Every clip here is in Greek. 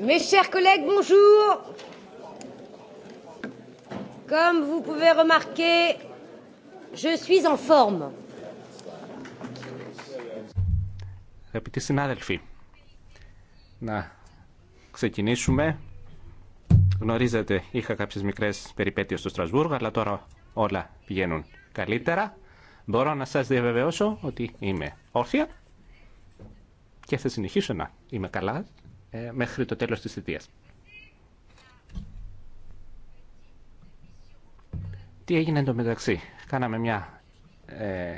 Mes chers collègues, bonjour. Comme vous pouvez remarquer, je suis en forme. Αγαπητοί συνάδελφοι, να ξεκινήσουμε. Γνωρίζετε, είχα κάποιες μικρές περιπέτειες στο Στρασβούργο, αλλά τώρα όλα πηγαίνουν καλύτερα. Μπορώ να σας διαβεβαιώσω ότι είμαι όρθια και θα συνεχίσω να είμαι καλά ε, μέχρι το τέλος της θητείας. Τι έγινε μεταξύ. Κάναμε μια ε,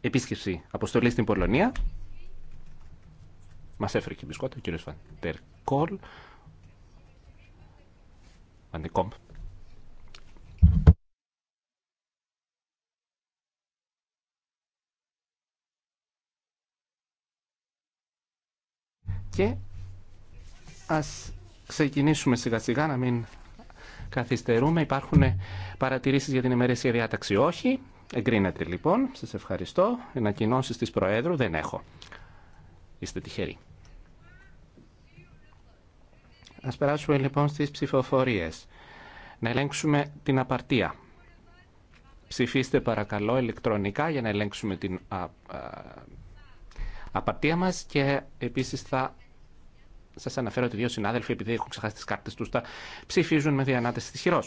επίσκεψη αποστολή στην Πολωνία. Μας έφερε και μπισκότα ο κύριος Βαντερκόλ. Βαντεκόμπ, Και ας ξεκινήσουμε σιγά σιγά να μην καθυστερούμε. Υπάρχουν παρατηρήσεις για την ημερήσια διάταξη. Όχι. Εγκρίνεται λοιπόν. Σας ευχαριστώ. Ενακοινώσεις της Προέδρου δεν έχω. Είστε τυχεροί. Ας περάσουμε λοιπόν στις ψηφοφορίες. Να ελέγξουμε την απαρτία. Ψηφίστε παρακαλώ ηλεκτρονικά για να ελέγξουμε την α, απαρτία μας και επίσης θα Σα αναφέρω ότι δύο συνάδελφοι, επειδή έχουν ξεχάσει τι κάρτε του, τα ψηφίζουν με διανάτεση τη χειρό.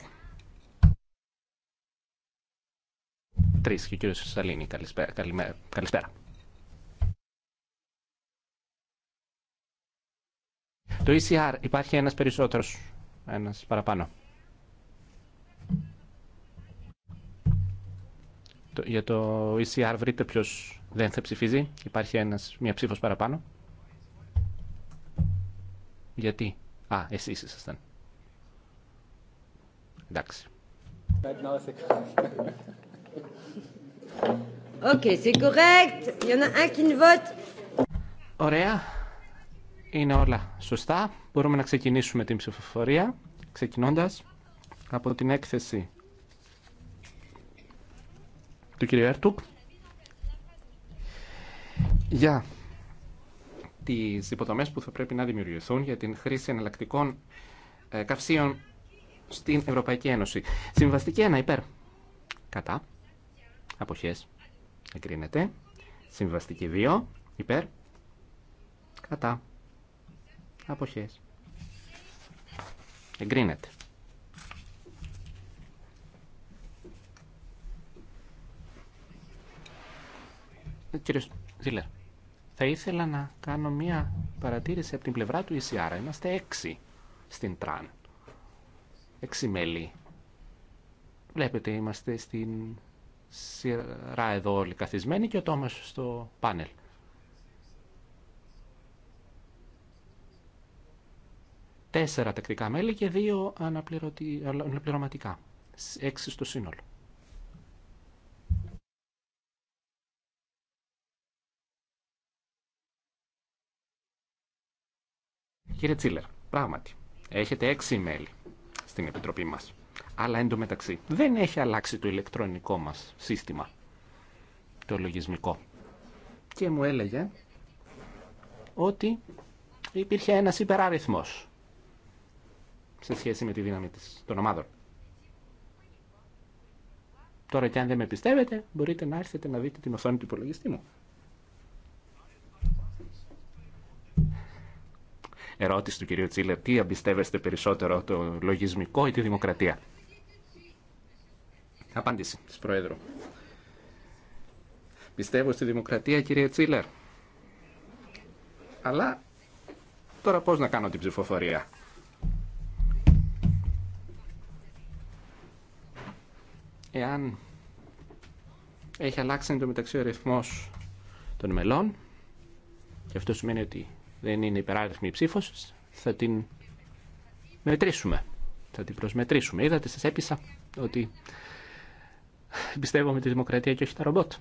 Τρει και ο κύριο Σαλίνη, καλησπέρα. καλησπέρα. Το ECR υπάρχει ένας περισσότερος, ένας παραπάνω. για το ECR βρείτε ποιος δεν θα ψηφίζει. Υπάρχει ένας, μια ψήφος παραπάνω. Γιατί. Α, εσείς ήσασταν. Εντάξει. c'est correct. Ωραία. Είναι όλα σωστά. Μπορούμε να ξεκινήσουμε την ψηφοφορία. Ξεκινώντας από την έκθεση του κύριου Έρτουκ. Για τις υποδομές που θα πρέπει να δημιουργηθούν για την χρήση εναλλακτικών ε, καυσίων στην Ευρωπαϊκή Ένωση. Συμβαστική 1 υπέρ. Κατά. Αποχές. Εγκρίνεται. Συμβαστική 2 υπέρ. Κατά. Αποχές. Εγκρίνεται. Ε, κύριος Ζήλερ. Θα ήθελα να κάνω μία παρατήρηση από την πλευρά του ECR. Είμαστε έξι στην Τραν. Έξι μέλη. Βλέπετε, είμαστε στην σειρά εδώ όλοι καθισμένοι και ο Τόμας στο πάνελ. Τέσσερα τακτικά μέλη και δύο αναπληρωματικά. Έξι στο σύνολο. Κύριε Τσίλερ, πράγματι, έχετε έξι μέλη στην Επιτροπή μα, Αλλά εντωμεταξύ δεν έχει αλλάξει το ηλεκτρονικό μα σύστημα, το λογισμικό. Και μου έλεγε ότι υπήρχε ένα υπεράριθμος σε σχέση με τη δύναμη της, των ομάδων. Τώρα και αν δεν με πιστεύετε, μπορείτε να έρθετε να δείτε την οθόνη του υπολογιστή μου. ερώτηση του κυρίου Τσίλερ, τι εμπιστεύεστε περισσότερο, το λογισμικό ή τη δημοκρατία. Απάντηση της Προέδρου. Πιστεύω στη δημοκρατία, κύριε Τσίλερ. Αλλά τώρα πώς να κάνω την ψηφοφορία. Εάν έχει αλλάξει το μεταξύ ο ρυθμός των μελών και αυτό σημαίνει ότι δεν είναι υπεράριθμη η ψήφος, θα την μετρήσουμε. Θα την προσμετρήσουμε. Είδατε, σας έπεισα ότι πιστεύω με τη δημοκρατία και όχι τα ρομπότ.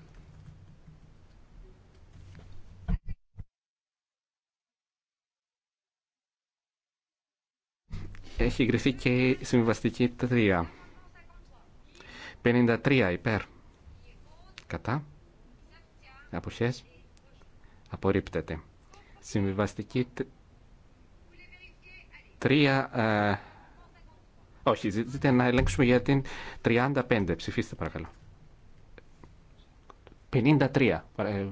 Έχει εγκριθεί και η συμβαστική 3. 53 υπέρ. Κατά. Αποχές. Απορρίπτεται. Συμβιβαστική 3. Ε, όχι, ζητείτε να ελέγξουμε για την 35. Ψηφίστε παρακαλώ. 53. Ε,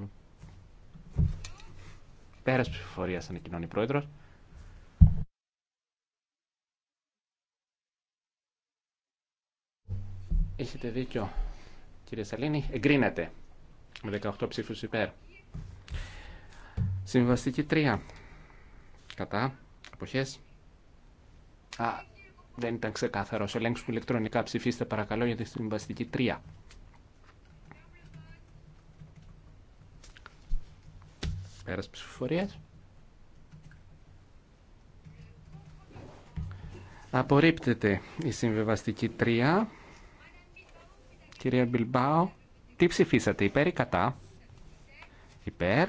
πέρας ψηφοφορίας ανακοινώνει η πρόεδρος. Έχετε δίκιο, κύριε Σαλίνη. Εγκρίνεται με 18 ψήφους υπέρ. Συμβαστική 3. Κατά. Αποχές. Α, δεν ήταν ξεκάθαρο. Ελέγξουμε ηλεκτρονικά. Ψηφίστε παρακαλώ για τη συμβαστική 3. Πέρας ψηφοφορία. Απορρίπτεται η συμβιβαστική 3. Κυρία Μπιλμπάο, τι ψηφίσατε, υπέρ ή κατά. Υπέρ.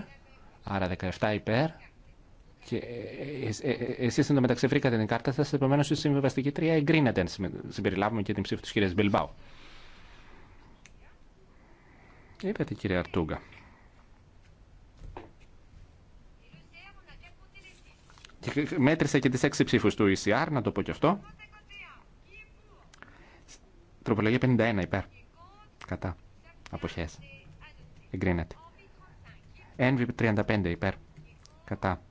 Άρα 17 υπέρ. Και ε, ε, ε, εσεί μεταξύ βρήκατε την κάρτα σα, επομένω η συμβιβαστική τρία εγκρίνεται αν συμπεριλάβουμε και την ψήφο τη κυρία Μπιλμπάου. Είπατε κύριε Αρτούγκα. Και μέτρησα και τις έξι ψήφους του ECR, να το πω και αυτό. Τροπολογία 51 υπέρ. Κατά. Αποχές. Εγκρίνεται. NV35 υπέρ. Κατά.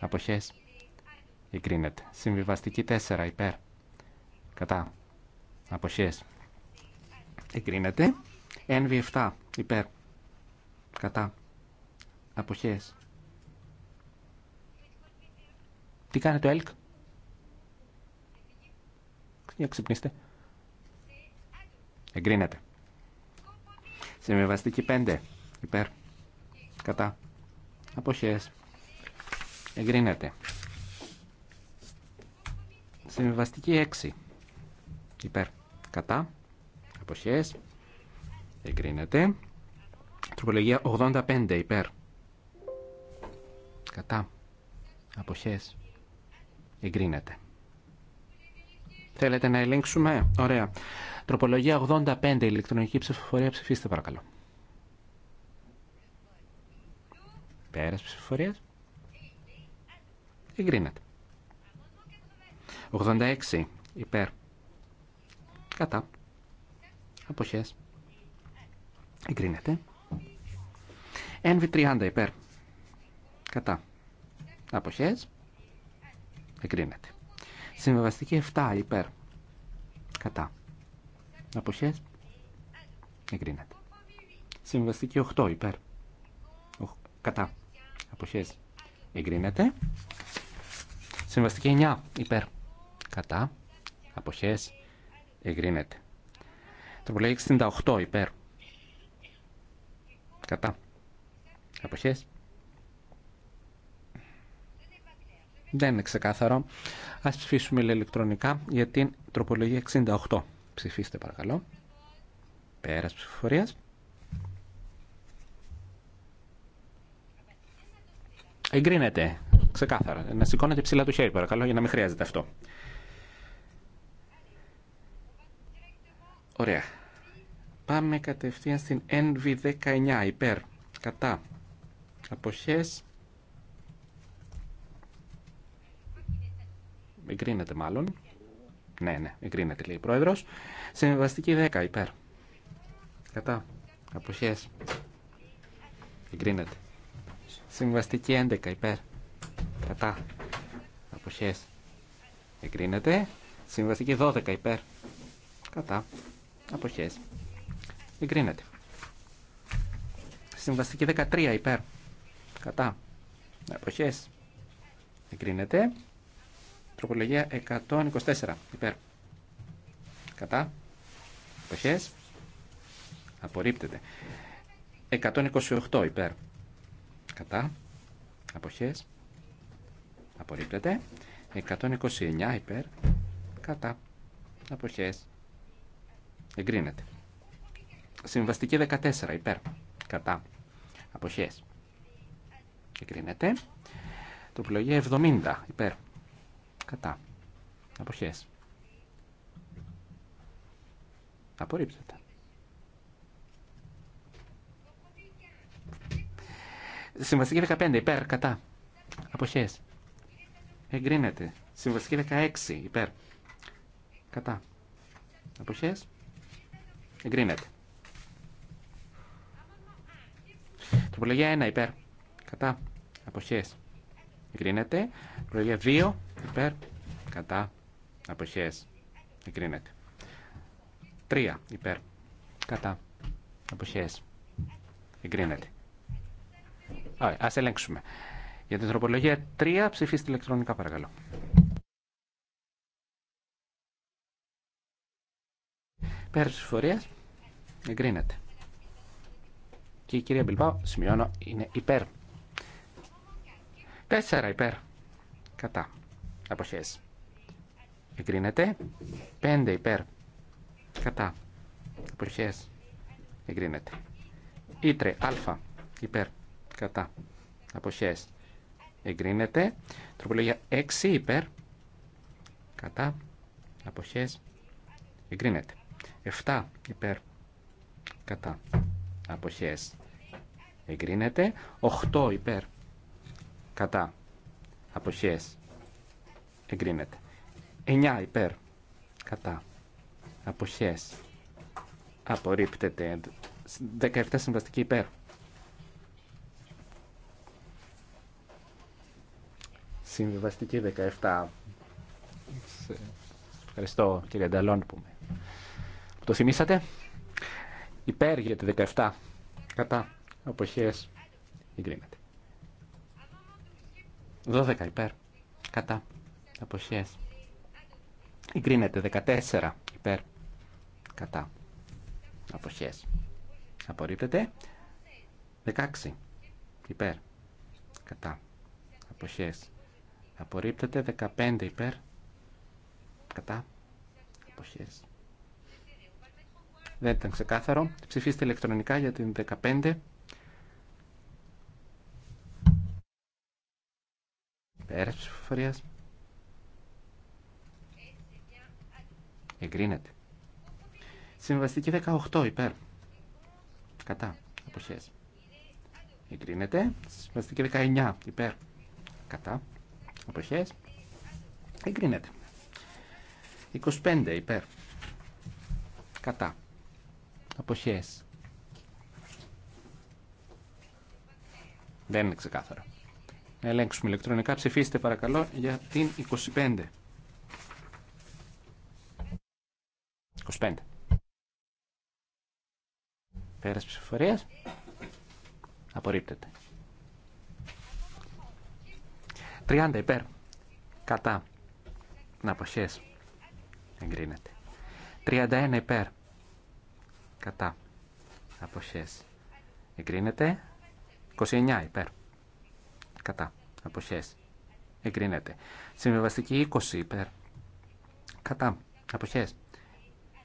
Αποχέ. Εγκρίνεται. Συμβιβαστική 4 υπέρ. Κατά. Αποχές. Εγκρίνεται. NV7 υπέρ. Κατά. Αποχέ. Τι κάνει το ΕΛΚ. Για ξυπνήστε. Εγκρίνεται. Συμβιβαστική 5 υπέρ κατά αποχές εγκρίνεται συμβιβαστική 6 υπέρ κατά αποχές εγκρίνεται τροπολογία 85 υπέρ κατά αποχές εγκρίνεται Θέλετε να ελέγξουμε. Ωραία. Τροπολογία 85, ηλεκτρονική ψηφοφορία. Ψηφίστε παρακαλώ. Πέρας ψηφοφορίας. Εγκρίνεται. 86 υπέρ. Κατά. Αποχές. Εγκρίνεται. NV30 υπέρ. Κατά. Αποχές. Εγκρίνεται. Συμβεβαστική 7 υπέρ. Κατά. Αποχές. Εγκρίνεται. Συμβαστική 8 υπέρ. Κατά αποχές εγκρίνεται. Συμβαστική 9 υπέρ κατά αποχές εγκρίνεται. Τροπολογία 68 υπέρ κατά αποχές Δεν είναι ξεκάθαρο. Ας ψηφίσουμε ηλεκτρονικά για την τροπολογία 68. Ψηφίστε παρακαλώ. Πέρας ψηφοφορίας. Εγκρίνεται. Ξεκάθαρα. Να σηκώνετε ψηλά το χέρι, παρακαλώ, για να μην χρειάζεται αυτό. Ωραία. Πάμε κατευθείαν στην NV19. Υπέρ. Κατά. Αποχές. Εγκρίνεται μάλλον. Ναι, ναι, εγκρίνεται λέει η πρόεδρος. Συμβαστική 10. Υπέρ. Κατά. Αποχές. Εγκρίνεται. Συμβαστική 11 υπέρ. Κατά. Αποχές. Εγκρίνεται. Συμβαστική 12 υπέρ. Κατά. Αποχές. Εγκρίνεται. Συμβαστική 13 υπέρ. Κατά. Αποχές. Εγκρίνεται. Τροπολογία 124 υπέρ. Κατά. Αποχές. Απορρίπτεται. 128 υπέρ κατά αποχές απορρίπτεται 129 υπέρ κατά αποχές εγκρίνεται συμβαστική 14 υπέρ κατά αποχές εγκρίνεται τοπολογία 70 υπέρ κατά αποχές απορρίπτεται Συμβαστική 15 υπέρ, κατά. Αποχέ. Εγκρίνεται. Συμβαστική 16 υπέρ. Κατά. Αποχέ. Εγκρίνεται. Τροπολογία 1 υπέρ. Κατά. Αποχέ. Εγκρίνεται. Τροπολογία 2 υπέρ. Κατά. Αποχέ. Εγκρίνεται. 3 υπέρ. Κατά. Αποχέ. Εγκρίνεται. Α ελέγξουμε. Για την τροπολογία 3 ψηφίστε ηλεκτρονικά παρακαλώ. Πέρα ψηφορία, εγκρίνεται. Και η κυρία Μπιλπάου σημειώνω, είναι υπέρ. 4 υπέρ. Κατά. Αποχέ. Εγκρίνεται. 5 υπέρ. Κατά. Αποχέ. Εγκρίνεται. Ήτρε. Α. Υπέρ κατά αποχές εγκρίνεται. Τροπολογία 6 υπέρ κατά αποχές εγκρίνεται. 7 υπέρ κατά αποχές εγκρίνεται. 8 υπέρ κατά αποχές εγκρίνεται. 9 υπέρ κατά αποχές απορρίπτεται. 17 συμβαστική υπέρ Συμβιβαστική 17. Ευχαριστώ κύριε Νταλόν που με... Το θυμήσατε. Υπέρ για 17. Κατά. Αποχές. Εγκρίνεται. 12 υπέρ. Κατά. Αποχές. Εγκρίνεται. 14 υπέρ. Κατά. Αποχές. Απορρίπτεται. 16 υπέρ. Κατά. Αποχές. Απορρίπτεται 15 υπέρ. Κατά. Αποχές. Δεν ήταν ξεκάθαρο. Ψηφίστε ηλεκτρονικά για την 15. υπέρ ψηφοφορίας. Εγκρίνεται. Συμβαστική 18 υπέρ. Κατά. Αποχές. Εγκρίνεται. Συμβαστική 19 υπέρ. Κατά. Αποχές. Εγκρίνεται. 25 υπέρ. Κατά. Αποχές. Δεν είναι ξεκάθαρο. Να ελέγξουμε ηλεκτρονικά. Ψηφίστε παρακαλώ για την 25. 25. Πέρας ψηφοφορίας. Απορρίπτεται. 30 υπέρ. Κατά. Αποχές. Εγκρίνεται. 31 υπέρ. Κατά. Αποχές. Εγκρίνεται. 29 υπέρ. Κατά. Αποχές. Εγκρίνεται. Συμβεβαστική 20 υπέρ. Κατά. Αποχές.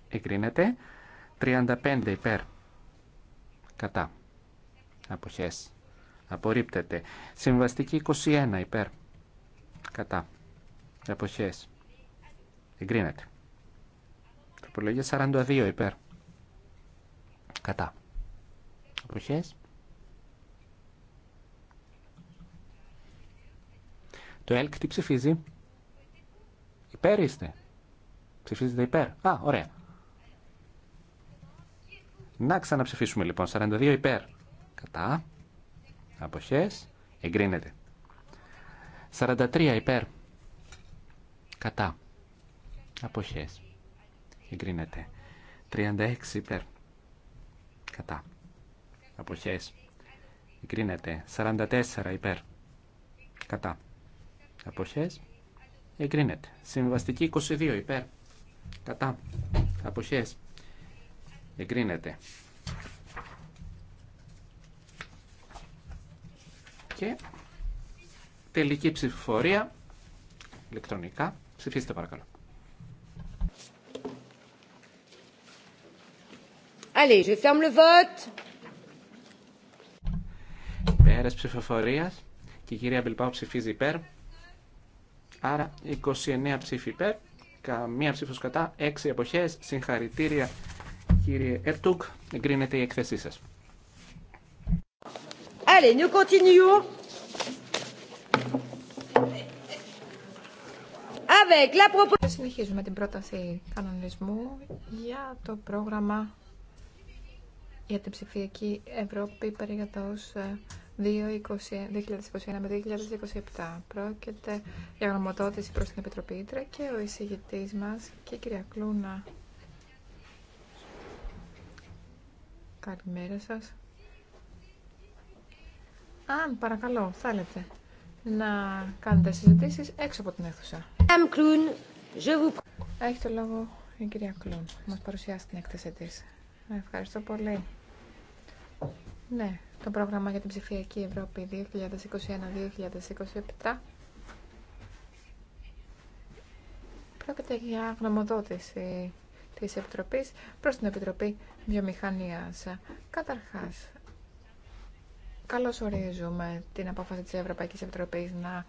Εγκρίνεται. 35 υπέρ. Κατά. Αποχές. Απορρίπτεται. Συμβαστική 21 υπέρ κατά αποχές εγκρίνεται τροπολογία 42 υπέρ κατά αποχές το ΕΛΚ τι ψηφίζει υπέρ είστε ψηφίζετε υπέρ α ωραία να ξαναψηφίσουμε λοιπόν 42 υπέρ κατά αποχές εγκρίνεται 43 υπέρ. Κατά. Αποχές. Εγκρίνεται. 36 υπέρ. Κατά. Αποχές. Εγκρίνεται. 44 υπέρ. Κατά. Αποχές. Εγκρίνεται. Συμβαστική 22 υπέρ. Κατά. Αποχές. Εγκρίνεται. Και Τελική ψηφοφορία. Ηλεκτρονικά. Ψηφίστε παρακαλώ. Allez, je ferme le vote. ψηφοφορίας και η κυρία Μπιλπάου ψηφίζει υπέρ. Άρα 29 ψήφοι υπέρ, καμία ψήφος κατά, 6 εποχές. Συγχαρητήρια κύριε Ερτούκ, εγκρίνεται η εκθεσή σας. Allez, nous avec Συνεχίζουμε την πρόταση κανονισμού για το πρόγραμμα για την ψηφιακή Ευρώπη περίγραφος 2021 ε, με 2027. Πρόκειται για γνωμοτότηση προς την Επιτροπή Ήτρα και ο εισηγητής μας και η κυρία Κλούνα. Καλημέρα σας. Αν παρακαλώ θέλετε να κάνετε συζητήσεις έξω από την αίθουσα. Έχει το λόγο η κυρία Κλούν. Μας παρουσιάσει την έκθεσή της. Ευχαριστώ πολύ. Ναι, το πρόγραμμα για την ψηφιακή Ευρώπη 2021-2027 πρόκειται για γνωμοδότηση της Επιτροπής προς την Επιτροπή Βιομηχανίας. Καταρχάς, καλώς ορίζουμε την απόφαση της Ευρωπαϊκής Επιτροπής να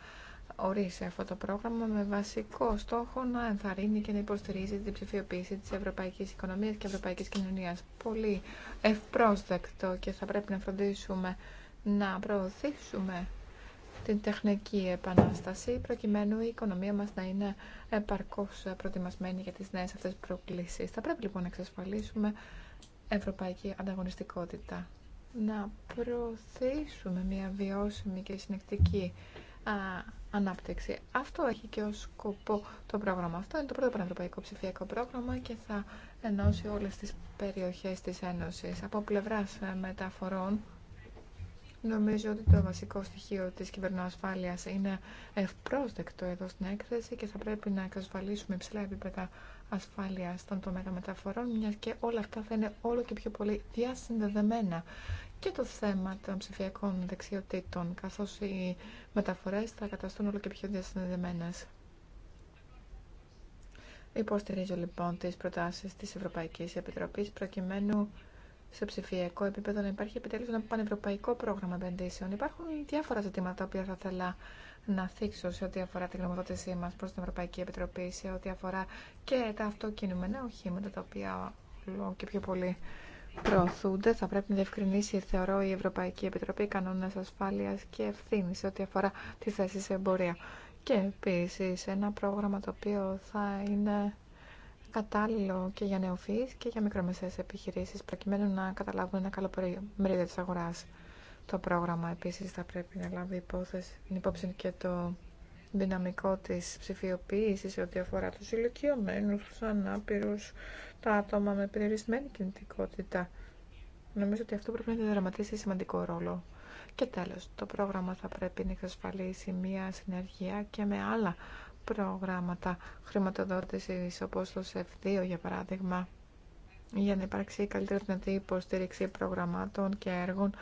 ορίσει αυτό το πρόγραμμα με βασικό στόχο να ενθαρρύνει και να υποστηρίζει την ψηφιοποίηση της ευρωπαϊκής οικονομίας και ευρωπαϊκής κοινωνίας. Πολύ ευπρόσδεκτο και θα πρέπει να φροντίσουμε να προωθήσουμε την τεχνική επανάσταση προκειμένου η οικονομία μας να είναι επαρκώς προετοιμασμένη για τις νέες αυτές προκλήσεις. Θα πρέπει λοιπόν να εξασφαλίσουμε ευρωπαϊκή ανταγωνιστικότητα. Να προωθήσουμε μια βιώσιμη και συνεκτική ανάπτυξη. Αυτό έχει και ως σκοπό το πρόγραμμα αυτό. Είναι το πρώτο πανευρωπαϊκό ψηφιακό πρόγραμμα και θα ενώσει όλες τις περιοχές της Ένωσης. Από πλευράς ε, μεταφορών, νομίζω ότι το βασικό στοιχείο της κυβερνοασφάλειας είναι ευπρόσδεκτο εδώ στην έκθεση και θα πρέπει να εξασφαλίσουμε υψηλά επίπεδα ασφάλεια στον τομέα μεταφορών, μιας και όλα αυτά θα είναι όλο και πιο πολύ διασυνδεδεμένα και το θέμα των ψηφιακών δεξιοτήτων, καθώς οι μεταφορές θα καταστούν όλο και πιο διασυνδεδεμένες. Υποστηρίζω λοιπόν τις προτάσεις της Ευρωπαϊκής Επιτροπής προκειμένου σε ψηφιακό επίπεδο να υπάρχει επιτέλους ένα πανευρωπαϊκό πρόγραμμα επενδύσεων. Υπάρχουν διάφορα ζητήματα τα οποία θα ήθελα να θίξω σε ό,τι αφορά τη γνωμοδότησή μας προς την Ευρωπαϊκή Επιτροπή, σε ό,τι αφορά και τα αυτοκινούμενα οχήματα τα οποία όλο και πιο πολύ προωθούνται. Θα πρέπει να διευκρινίσει, θεωρώ, η Ευρωπαϊκή Επιτροπή κανόνες ασφάλειας και ευθύνη σε ό,τι αφορά τη θέση σε εμπορία. Και επίση ένα πρόγραμμα το οποίο θα είναι κατάλληλο και για νεοφύης και για μικρομεσαίες επιχειρήσεις προκειμένου να καταλάβουν ένα καλό μερίδιο της αγοράς. Το πρόγραμμα επίσης θα πρέπει να λάβει υπόθεση, υπόψη και το δυναμικό της ψηφιοποίησης σε ό,τι αφορά τους ηλικιωμένους, τους ανάπηρους, τα άτομα με περιορισμένη κινητικότητα. Νομίζω ότι αυτό πρέπει να διαδραματίσει σημαντικό ρόλο. Και τέλος, το πρόγραμμα θα πρέπει να εξασφαλίσει μία συνεργεία και με άλλα προγράμματα χρηματοδότησης όπως το ΣΕΦ2 για παράδειγμα για να υπάρξει καλύτερη δυνατή υποστήριξη προγραμμάτων και έργων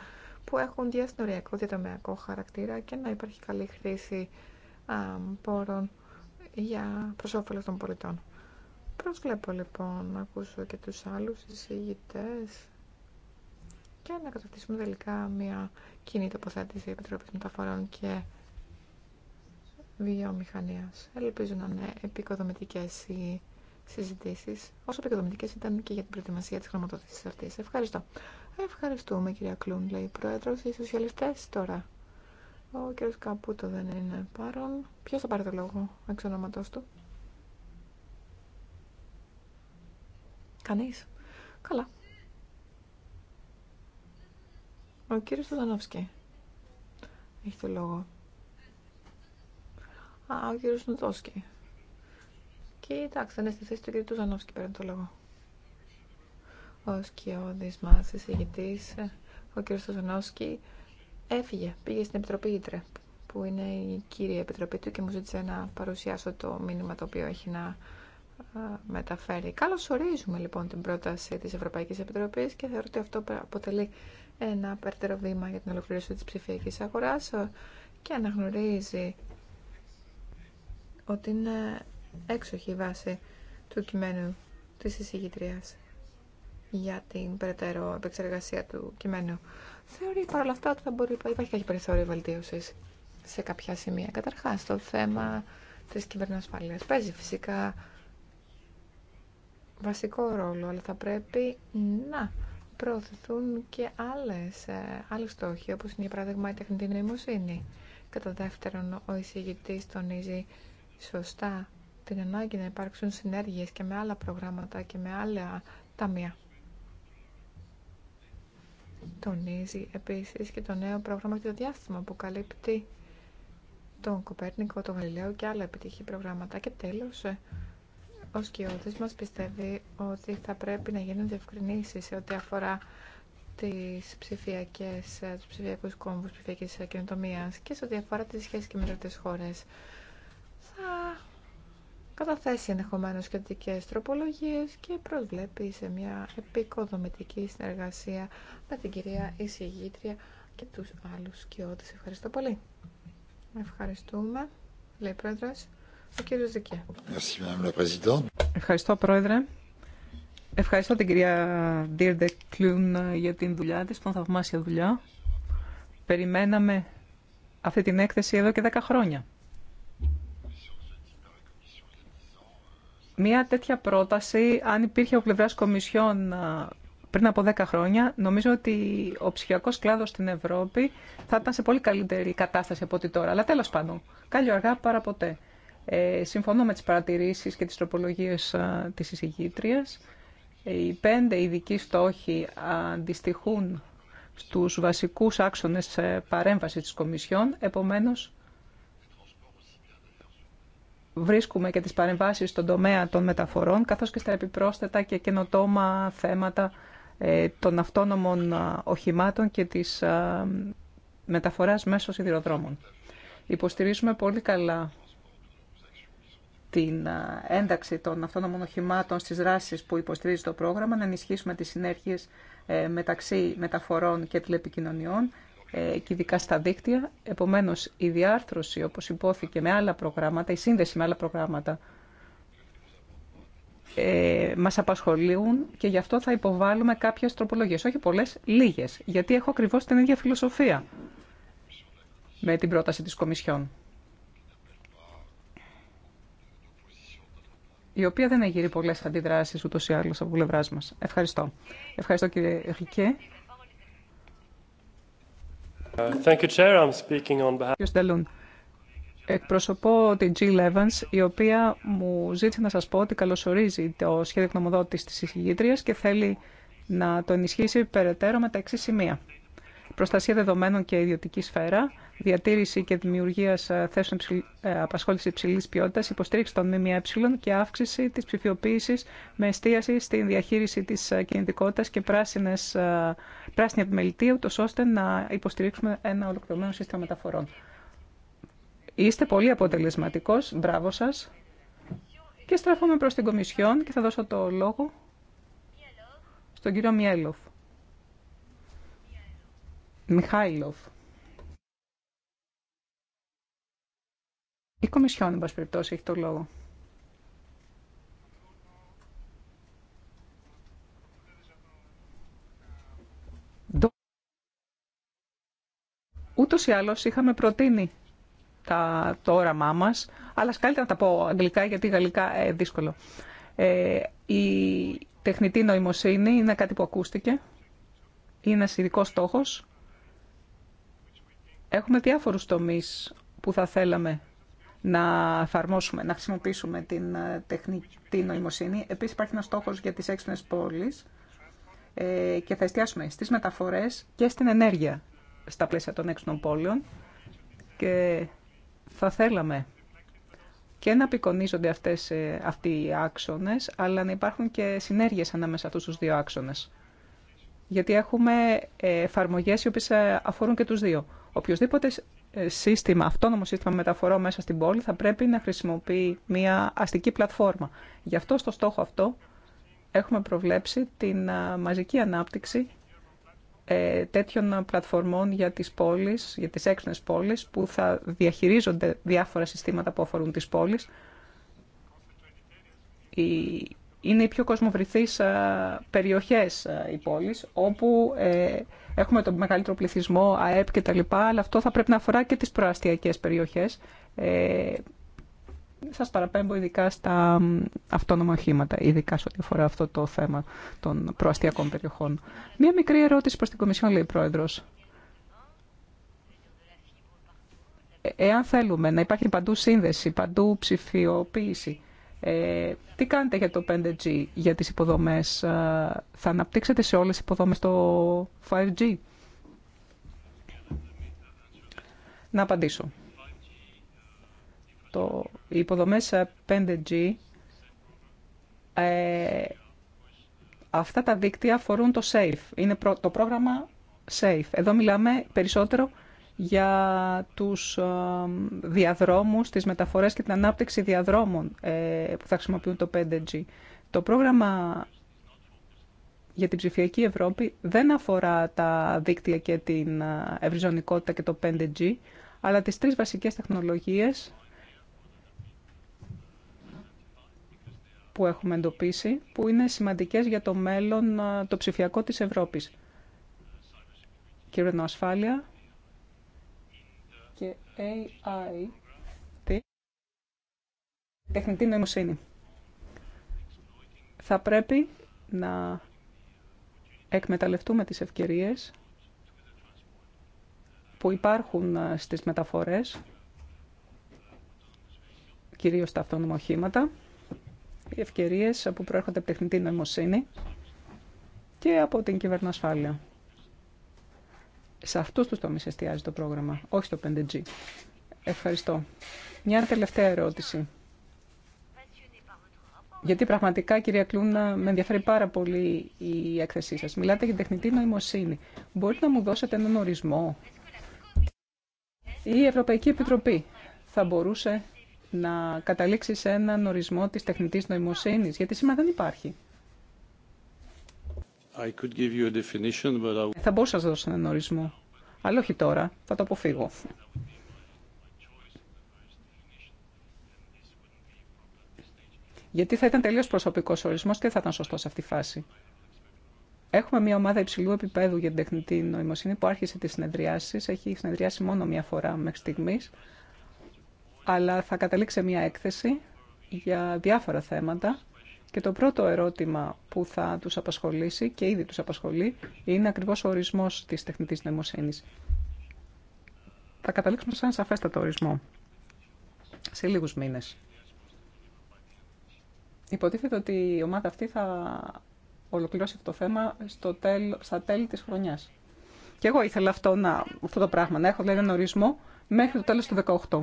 που έχουν διασυνοριακό διατομιακό χαρακτήρα και να υπάρχει καλή χρήση α, πόρων για προς των πολιτών. Προσβλέπω λοιπόν να ακούσω και τους άλλους εισηγητές και να κατακτήσουμε τελικά μια κοινή τοποθέτηση Επιτροπής Μεταφορών και Βιομηχανίας. Ελπίζω να είναι επικοδομητικές οι συζητήσεις, όσο επικοδομητικές ήταν και για την προετοιμασία της χρωματοδότησης αυτής. Ευχαριστώ. Ευχαριστούμε κυρία Κλούν, λέει η Πρόεδρος, οι σοσιαλιστές τώρα. Ο κύριος Καπούτο δεν είναι παρόν. Ποιος θα πάρει το λόγο εξ ονόματός του. Κανείς. Καλά. Ο κύριος Τοντανόφσκι. Έχει το λόγο. Α, ο κύριος Νουτόσκι. Κοιτάξτε, είναι στη θέση του κύριου Τουζανόφσκι, παίρνει το λόγο. Ο σκιώδης μας εισηγητής, ο κύριος Τουζανόφσκι, έφυγε, πήγε στην Επιτροπή Ήτρε, που είναι η κύρια επιτροπή του και μου ζήτησε να παρουσιάσω το μήνυμα το οποίο έχει να μεταφέρει. Καλώς ορίζουμε λοιπόν την πρόταση της Ευρωπαϊκής Επιτροπής και θεωρώ ότι αυτό αποτελεί ένα περαιτέρω βήμα για την ολοκλήρωση της ψηφιακής αγοράς και αναγνωρίζει ότι είναι έξοχη η βάση του κειμένου της εισηγητρίας για την περαιτέρω επεξεργασία του κειμένου. Θεωρεί όλα αυτά ότι θα μπορεί, υπάρχει κάποια περιθώριο βελτίωση σε κάποια σημεία. Καταρχάς, το θέμα της κυβερνοασφάλειας παίζει φυσικά βασικό ρόλο, αλλά θα πρέπει να προωθηθούν και άλλες, ε, άλλες στόχοι, όπως είναι για παράδειγμα η τεχνητή νοημοσύνη. Κατά δεύτερον, ο εισηγητής τονίζει σωστά την ανάγκη να υπάρξουν συνέργειες και με άλλα προγράμματα και με άλλα ταμεία. Τονίζει επίσης και το νέο πρόγραμμα και το διάστημα που καλύπτει τον Κοπέρνικο, τον Γαλιλαίο και άλλα επιτυχή προγράμματα. Και τέλος, ε, ο σκιώδης μας πιστεύει ότι θα πρέπει να γίνουν διευκρινήσεις σε ό,τι αφορά τις ψηφιακές, ε, τους ψηφιακούς κόμβους ψηφιακής καινοτομίας και σε ό,τι αφορά τις σχέσεις και με τις χώρες. Θα καταθέσει ενδεχομένω σχετικέ τροπολογίες και προσβλέπει σε μια επικοδομητική συνεργασία με την κυρία εισηγήτρια και τους άλλους σκιώδες. Ευχαριστώ πολύ. Ευχαριστούμε. Λέει πρόεδρος. Ευχαριστώ, Πρόεδρε. Ευχαριστώ την κυρία Ντίρντε Κλούν για την δουλειά της, τον θαυμάσια δουλειά. Περιμέναμε αυτή την έκθεση εδώ και δέκα χρόνια. Μία τέτοια πρόταση, αν υπήρχε ο πλευρά Κομισιόν πριν από 10 χρόνια, νομίζω ότι ο ψυχιακός κλάδο στην Ευρώπη θα ήταν σε πολύ καλύτερη κατάσταση από ό,τι τώρα. Αλλά τέλο πάντων, κάλλιο αργά παρά ποτέ. Ε, συμφωνώ με τις παρατηρήσεις και τις τροπολογίες α, της εισηγήτριας. Ε, οι πέντε ειδικοί στόχοι αντιστοιχούν στους βασικούς άξονες ε, παρέμβασης της Κομισιόν. Επομένως, βρίσκουμε και τις παρεμβάσεις στον τομέα των μεταφορών, καθώς και στα επιπρόσθετα και καινοτόμα θέματα ε, των αυτόνομων οχημάτων και της μεταφοράς μέσω σιδηροδρόμων. Υποστηρίζουμε πολύ καλά την ένταξη των αυτόνομων οχημάτων στις δράσεις που υποστηρίζει το πρόγραμμα, να ενισχύσουμε τις συνέργειες ε, μεταξύ μεταφορών και τηλεπικοινωνιών ε, και ειδικά στα δίκτυα. Επομένως, η διάρθρωση, όπως υπόθηκε με άλλα προγράμματα, η σύνδεση με άλλα προγράμματα, ε, μας απασχολούν και γι' αυτό θα υποβάλουμε κάποιες τροπολογίες, όχι πολλές, λίγες, γιατί έχω ακριβώς την ίδια φιλοσοφία με την πρόταση της Κομισιόν. η οποία δεν έχει πολλέ αντιδράσει ούτω ή άλλω από βουλευρά μα. Ευχαριστώ. Ευχαριστώ κύριε Ρικέ. Thank you, Chair. Εκπροσωπώ την Jill Evans, η οποία μου ζήτησε να σας πω ότι καλωσορίζει το σχέδιο γνωμοδότης της εισηγήτριας και θέλει να το ενισχύσει περαιτέρω με τα εξή σημεία προστασία δεδομένων και ιδιωτική σφαίρα, διατήρηση και δημιουργία ε, θέσεων ε, απασχόληση υψηλή ποιότητα, υποστήριξη των ΜΜΕ και αύξηση τη ψηφιοποίηση με εστίαση στην διαχείριση τη ε, κινητικότητα και πράσινη επιμελητία, ούτω ώστε να υποστηρίξουμε ένα ολοκληρωμένο σύστημα μεταφορών. Είστε πολύ αποτελεσματικό. Μπράβο σα. Και στραφούμε προ την Κομισιόν και θα δώσω το λόγο στον κύριο Μιέλοφ. Μιχάηλοφ. Η Κομισιόν, εν πάση περιπτώσει, έχει το λόγο. Ούτως ή άλλως είχαμε προτείνει τα, το όραμά μας, αλλά καλύτερα να τα πω αγγλικά γιατί γαλλικά ε, δύσκολο. Ε, η τεχνητή νοημοσύνη είναι κάτι που ακούστηκε, είναι ένας ειδικό στόχος Έχουμε διάφορους τομείς που θα θέλαμε να εφαρμόσουμε, να χρησιμοποιήσουμε την ε, τεχνητή νοημοσύνη. Επίσης υπάρχει ένας στόχος για τις έξυπνες πόλεις ε, και θα εστιάσουμε στις μεταφορές και στην ενέργεια στα πλαίσια των έξυπνων πόλεων και θα θέλαμε και να απεικονίζονται αυτές, ε, αυτοί οι άξονες, αλλά να υπάρχουν και συνέργειες ανάμεσα αυτούς τους δύο άξονες. Γιατί έχουμε εφαρμογές οι οποίες αφορούν και τους δύο. Οποιοδήποτε ε, σύστημα, αυτόνομο σύστημα μεταφορών μέσα στην πόλη θα πρέπει να χρησιμοποιεί μια αστική πλατφόρμα. Γι' αυτό στο στόχο αυτό έχουμε προβλέψει την ε, μαζική ανάπτυξη ε, τέτοιων πλατφορμών για τις πόλεις, για τις έξυπνες πόλεις που θα διαχειρίζονται διάφορα συστήματα που αφορούν τις πόλεις είναι οι πιο κοσμοβρυθείς ε, περιοχές ε, οι πόλεις, όπου ε, έχουμε τον μεγαλύτερο πληθυσμό, ΑΕΠ και τα λοιπά, αλλά αυτό θα πρέπει να αφορά και τις προαστιακές περιοχές. Ε, σας παραπέμπω ειδικά στα αυτόνομα οχήματα, ειδικά σε ό,τι αφορά αυτό το θέμα των προαστιακών περιοχών. Μία μικρή ερώτηση προς την Κομισιόν, λέει η Πρόεδρος. Εάν θέλουμε να υπάρχει παντού σύνδεση, παντού ψηφιοποίηση, ε, τι κάνετε για το 5G, για τις υποδομές. Ε, θα αναπτύξετε σε όλες τις υποδομές το 5G. Να απαντήσω. Το, οι υποδομές 5G, ε, ε, αυτά τα δίκτυα αφορούν το SAFE. Είναι το πρόγραμμα SAFE. Εδώ μιλάμε περισσότερο για τους ε, διαδρόμους, τις μεταφορές και την ανάπτυξη διαδρόμων ε, που θα χρησιμοποιούν το 5G. Το πρόγραμμα για την ψηφιακή Ευρώπη δεν αφορά τα δίκτυα και την ε, ευρυζωνικότητα και το 5G, αλλά τις τρεις βασικές τεχνολογίες που έχουμε εντοπίσει, που είναι σημαντικές για το μέλλον, το ψηφιακό της Ευρώπης. Νοασφάλεια, και AI, τεχνητή νοημοσύνη. Θα πρέπει να εκμεταλλευτούμε τις ευκαιρίες που υπάρχουν ε, στις μεταφορές, κυρίως τα αυτόνομα οχήματα, οι ευκαιρίες που προέρχονται από τεχνητή νοημοσύνη και από την κυβερνοασφάλεια. Σε αυτούς τους τομείς εστιάζει το πρόγραμμα, όχι στο 5G. Ευχαριστώ. Μια τελευταία ερώτηση. Γιατί πραγματικά, κυρία Κλούνα, με ενδιαφέρει πάρα πολύ η έκθεσή σας. Μιλάτε για τεχνητή νοημοσύνη. Μπορείτε να μου δώσετε έναν ορισμό. Η Ευρωπαϊκή Επιτροπή θα μπορούσε να καταλήξει σε έναν ορισμό της τεχνητής νοημοσύνης, γιατί σήμερα δεν υπάρχει. Θα μπορούσα να σας δώσω έναν ορισμό, αλλά όχι τώρα, θα το αποφύγω. Γιατί θα ήταν τελείως προσωπικός ορισμός και δεν θα ήταν σωστό σε αυτή τη φάση. Έχουμε μια ομάδα υψηλού επίπεδου για την τεχνητή νοημοσύνη που άρχισε τι συνεδριάσει. Έχει Έχει συνεδριάσει μόνο μια φορά μέχρι στιγμή, αλλά θα καταλήξει μια έκθεση για διάφορα θέματα και το πρώτο ερώτημα που θα τους απασχολήσει και ήδη τους απασχολεί είναι ακριβώς ο ορισμός της τεχνητής νοημοσύνης. Θα καταλήξουμε σε ένα σαφέστατο ορισμό σε λίγους μήνες. Υποτίθεται ότι η ομάδα αυτή θα ολοκληρώσει αυτό το θέμα στο τέλ, στα τέλη της χρονιάς. Και εγώ ήθελα αυτό, να, αυτό το πράγμα, να έχω δηλαδή έναν ορισμό μέχρι το τέλος του 18.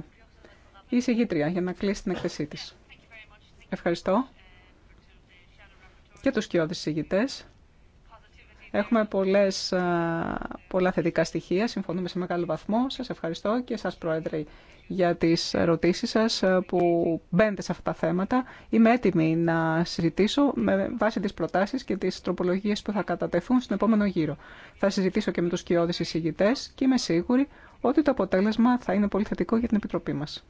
Η εισηγήτρια για να κλείσει την έκθεσή της. Ευχαριστώ και τους κοιόδης συγητές. Έχουμε πολλές, πολλά θετικά στοιχεία, συμφωνούμε σε μεγάλο βαθμό. Σας ευχαριστώ και σας Πρόεδρε για τις ερωτήσεις σας που μπαίνετε σε αυτά τα θέματα. Είμαι έτοιμη να συζητήσω με βάση τις προτάσεις και τις τροπολογίες που θα κατατεθούν στον επόμενο γύρο. Θα συζητήσω και με τους κοιόδης εισηγητές και είμαι σίγουρη ότι το αποτέλεσμα θα είναι πολύ θετικό για την Επιτροπή μας.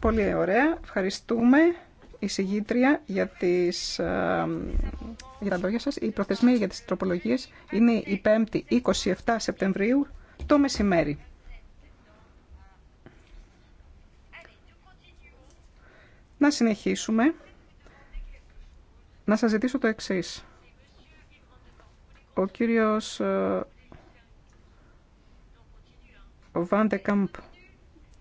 Πολύ ωραία. Ευχαριστούμε εισηγήτρια για, τις, ε, για σας. Η προθεσμία για τις τροπολογίες είναι η 5η 27 Σεπτεμβρίου το μεσημέρι. Να συνεχίσουμε. Να σας ζητήσω το εξής. Ο κύριος ε, ο Βάντε Κάμπ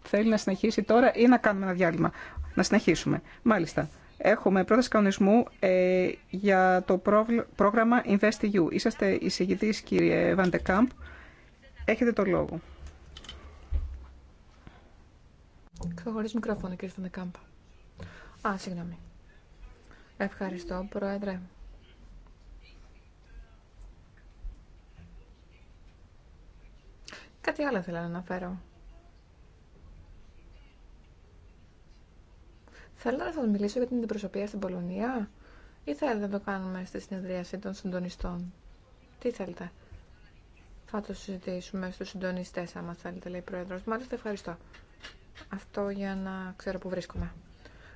θέλει να συνεχίσει τώρα ή να κάνουμε ένα διάλειμμα. Να συνεχίσουμε. Μάλιστα. Έχουμε πρόταση κανονισμού ε, για το πρόγραμμα InvestEU. Είσαστε εισηγητής, κύριε Βαντεκάμπ. Έχετε το λόγο. μικρόφωνο, κύριε Βαντεκάμπ. Α, συγγνώμη. Ευχαριστώ, Πρόεδρε. Κάτι άλλο θέλω να αναφέρω. Θέλετε να σας μιλήσω για την αντιπροσωπεία στην Πολωνία ή θέλετε να το κάνουμε στη συνεδρίαση των συντονιστών. Τι θέλετε. Θα το συζητήσουμε στους συντονιστές άμα θέλετε, λέει η Πρόεδρος. Μάλιστα, ευχαριστώ. Αυτό για να ξέρω που βρίσκομαι.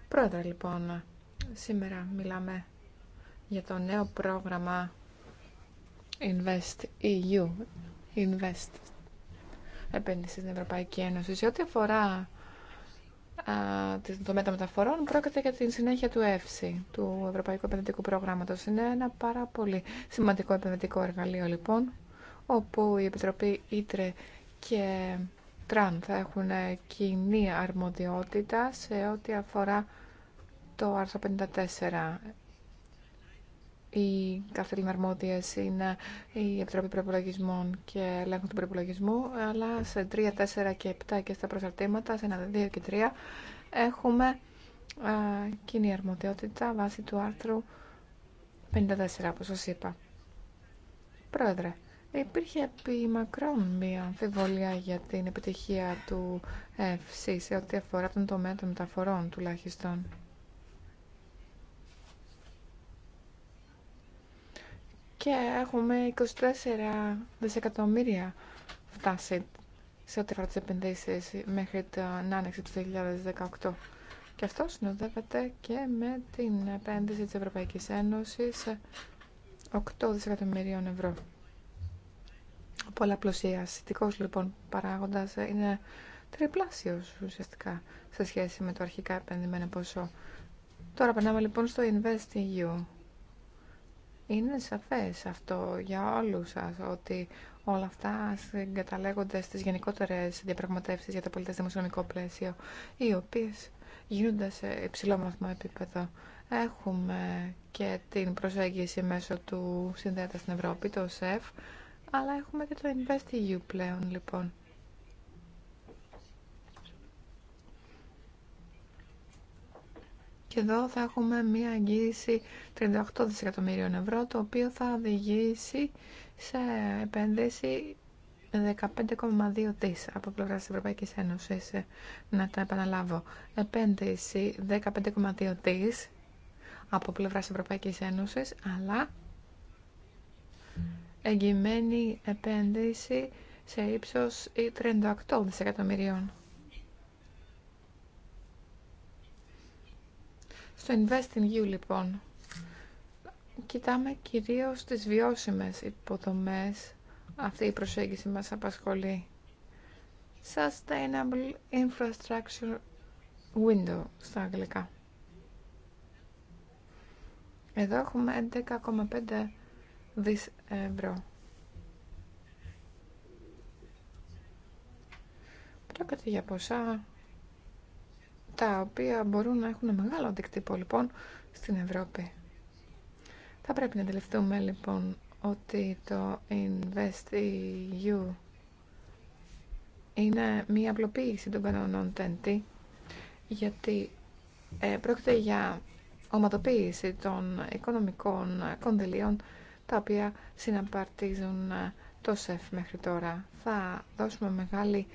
Πρόεδρε, λοιπόν, σήμερα μιλάμε για το νέο πρόγραμμα Invest EU. Invest. Επένδυση στην Ευρωπαϊκή Ένωση. Σε ό,τι αφορά το μεταμεταφορών πρόκειται για την συνέχεια του ΕΦΣΙ του Ευρωπαϊκού Επενδυτικού Προγράμματος. Είναι ένα πάρα πολύ σημαντικό επενδυτικό εργαλείο λοιπόν, όπου η Επιτροπή Ήτρε και Τραν θα έχουν κοινή αρμοδιότητα σε ό,τι αφορά το άρθρο 54 οι καθήλυνα αρμόδιες είναι η Επιτροπή Προπολογισμών και Ελέγχου του Προπολογισμού, αλλά σε 3, 4 και 7 και στα προσαρτήματα, σε 1, 2 και 3, έχουμε α, ε, κοινή αρμοδιότητα βάσει του άρθρου 54, όπως σας είπα. Πρόεδρε, υπήρχε επί μακρόν μία αμφιβολία για την επιτυχία του ΕΦΣΥ σε ό,τι αφορά τον τομέα των μεταφορών τουλάχιστον. και έχουμε 24 δισεκατομμύρια φτάσει σε ό,τι αφορά τι επενδύσει μέχρι την άνοιξη του 2018. Και αυτό συνοδεύεται και με την επένδυση τη Ευρωπαϊκή Ένωση 8 δισεκατομμυρίων ευρώ. Ο πολλαπλωσιαστικός λοιπόν παράγοντας είναι τριπλάσιο ουσιαστικά σε σχέση με το αρχικά επενδυμένο ποσό. Τώρα περνάμε λοιπόν στο InvestEU. Είναι σαφές αυτό για όλους σας ότι όλα αυτά συγκαταλέγονται στις γενικότερες διαπραγματεύσεις για το πολιτές δημοσιονομικό πλαίσιο οι οποίες γίνονται σε υψηλό βαθμό επίπεδο. Έχουμε και την προσέγγιση μέσω του Συνδέατα στην Ευρώπη, το ΣΕΦ, αλλά έχουμε και το InvestEU πλέον λοιπόν. Και εδώ θα έχουμε μία εγγύηση 38 δισεκατομμύριων ευρώ, το οποίο θα οδηγήσει σε επένδυση 15,2 δις από πλευρά της Ευρωπαϊκής Ένωσης. Να τα επαναλάβω. Επένδυση 15,2 δις από πλευρά της Ευρωπαϊκής Ένωσης, αλλά εγγυημένη επένδυση σε ύψος 38 δισεκατομμυρίων Στο Investing in You λοιπόν, κοιτάμε κυρίως τις βιώσιμες υποδομές. Αυτή η προσέγγιση μας απασχολεί. Sustainable Infrastructure Window στα αγγλικά. Εδώ έχουμε 11,5 δις ευρώ. Πρόκειται για ποσά τα οποία μπορούν να έχουν μεγάλο αντικτύπο λοιπόν στην Ευρώπη. Θα πρέπει να αντιληφθούμε λοιπόν ότι το InvestEU είναι μία απλοποίηση των κανόνων TNT γιατί ε, πρόκειται για ομαδοποίηση των οικονομικών κονδυλίων τα οποία συναπαρτίζουν το ΣΕΦ μέχρι τώρα. Θα δώσουμε μεγάλη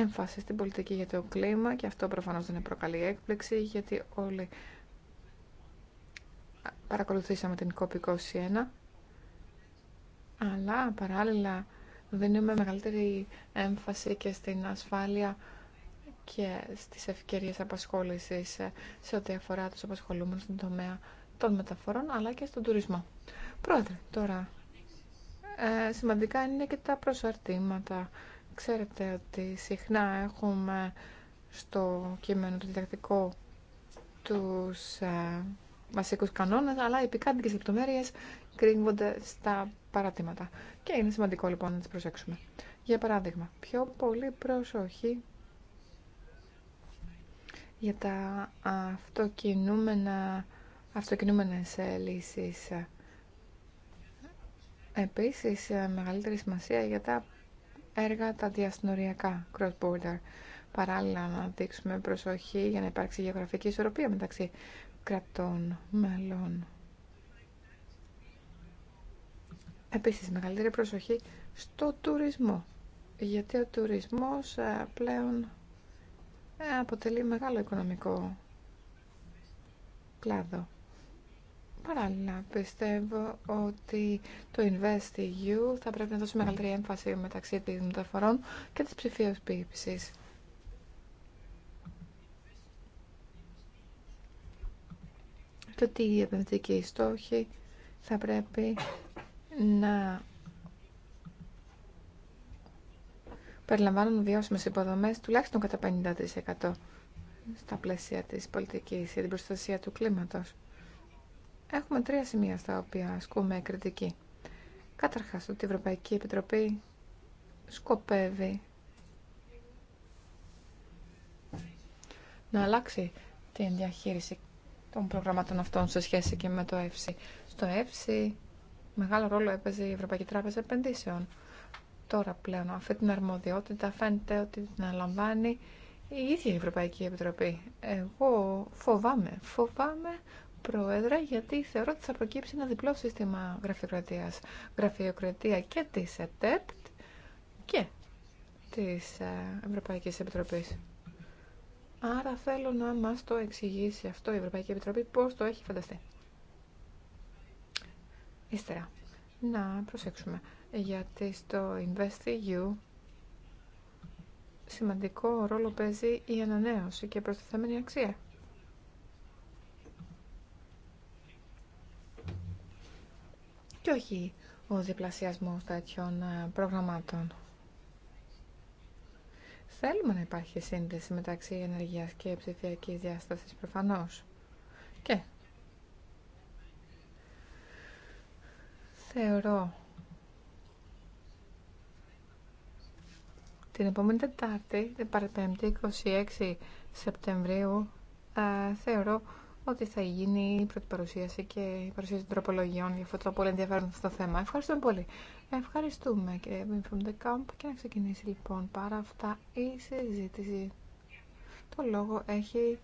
έμφαση στην πολιτική για το κλίμα και αυτό προφανώς δεν προκαλεί έκπληξη γιατί όλοι παρακολουθήσαμε την COP21 αλλά παράλληλα δίνουμε μεγαλύτερη έμφαση και στην ασφάλεια και στις ευκαιρίες απασχόλησης σε ό,τι αφορά τους απασχολούμενους στον τομέα των μεταφορών αλλά και στον τουρισμό. Πρόεδρε, τώρα ε, σημαντικά είναι και τα προσαρτήματα Ξέρετε ότι συχνά έχουμε στο κείμενο το διδακτικό τους ε, βασικούς κανόνες, αλλά οι πικάντικες λεπτομέρειες κρίνονται στα παρατήματα. Και είναι σημαντικό λοιπόν να τις προσέξουμε. Για παράδειγμα, πιο πολύ προσοχή για τα αυτοκινούμενα, αυτοκινούμενες λύσεις. Επίσης, μεγαλύτερη σημασία για τα έργα τα διασυνοριακά cross-border. Παράλληλα να δείξουμε προσοχή για να υπάρξει γεωγραφική ισορροπία μεταξύ κρατών μελών. Επίσης, μεγαλύτερη προσοχή στο τουρισμό, γιατί ο τουρισμός ε, πλέον ε, αποτελεί μεγάλο οικονομικό κλάδο. Παράλληλα, πιστεύω ότι το InvestEU θα πρέπει να δώσει μεγαλύτερη έμφαση μεταξύ των μεταφορών και της ποιήψης. Το ότι οι επενδυτικοί στόχοι θα πρέπει να περιλαμβάνουν βιώσιμες υποδομές τουλάχιστον κατά 50% στα πλαίσια της πολιτικής για την προστασία του κλίματος. Έχουμε τρία σημεία στα οποία ασκούμε κριτική. Καταρχάς, ότι η Ευρωπαϊκή Επιτροπή σκοπεύει να αλλάξει την διαχείριση των προγραμμάτων αυτών σε σχέση και με το ΕΦΣΥ. Στο ΕΦΣΥ μεγάλο ρόλο έπαιζε η Ευρωπαϊκή Τράπεζα Επενδύσεων. Τώρα πλέον αυτή την αρμοδιότητα φαίνεται ότι την αναλαμβάνει η ίδια η Ευρωπαϊκή Επιτροπή. Εγώ φοβάμαι, φοβάμαι Προέδρα, γιατί θεωρώ ότι θα προκύψει ένα διπλό σύστημα γραφειοκρατίας. Γραφειοκρατία και της ΕΤΕΠ και της ε, Ευρωπαϊκής Επιτροπής. Άρα θέλω να μας το εξηγήσει αυτό η Ευρωπαϊκή Επιτροπή πώς το έχει φανταστεί. Ύστερα, να προσέξουμε, γιατί στο InvestEU σημαντικό ρόλο παίζει η ανανέωση και προστιθέμενη αξία. και όχι ο διπλασιασμός τέτοιων ε, προγραμμάτων. Θέλουμε να υπάρχει σύνδεση μεταξύ ενεργείας και ψηφιακής διάστασης προφανώς. Και θεωρώ την επόμενη Τετάρτη, την Παραπέμπτη, 26 Σεπτεμβρίου, ε, θεωρώ ότι θα γίνει η πρώτη παρουσίαση και η παρουσίαση των τροπολογιών για αυτό το πολύ ενδιαφέρον στο θέμα. Ευχαριστούμε πολύ. Ευχαριστούμε κύριε Winfrom και να ξεκινήσει λοιπόν πάρα αυτά η συζήτηση. Το λόγο έχει...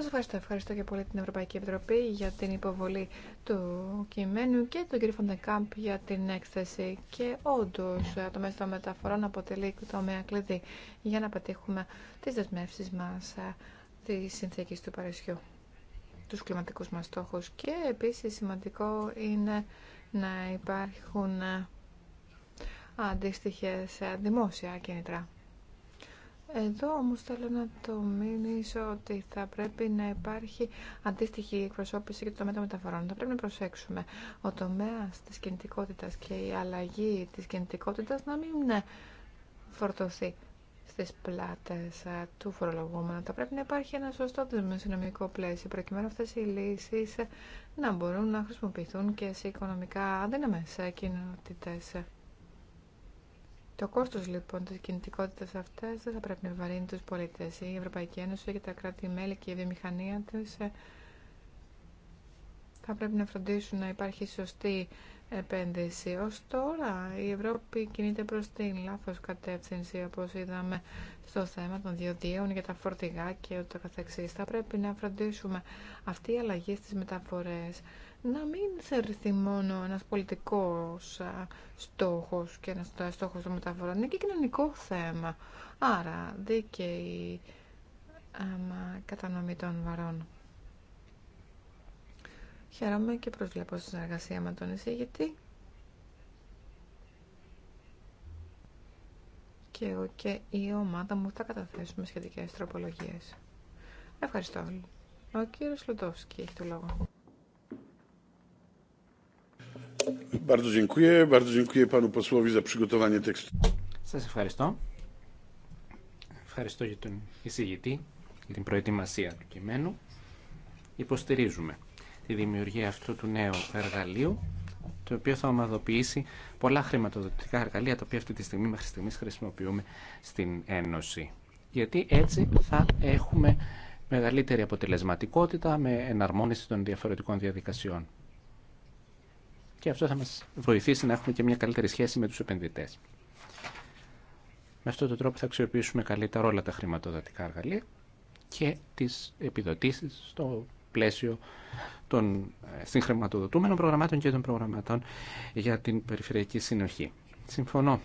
Σας ευχαριστώ. Ευχαριστώ και πολύ την Ευρωπαϊκή Επιτροπή για την υποβολή του κειμένου και τον κύριο Φοντεκάμπ για την έκθεση. Και όντω το μέσο των μεταφορών αποτελεί το τομέα κλειδί για να πετύχουμε τις δεσμεύσεις μας ε, τη συνθήκη του Παρισιού, τους κλιματικούς μας στόχους. Και επίσης σημαντικό είναι να υπάρχουν ε, αντίστοιχε ε, δημόσια κίνητρα. Εδώ όμως θέλω να το μείνω ότι θα πρέπει να υπάρχει αντίστοιχη εκπροσώπηση για το τομέα των μεταφορών. Θα πρέπει να προσέξουμε ο τομέας της κινητικότητας και η αλλαγή της κινητικότητας να μην φορτωθεί στις πλάτες του φορολογούμενου. Θα πρέπει να υπάρχει ένα σωστό δημοσιονομικό πλαίσιο προκειμένου αυτές οι λύσεις να μπορούν να χρησιμοποιηθούν και σε οικονομικά αδύναμες κοινότητες. Το κόστο λοιπόν τη κινητικότητα αυτές δεν θα πρέπει να βαρύνει του πολιτέ. Η Ευρωπαϊκή Ένωση και τα κράτη-μέλη και η βιομηχανία τη, ε, θα πρέπει να φροντίσουν να υπάρχει σωστή επένδυση. Ω τώρα η Ευρώπη κινείται προ την λάθος κατεύθυνση όπω είδαμε στο θέμα των διοδίων για τα φορτηγά και ούτω καθεξής. Θα πρέπει να φροντίσουμε αυτή η αλλαγή στι μεταφορέ να μην θεωρηθεί μόνο ένας πολιτικός στόχος και ένας στόχος των μεταφορών. Είναι και κοινωνικό θέμα. Άρα δίκαιη άμα, κατανομή των βαρών. Χαίρομαι και προσβλέπω στη συνεργασία με τον εισηγητή. Και εγώ και η ομάδα μου θα καταθέσουμε σχετικές τροπολογίες. Ευχαριστώ Ο κύριος Λοντόφσκι έχει το λόγο. Bardzo Σας ευχαριστώ. Ευχαριστώ για τον εισηγητή, για την προετοιμασία του κειμένου. Υποστηρίζουμε τη δημιουργία αυτού του νέου εργαλείου, το οποίο θα ομαδοποιήσει πολλά χρηματοδοτικά εργαλεία, τα οποία αυτή τη στιγμή μέχρι στιγμής χρησιμοποιούμε στην Ένωση. Γιατί έτσι θα έχουμε μεγαλύτερη αποτελεσματικότητα με εναρμόνιση των διαφορετικών διαδικασιών και αυτό θα μας βοηθήσει να έχουμε και μια καλύτερη σχέση με τους επενδυτές. Με αυτόν τον τρόπο θα αξιοποιήσουμε καλύτερα όλα τα χρηματοδοτικά εργαλεία και τις επιδοτήσεις στο πλαίσιο των ε, συγχρηματοδοτούμενων προγραμμάτων και των προγραμμάτων για την περιφερειακή συνοχή. Συμφωνώ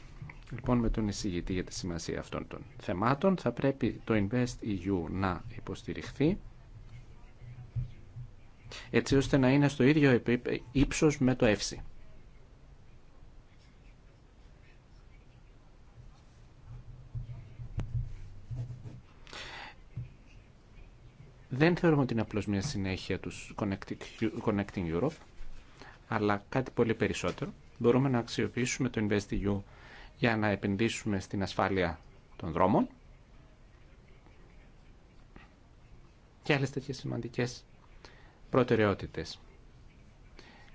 λοιπόν με τον εισηγητή για τη σημασία αυτών των θεμάτων. Θα πρέπει το InvestEU να υποστηριχθεί έτσι ώστε να είναι στο ίδιο ύψος με το εύση. Δεν θεωρούμε ότι είναι απλώς μια συνέχεια του Connecting Europe, αλλά κάτι πολύ περισσότερο. Μπορούμε να αξιοποιήσουμε το InvestEU για να επενδύσουμε στην ασφάλεια των δρόμων και άλλες τέτοιες σημαντικές προτεραιότητες.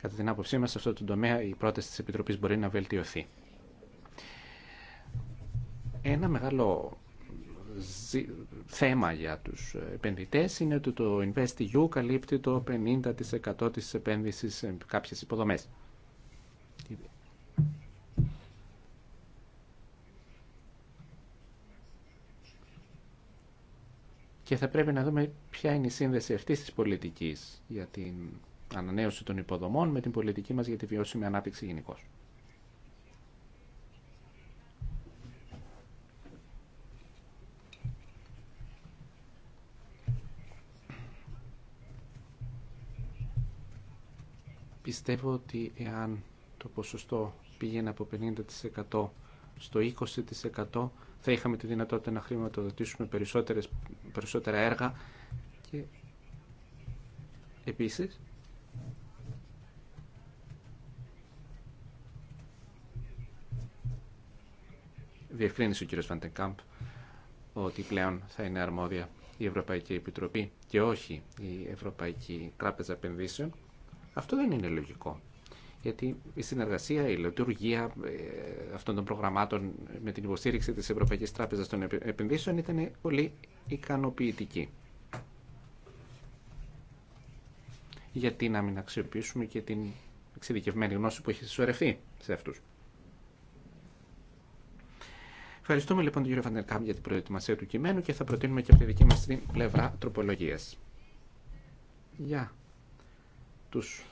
Κατά την άποψή μα σε αυτό το τομέα η πρόταση της Επιτροπής μπορεί να βελτιωθεί. Ένα μεγάλο θέμα για τους επενδυτές είναι ότι το InvestEU καλύπτει το 50% της επένδυσης σε κάποιες υποδομές. και θα πρέπει να δούμε ποια είναι η σύνδεση αυτή τη πολιτική για την ανανέωση των υποδομών με την πολιτική μα για τη βιώσιμη ανάπτυξη γενικώ. Πιστεύω ότι εάν το ποσοστό πήγαινε από 50% στο 20% θα είχαμε τη δυνατότητα να χρηματοδοτήσουμε περισσότερες, περισσότερα έργα και επίσης διευκρίνησε ο κ. Βαντεκάμπ ότι πλέον θα είναι αρμόδια η Ευρωπαϊκή Επιτροπή και όχι η Ευρωπαϊκή Τράπεζα Επενδύσεων. Αυτό δεν είναι λογικό γιατί η συνεργασία, η λειτουργία ε, αυτών των προγραμμάτων με την υποστήριξη της Ευρωπαϊκής Τράπεζας των Επενδύσεων ήταν πολύ ικανοποιητική. Γιατί να μην αξιοποιήσουμε και την εξειδικευμένη γνώση που έχει συσσωρευτεί σε αυτούς. Ευχαριστούμε λοιπόν τον κύριο Βαντερκάμπ για την προετοιμασία του κειμένου και θα προτείνουμε και από τη δική μας την πλευρά τροπολογίας. Για τους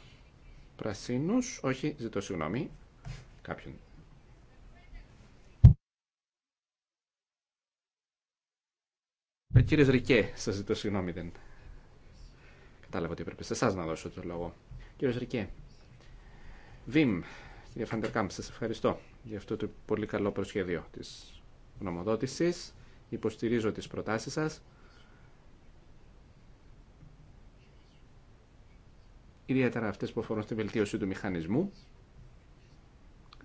πρασίνους. Όχι, ζητώ συγγνώμη. Κάποιον. Ε, κύριε Ρικέ, σας ζητώ συγγνώμη. Δεν... Κατάλαβα ότι έπρεπε σε εσάς να δώσω το λόγο. Κύριε Ρικέ. Βιμ, κύριε Φαντερκάμπ, σας ευχαριστώ για αυτό το πολύ καλό προσχέδιο της νομοδότησης. Υποστηρίζω τις προτάσεις σας. ιδιαίτερα αυτές που αφορούν στη βελτίωση του μηχανισμού,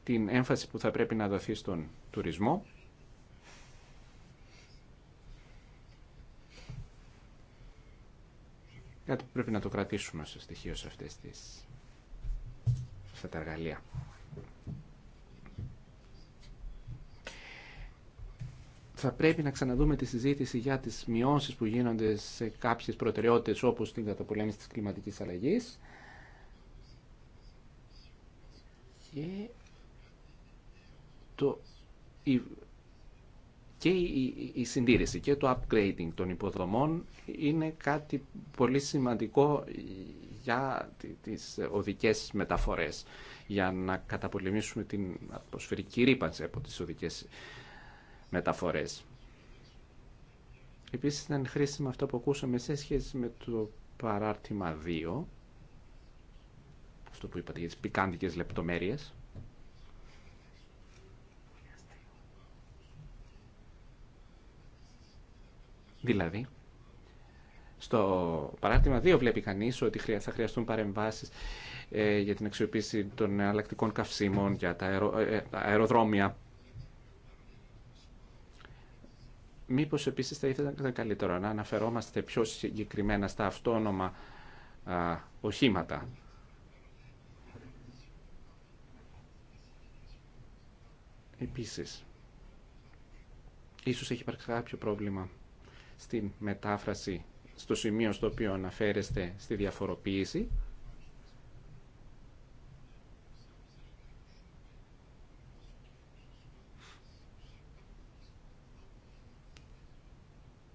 την έμφαση που θα πρέπει να δοθεί στον τουρισμό, κάτι που πρέπει να το κρατήσουμε στο στοιχείο σε αυτές τις αυτά τα εργαλεία. Θα πρέπει να ξαναδούμε τη συζήτηση για τις μειώσεις που γίνονται σε κάποιες προτεραιότητες όπως την καταπολέμηση της κλιματικής αλλαγής και το, η, και η, συντήρηση και το upgrading των υποδομών είναι κάτι πολύ σημαντικό για τις οδικές μεταφορές, για να καταπολεμήσουμε την ατμοσφαιρική ρήπανση από τις οδικές μεταφορές. Επίσης ήταν χρήσιμο αυτό που ακούσαμε σε σχέση με το παράρτημα 2, που είπατε για τις πικάντικες λεπτομέρειες. Δηλαδή, στο παράρτημα 2 βλέπει κανείς ότι θα χρειαστούν παρεμβάσεις ε, για την αξιοποίηση των αλλακτικών καυσίμων, για ε, ε, τα, αεροδρόμια. Μήπως επίσης θα ήθελα καλύτερο να αναφερόμαστε πιο συγκεκριμένα στα αυτόνομα α, οχήματα Επίσης, ίσως έχει υπάρξει κάποιο πρόβλημα στην μετάφραση στο σημείο στο οποίο αναφέρεστε στη διαφοροποίηση.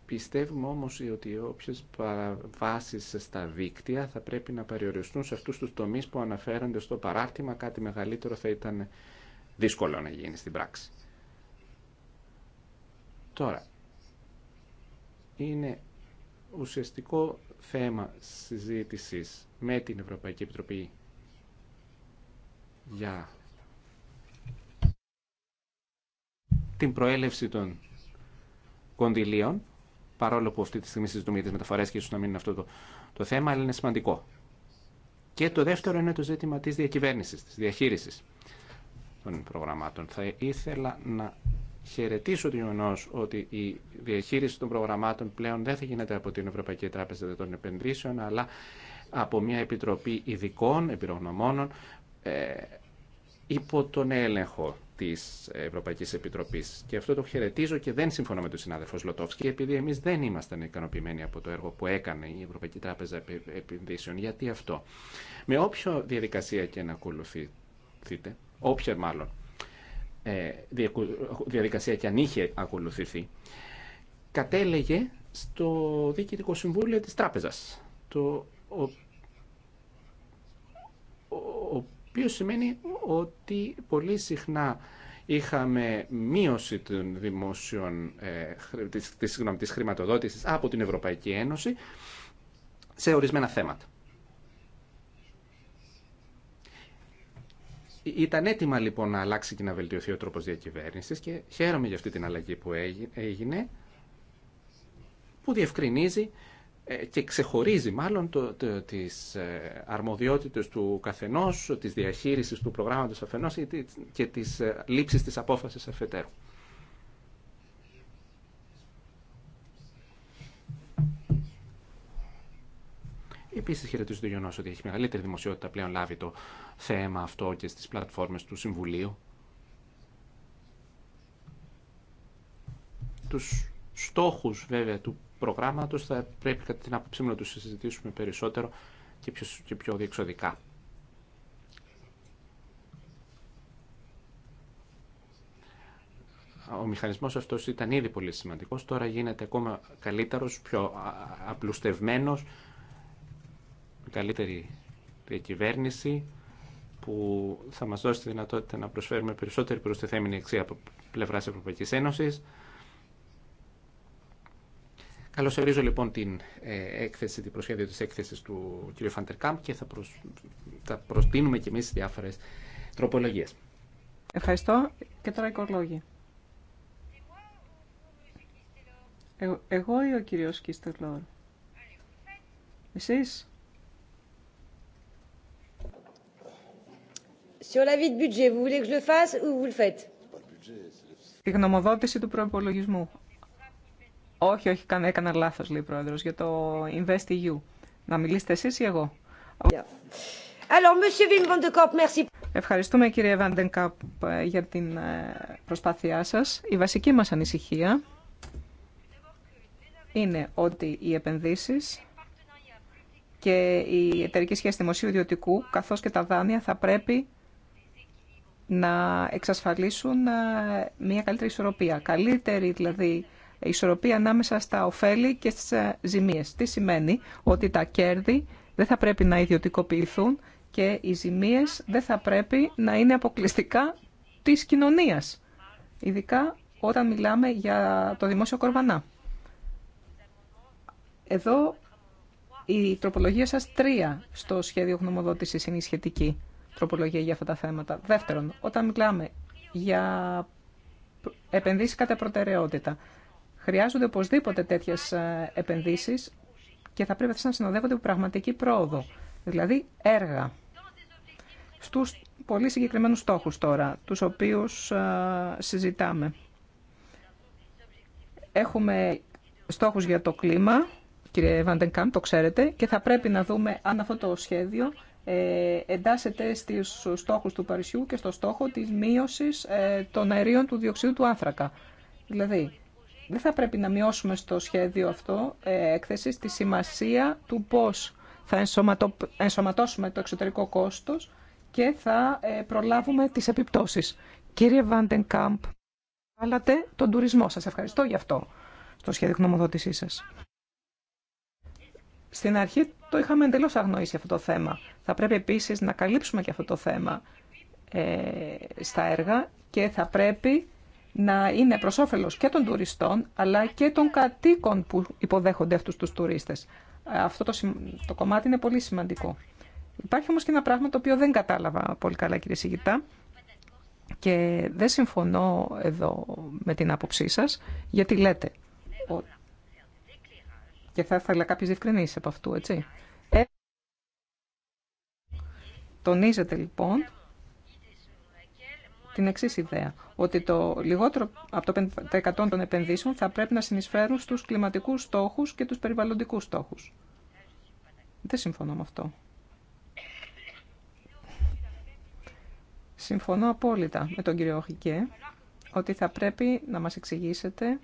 Πιστεύουμε όμως ότι όποιες παραβάσεις στα δίκτυα θα πρέπει να περιοριστούν σε αυτούς τους τομείς που αναφέρονται στο παράρτημα. Κάτι μεγαλύτερο θα ήταν δύσκολο να γίνει στην πράξη. Τώρα, είναι ουσιαστικό θέμα συζήτησης με την Ευρωπαϊκή Επιτροπή για την προέλευση των κονδυλίων, παρόλο που αυτή τη στιγμή συζητούμε για τις μεταφορές και ίσως να μην είναι αυτό το, το θέμα, αλλά είναι σημαντικό. Και το δεύτερο είναι το ζήτημα της διακυβέρνησης, της διαχείρισης των προγραμμάτων. Θα ήθελα να χαιρετήσω το γεγονό ότι η διαχείριση των προγραμμάτων πλέον δεν θα γίνεται από την Ευρωπαϊκή Τράπεζα των Επενδύσεων, αλλά από μια επιτροπή ειδικών επιρρογνωμόνων ε, υπό τον έλεγχο τη Ευρωπαϊκή Επιτροπή. Και αυτό το χαιρετίζω και δεν συμφωνώ με τον συνάδελφο Λοτόφσκι, επειδή εμεί δεν ήμασταν ικανοποιημένοι από το έργο που έκανε η Ευρωπαϊκή Τράπεζα Επενδύσεων. Γιατί αυτό. Με όποια διαδικασία και να ακολουθείτε, όποια μάλλον ε, διαδικασία και αν είχε ακολουθηθεί, κατέλεγε στο Διοικητικό Συμβούλιο της Τράπεζας, το οποίο σημαίνει ότι πολύ συχνά είχαμε μείωση των δημόσιων, ε, της, της, της χρηματοδότησης από την Ευρωπαϊκή Ένωση σε ορισμένα θέματα. Ήταν έτοιμα λοιπόν να αλλάξει και να βελτιωθεί ο τρόπος διακυβέρνησης και χαίρομαι για αυτή την αλλαγή που έγινε, που διευκρινίζει ε, και ξεχωρίζει μάλλον το, το, τις ε, αρμοδιότητες του καθενός, της διαχείρισης του προγράμματος αφενός και της ε, λήψης της απόφασης αφετέρου. Επίση, χαιρετίζω το γεγονό ότι έχει μεγαλύτερη δημοσιότητα πλέον λάβει το θέμα αυτό και στι πλατφόρμες του Συμβουλίου. Του στόχου βέβαια του προγράμματο θα πρέπει κατά την άποψή μου να του συζητήσουμε περισσότερο και πιο, και πιο διεξοδικά. ο μηχανισμός αυτός ήταν ήδη πολύ σημαντικός, τώρα γίνεται ακόμα καλύτερος, πιο απλουστευμένος καλύτερη διακυβέρνηση που θα μας δώσει τη δυνατότητα να προσφέρουμε περισσότερη προστιθέμενη αξία από πλευράς Ευρωπαϊκής Ένωσης. Καλωσορίζω λοιπόν την ε, έκθεση, την προσχέδιο της έκθεσης του κ. Φαντερκάμπ και θα, προσ... θα προστείνουμε και εμείς διάφορες τροπολογίες. Ευχαριστώ και τώρα οικολόγοι. Ε, εγώ ή ο κύριος Κίστελόρ. Εσείς. Sur budget, vous voulez que je le fasse ou vous le faites? γνωμοδότηση του προπολογισμού. Όχι, όχι, έκανα λάθο, λέει ο πρόεδρο, για το InvestEU. Να μιλήσετε εσεί ή εγώ. Ευχαριστούμε κύριε Βαντενκάπ για την ε, προσπάθειά σας. Η βασική μας ανησυχία είναι ότι οι επενδύσεις και η εταιρική σχέση δημοσίου ιδιωτικού καθώς και τα δάνεια θα πρέπει να εξασφαλίσουν ε, μια καλύτερη ισορροπία. Καλύτερη δηλαδή ισορροπία ανάμεσα στα ωφέλη και στις ε, ζημίες. Τι σημαίνει ότι τα κέρδη δεν θα πρέπει να ιδιωτικοποιηθούν και οι ζημίες δεν θα πρέπει να είναι αποκλειστικά της κοινωνίας. Ειδικά όταν μιλάμε για το δημόσιο κορβανά. Εδώ η τροπολογία σας τρία στο σχέδιο γνωμοδότησης είναι σχετική τροπολογία για αυτά τα θέματα. Δεύτερον, όταν μιλάμε για επενδύσεις κατά προτεραιότητα, χρειάζονται οπωσδήποτε τέτοιες ε, επενδύσεις και θα πρέπει να συνοδεύονται από πραγματική πρόοδο, δηλαδή έργα. Στους πολύ συγκεκριμένους στόχους τώρα, τους οποίους ε, συζητάμε. Έχουμε στόχους για το κλίμα, κύριε Βαντεγκάμ, το ξέρετε, και θα πρέπει να δούμε αν αυτό το σχέδιο ε, εντάσσεται στους στόχους του Παρισιού και στο στόχο της μείωσης ε, των αερίων του διοξείδου του άνθρακα. Δηλαδή, δεν θα πρέπει να μειώσουμε στο σχέδιο αυτό ε, έκθεση τη σημασία του πώς θα ενσωματώσουμε το εξωτερικό κόστος και θα προλάβουμε τις επιπτώσεις. Κύριε Βάντεν Κάμπ, βάλατε τον τουρισμό σας. Ευχαριστώ γι' αυτό στο σχέδιο γνωμοδότησής σας. Στην αρχή το είχαμε εντελώς αγνοήσει αυτό το θέμα. Θα πρέπει επίσης να καλύψουμε και αυτό το θέμα ε, στα έργα και θα πρέπει να είναι προς όφελος και των τουριστών αλλά και των κατοίκων που υποδέχονται αυτούς τους τουρίστες. Αυτό το, το κομμάτι είναι πολύ σημαντικό. Υπάρχει όμως και ένα πράγμα το οποίο δεν κατάλαβα πολύ καλά κύριε Σιγητά και δεν συμφωνώ εδώ με την άποψή σας γιατί λέτε και θα ήθελα κάποιε διευκρινήσει από αυτού, έτσι. Ε, τονίζεται λοιπόν την εξή ιδέα, ότι το λιγότερο από το 5% των επενδύσεων θα πρέπει να συνεισφέρουν στους κλιματικούς στόχους και τους περιβαλλοντικούς στόχους. Δεν συμφωνώ με αυτό. Συμφωνώ απόλυτα με τον κύριο Χικέ ότι θα πρέπει να μας εξηγήσετε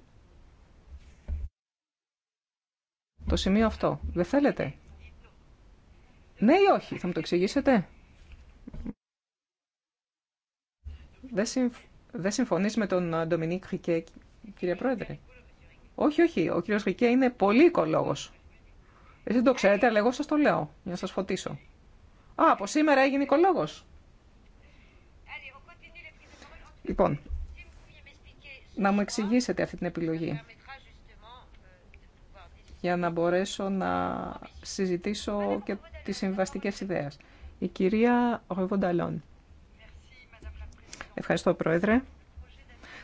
το σημείο αυτό. Δεν θέλετε. Ναι ή όχι, θα μου το εξηγήσετε. Δεν, συμφ... Δεν συμφωνείς με τον ε, Ντομινίκ Ρικέ, κύριε Πρόεδρε. Όχι, όχι. Ο κύριος Ρικέ είναι πολύ οικολόγος. Εσείς δεν το ξέρετε, αλλά εγώ σας το λέω, για να σας φωτίσω. Α, από σήμερα έγινε οικολόγος. Λοιπόν, να μου εξηγήσετε αυτή την επιλογή για να μπορέσω να συζητήσω και τις συμβαστικές ιδέες. Η κυρία Ροβονταλόν. Ευχαριστώ, Πρόεδρε.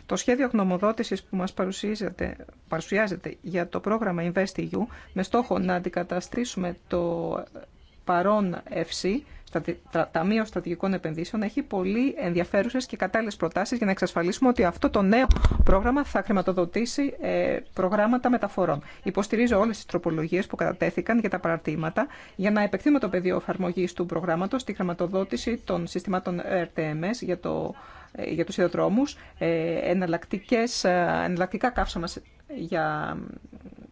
Το σχέδιο γνωμοδότησης που μας παρουσιάζεται για το πρόγραμμα InvestEU με στόχο να αντικαταστήσουμε το παρόν FC Ταμείο Στρατηγικών Επενδύσεων έχει πολύ ενδιαφέρουσες και κατάλληλες προτάσεις για να εξασφαλίσουμε ότι αυτό το νέο πρόγραμμα θα χρηματοδοτήσει ε, προγράμματα μεταφορών. Υποστηρίζω όλες τις τροπολογίες που κατατέθηκαν για τα παραρτήματα για να επεκτείνουμε το πεδίο εφαρμογή του προγράμματος στη χρηματοδότηση των συστημάτων RTMS ε για το ε, για τους ιδεοτρόμους, εναλλακτικά καύσαμα για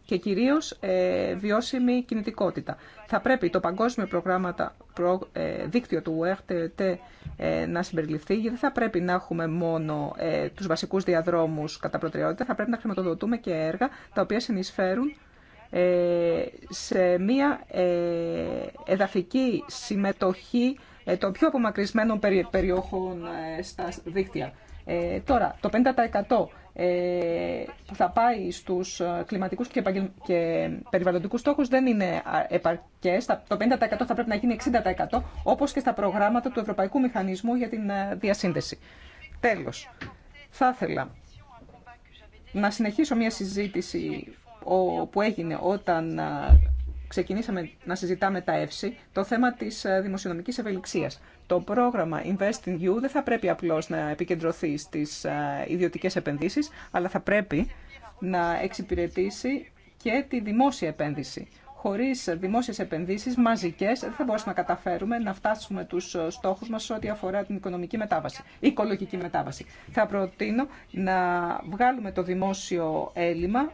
και κυρίως ε, βιώσιμη κινητικότητα. Θα πρέπει το παγκόσμιο προγράμματα, ε, δίκτυο του RTT ε, να συμπεριληφθεί, γιατί δεν θα πρέπει να έχουμε μόνο ε, τους βασικούς διαδρόμους κατά προτεραιότητα, θα πρέπει να χρηματοδοτούμε και έργα τα οποία συνεισφέρουν ε, σε μια εδαφική συμμετοχή των πιο απομακρυσμένων περιοχών στα δίκτυα. τώρα, το 50% ε, που θα πάει στους ε, κλιματικούς και περιβαλλοντικούς στόχους δεν είναι επαρκές. Το 50% θα πρέπει να γίνει 60% όπως και στα προγράμματα του Ευρωπαϊκού Μηχανισμού για την ε, διασύνδεση. Τέλος, θα ήθελα να συνεχίσω μια συζήτηση που έγινε όταν ξεκινήσαμε να συζητάμε τα εύση το θέμα της ε, δημοσιονομικής ευελιξίας. Το πρόγραμμα Investing You δεν θα πρέπει απλώς να επικεντρωθεί στις ε, ιδιωτικές επενδύσει, αλλά θα πρέπει να εξυπηρετήσει και τη δημόσια επένδυση. Χωρίς δημόσιες επενδύσει, μαζικές δεν θα μπορέσουμε να καταφέρουμε να φτάσουμε τους ε, στόχους μας ό,τι αφορά την οικονομική μετάβαση, οικολογική μετάβαση. Θα προτείνω να βγάλουμε το δημόσιο έλλειμμα,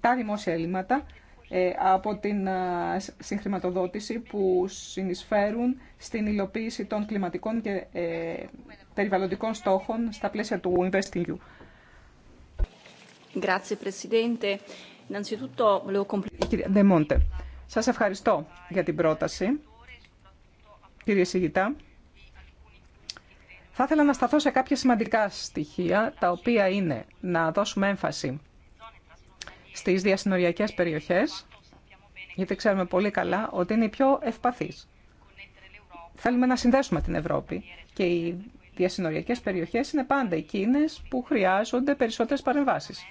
τα δημόσια έλλειμματα ε, από την ε, συγχρηματοδότηση που συνεισφέρουν στην υλοποίηση των κλιματικών και ε, περιβαλλοντικών στόχων στα πλαίσια του InvestEU. Κύριε σας ευχαριστώ για την πρόταση, κύριε Σιγητά. Θα ήθελα να σταθώ σε κάποια σημαντικά στοιχεία, τα οποία είναι να δώσουμε έμφαση στις διασυνοριακές περιοχές, γιατί ξέρουμε πολύ καλά ότι είναι οι πιο ευπαθείς. Θέλουμε να συνδέσουμε την Ευρώπη και οι διασυνοριακές περιοχές είναι πάντα εκείνες που χρειάζονται περισσότερες παρεμβάσεις.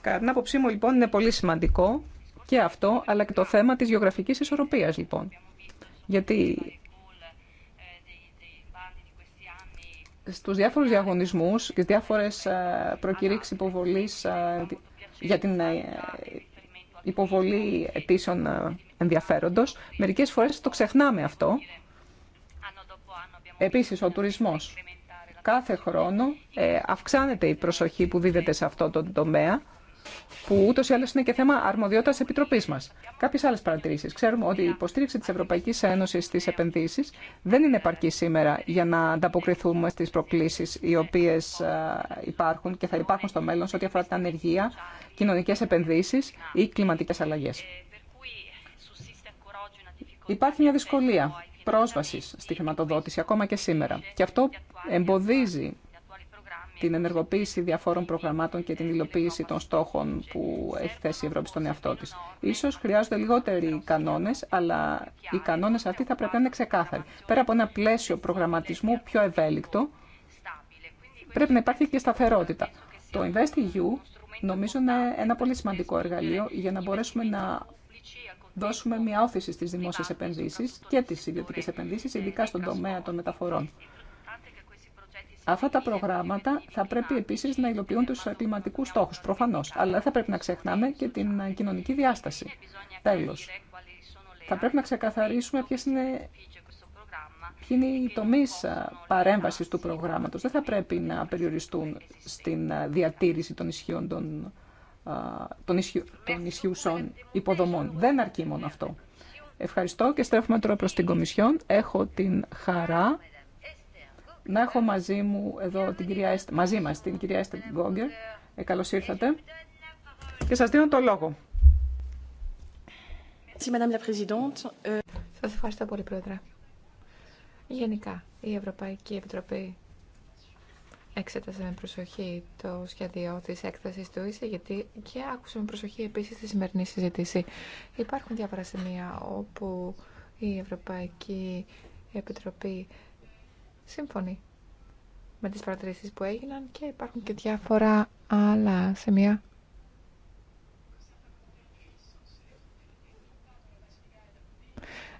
Κατά την άποψή μου λοιπόν είναι πολύ σημαντικό και αυτό, αλλά και το θέμα της γεωγραφικής ισορροπίας λοιπόν. Γιατί στους διάφορους διαγωνισμούς και διάφορες ε, προκηρύξεις υποβολής ε, για την ε, υποβολή αιτήσεων ε, ενδιαφέροντος. Μερικές φορές το ξεχνάμε αυτό. Επίσης, ο τουρισμός. Κάθε χρόνο ε, αυξάνεται η προσοχή που δίδεται σε αυτό το τομέα που ούτω ή άλλω είναι και θέμα αρμοδιότητα τη Επιτροπή μα. Κάποιε άλλε παρατηρήσει. Ξέρουμε ότι η υποστήριξη τη Ευρωπαϊκή Ένωση στι επενδύσει δεν είναι επαρκή σήμερα για να ανταποκριθούμε στι προκλήσει οι οποίε ε, υπάρχουν και θα υπάρχουν στο μέλλον σε ό,τι αφορά την ανεργία, κοινωνικέ επενδύσει ή κλιματικέ αλλαγέ. Υπάρχει μια δυσκολία πρόσβαση στη χρηματοδότηση ακόμα και σήμερα. Και αυτό εμποδίζει την ενεργοποίηση διαφόρων προγραμμάτων και την υλοποίηση των στόχων που έχει θέσει η Ευρώπη στον εαυτό τη. Ίσως χρειάζονται λιγότεροι κανόνε, αλλά οι κανόνε αυτοί θα πρέπει να είναι ξεκάθαροι. Πέρα από ένα πλαίσιο προγραμματισμού πιο ευέλικτο, πρέπει να υπάρχει και σταθερότητα. Το InvestEU νομίζω είναι ένα πολύ σημαντικό εργαλείο για να μπορέσουμε να δώσουμε μια όθηση στις δημόσιες επενδύσεις και τις ιδιωτικές επενδύσεις, ειδικά στον τομέα των μεταφορών. Αυτά τα προγράμματα θα πρέπει επίσης να υλοποιούν του κλιματικού στόχου, προφανώ. αλλά δεν θα πρέπει να ξεχνάμε και την κοινωνική διάσταση. Τέλο, θα πρέπει να ξεκαθαρίσουμε ποιε είναι ποιοι είναι οι τομεί παρέμβαση του προγράμματο. Δεν θα πρέπει να περιοριστούν στην διατήρηση των ισχύων των, των, των ισχυουσών υποδομών. Δεν αρκεί μόνο αυτό. Ευχαριστώ και στρέφουμε τώρα προ την Κομισιόν. Έχω την χαρά να έχω μαζί μου εδώ την κυρία, μαζί μας την κυρία Έστερ Γκόγκερ. Ε, καλώς ήρθατε. Και σας δίνω το λόγο. Ε, σας ευχαριστώ πολύ, Πρόεδρε. Γενικά, η Ευρωπαϊκή Επιτροπή εξέτασε με προσοχή το σχέδιο της έκθεσης του ΙΣΕ, γιατί και άκουσε με προσοχή επίσης τη σημερινή συζήτηση. Υπάρχουν διάφορα σημεία όπου η Ευρωπαϊκή Επιτροπή σύμφωνοι με τις παρατηρήσεις που έγιναν και υπάρχουν και διάφορα άλλα σημεία.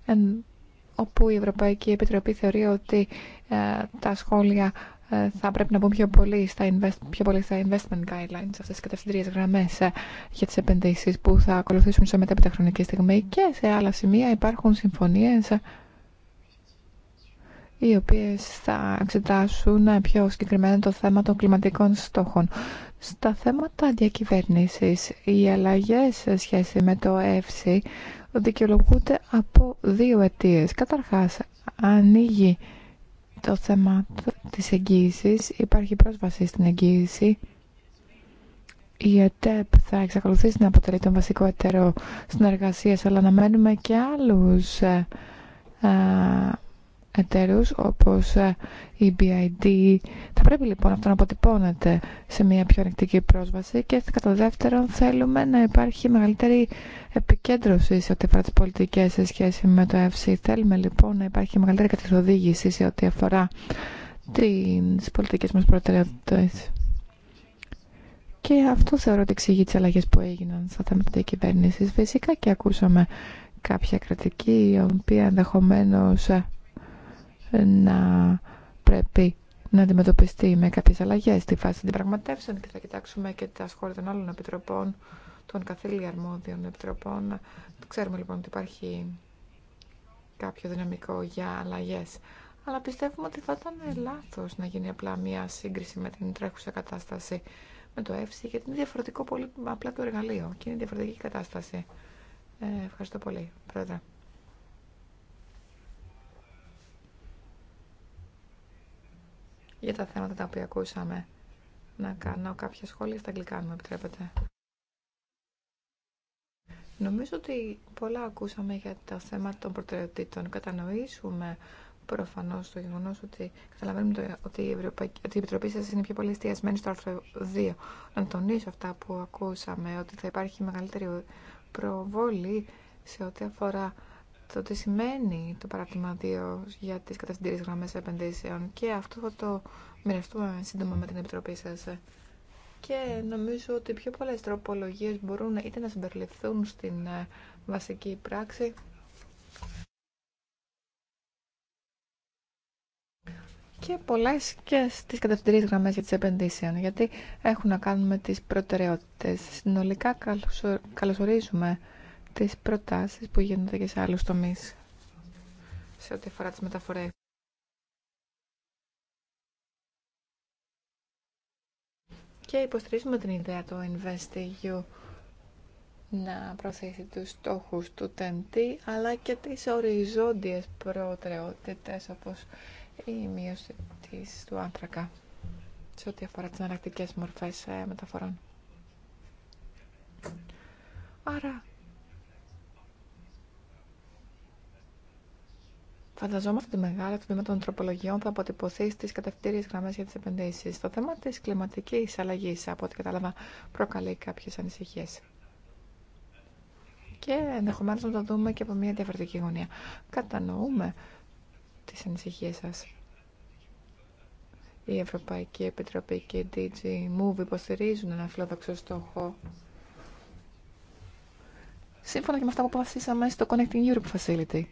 Εν, όπου η Ευρωπαϊκή Επιτροπή θεωρεί ότι ε, τα σχόλια ε, θα πρέπει να μπουν πιο πολύ στα, πιο πολύ στα investment guidelines, αυτές τις κατευθυντήριες γραμμές ε, για τις επενδύσεις που θα ακολουθήσουν σε μετέπειτα χρονική στιγμή και σε άλλα σημεία υπάρχουν συμφωνίες οι οποίες θα εξετάσουν ε, πιο συγκεκριμένα το θέμα των κλιματικών στόχων. Στα θέματα διακυβέρνησης, οι αλλαγές σε σχέση με το ΕΦΣΥ δικαιολογούνται από δύο αιτίες. Καταρχάς, ανοίγει το θέμα της εγγύησης, υπάρχει πρόσβαση στην εγγύηση. Η ΕΤΕΠ θα εξακολουθήσει να αποτελεί τον βασικό εταιρό συνεργασίας, αλλά αναμένουμε και άλλους ε, ε, εταίρους όπως ε, η BID. Θα πρέπει λοιπόν αυτό να αποτυπώνεται σε μια πιο ανεκτική πρόσβαση και κατά δεύτερον θέλουμε να υπάρχει μεγαλύτερη επικέντρωση σε ό,τι αφορά τις πολιτικές σε σχέση με το FC. Θέλουμε λοιπόν να υπάρχει μεγαλύτερη καθοδήγηση σε ό,τι αφορά τις πολιτικές μας προτεραιότητες. Και αυτό θεωρώ ότι εξηγεί τι αλλαγέ που έγιναν στα θέματα κυβέρνηση. Φυσικά και ακούσαμε κάποια κρατική, η οποία ενδεχομένω ε, να πρέπει να αντιμετωπιστεί με κάποιες αλλαγές στη φάση των πραγματεύσεων και θα κοιτάξουμε και τα σχόλια των άλλων επιτροπών, των καθήλια αρμόδιων επιτροπών. Ξέρουμε λοιπόν ότι υπάρχει κάποιο δυναμικό για αλλαγές. Αλλά πιστεύουμε ότι θα ήταν λάθος να γίνει απλά μια σύγκριση με την τρέχουσα κατάσταση με το ΕΦΣΥ γιατί είναι διαφορετικό πολύ απλά το εργαλείο και είναι διαφορετική κατάσταση. Ε, ευχαριστώ πολύ, Πρόεδρε. για τα θέματα τα οποία ακούσαμε. Να κάνω κάποια σχόλια στα αγγλικά, αν μου επιτρέπετε. Νομίζω ότι πολλά ακούσαμε για τα θέματα των προτεραιοτήτων. Κατανοήσουμε προφανώ το γεγονό ότι καταλαβαίνουμε ότι η, Ευρωπαϊκή, η Επιτροπή σα είναι πιο πολύ εστιασμένη στο άρθρο 2. Να τονίσω αυτά που ακούσαμε, ότι θα υπάρχει μεγαλύτερη προβολή σε ό,τι αφορά το τι σημαίνει το παράδειγμα 2 για τις κατευθυντήριες γραμμές επενδύσεων και αυτό θα το μοιραστούμε σύντομα με την Επιτροπή σας. Και νομίζω ότι πιο πολλές τροπολογίες μπορούν είτε να συμπεριληφθούν στην ε, βασική πράξη και πολλέ και στις κατευθυντήριε γραμμές για τις επενδύσεων γιατί έχουν να κάνουν με τις προτεραιότητες. Συνολικά καλωσορίζουμε τις προτάσεις που γίνονται και σε άλλους τομείς σε ό,τι αφορά τις μεταφορές. Και υποστηρίζουμε την ιδέα του InvestEU να προωθήσει τους στόχους του TNT, αλλά και τις οριζόντιες προτεραιότητες, όπως η μείωση της, του άνθρακα, σε ό,τι αφορά τις ανακτικές μορφές ε, μεταφορών. Άρα, Φανταζόμαστε ότι μεγάλο τμήμα των τροπολογιών θα αποτυπωθεί στι κατευθύνσει γραμμέ για τι επενδύσει. Το θέμα τη κλιματική αλλαγή, από ό,τι κατάλαβα, προκαλεί κάποιε ανησυχίε. Και ενδεχομένω να το δούμε και από μια διαφορετική γωνία. Κατανοούμε τι ανησυχίε σα. Η Ευρωπαϊκή Επιτροπή και η DG Move υποστηρίζουν ένα φιλόδοξο στόχο. Σύμφωνα και με αυτά που αποφασίσαμε στο Connecting Europe Facility.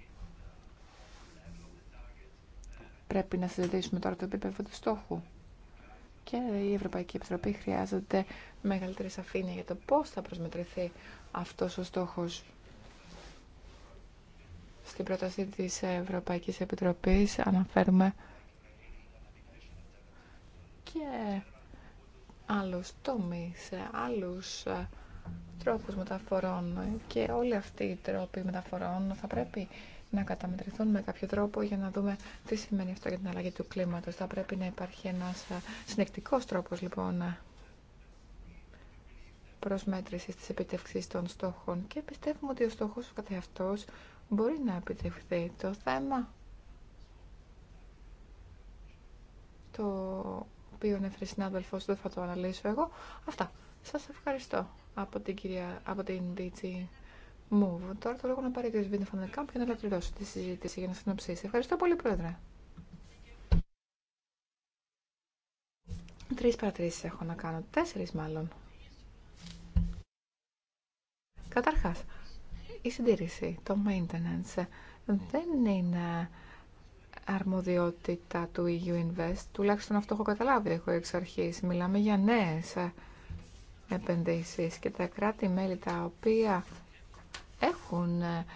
Πρέπει να συζητήσουμε τώρα το επίπεδο του στόχου. Και η Ευρωπαϊκή Επιτροπή χρειάζεται μεγαλύτερη σαφήνεια για το πώς θα προσμετρηθεί αυτός ο στόχος. Στην πρόταση της Ευρωπαϊκής Επιτροπής αναφέρουμε και άλλους τομείς, άλλους τρόπους μεταφορών και όλοι αυτοί οι τρόποι μεταφορών θα πρέπει να καταμετρηθούν με κάποιο τρόπο για να δούμε τι σημαίνει αυτό για την αλλαγή του κλίματος. Θα πρέπει να υπάρχει ένας ε, συνεκτικός τρόπος λοιπόν ε, προσμέτρησης της επιτευξής των στόχων και πιστεύουμε ότι ο στόχος του καθεαυτός μπορεί να επιτευχθεί. Το θέμα το οποίο έφερε συνάδελφος, δεν θα το αναλύσω εγώ. Αυτά. Σας ευχαριστώ από την κυρία, από την DG Τώρα το λόγο να πάρει ο κ. Βίντε Φανελκάμπ για να ολοκληρώσω τη συζήτηση για να συνοψίσει. Ευχαριστώ πολύ, Πρόεδρε. Τρει παρατηρήσει έχω να κάνω. Τέσσερι, μάλλον. Καταρχά, η συντήρηση, το maintenance, δεν είναι αρμοδιότητα του EU Invest. Τουλάχιστον αυτό έχω καταλάβει, έχω εξ αρχή. Μιλάμε για νέε επενδύσει και τα κράτη-μέλη τα οποία έχουν ε,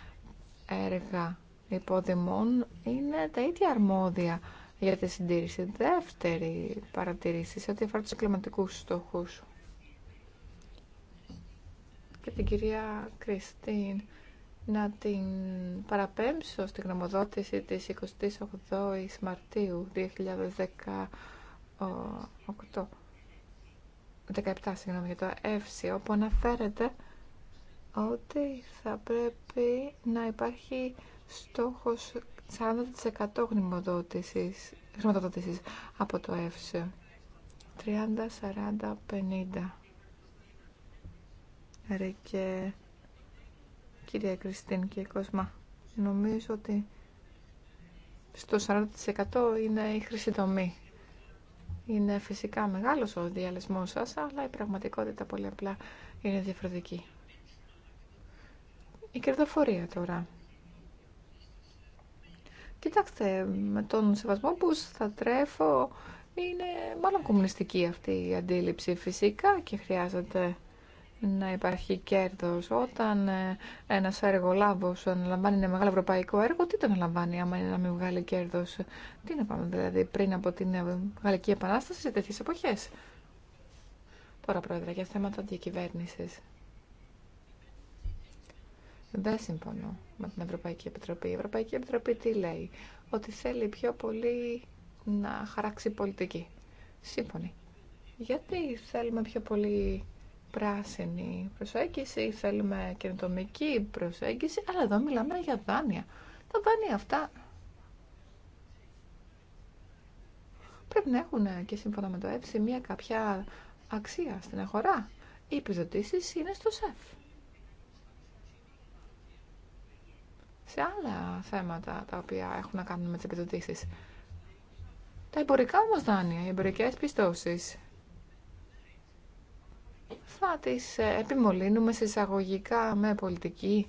έργα υποδημών είναι τα ίδια αρμόδια για τη συντήρηση. Δεύτερη παρατηρήση σε ό,τι αφορά τους κλιματικούς στόχους. Και την κυρία Κριστίν να την παραπέμψω στην γνωμοδότηση της 28ης Μαρτίου 2018. 17, συγγνώμη, για το ΕΦΣΙ, όπου αναφέρεται ότι θα πρέπει να υπάρχει στόχος 40% χρηματοδότησης από το ΕΦΣΕ. 30, 40, 50. Ρε και κυρία Κριστίν και Κοσμά, νομίζω ότι στο 40% είναι η χρυσή Είναι φυσικά μεγάλος ο διαλυσμός σας, αλλά η πραγματικότητα πολύ απλά είναι διαφορετική. Η κερδοφορία τώρα. Κοιτάξτε, με τον σεβασμό που θα τρέφω είναι μάλλον κομμουνιστική αυτή η αντίληψη φυσικά και χρειάζεται να υπάρχει κέρδος. Όταν ε, ένας εργολάβος αναλαμβάνει ένα μεγάλο ευρωπαϊκό έργο, τι το αναλαμβάνει άμα είναι να μην βγάλει κέρδος. Τι να πάμε δηλαδή πριν από την ε, Γαλλική Επανάσταση σε τέτοιες εποχές. Τώρα πρόεδρε για θέματα διακυβέρνησης. Δεν συμφωνώ με την Ευρωπαϊκή Επιτροπή. Η Ευρωπαϊκή Επιτροπή τι λέει, ότι θέλει πιο πολύ να χαράξει πολιτική. Σύμφωνοι. Γιατί θέλουμε πιο πολύ πράσινη προσέγγιση, θέλουμε καινοτομική προσέγγιση, αλλά εδώ μιλάμε για δάνεια. Τα δάνεια αυτά πρέπει να έχουν και σύμφωνα με το ΕΦΣΙ μια κάποια αξία στην αγορά. Οι επιδοτήσει είναι στο ΣΕΦ. σε άλλα θέματα τα οποία έχουν να κάνουν με τι επιδοτήσει. Τα εμπορικά όμω, δάνεια, οι εμπορικέ πιστώσει, θα τι ε, επιμολύνουμε εισαγωγικά με πολιτική.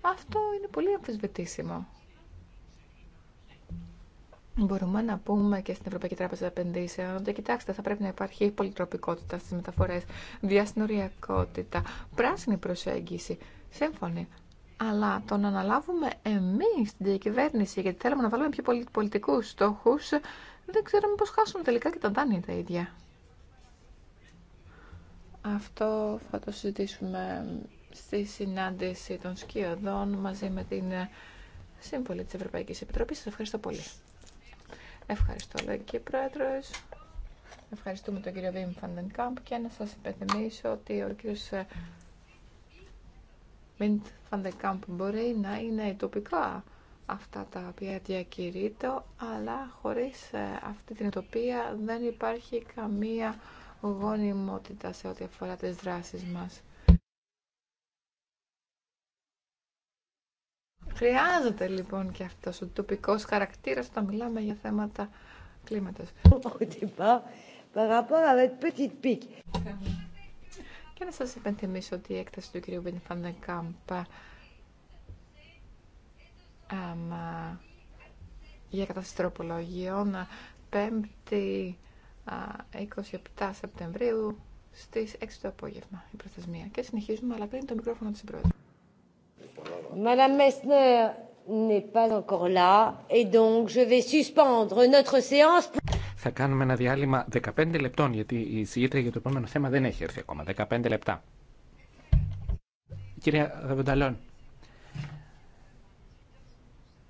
Αυτό είναι πολύ αμφισβητήσιμο. Μπορούμε να πούμε και στην Ευρωπαϊκή Τράπεζα Επενδύσεων ότι κοιτάξτε, θα πρέπει να υπάρχει πολυτροπικότητα στι μεταφορέ, διασυνοριακότητα, πράσινη προσέγγιση. Σύμφωνοι αλλά τον αναλάβουμε εμείς την διακυβέρνηση, γιατί θέλουμε να βάλουμε πιο πολιτικούς στόχους, δεν ξέρουμε πώς χάσουμε τελικά και τα δάνεια τα ίδια. Αυτό θα το συζητήσουμε στη συνάντηση των σκιωδών μαζί με την Σύμβολη της Ευρωπαϊκής Επιτροπής. Σας ευχαριστώ πολύ. Ευχαριστώ, λέει και Ευχαριστούμε τον κύριο Βίμ Φαντενκάμπ και να σας υπενθυμίσω ότι ο κύριος μην Φαντεκάμπ μπορεί να είναι τοπικά αυτά τα οποία διακηρύττω, αλλά χωρίς ε, αυτή την τοπία δεν υπάρχει καμία γόνιμότητα σε ό,τι αφορά τις δράσεις μας. Χρειάζεται λοιπόν και αυτός ο τοπικός χαρακτήρας όταν μιλάμε για θέματα κλίματος. Και να σας υπενθυμίσω ότι η έκταση του κυρίου Βινφανεκάμπ για κατασταση τροπολογιών 5η 27 Σεπτεμβρίου στις 6 το απόγευμα η προθεσμία. Και συνεχίζουμε, αλλά πριν το μικρόφωνο της Πρόεδρου. Madame Messner n'est pas encore là et donc je vais suspendre notre séance. Θα κάνουμε ένα διάλειμμα 15 λεπτών, γιατί η συγγήτρια για το επόμενο θέμα δεν έχει έρθει ακόμα. 15 λεπτά. Κύριε Δαβενταλόν,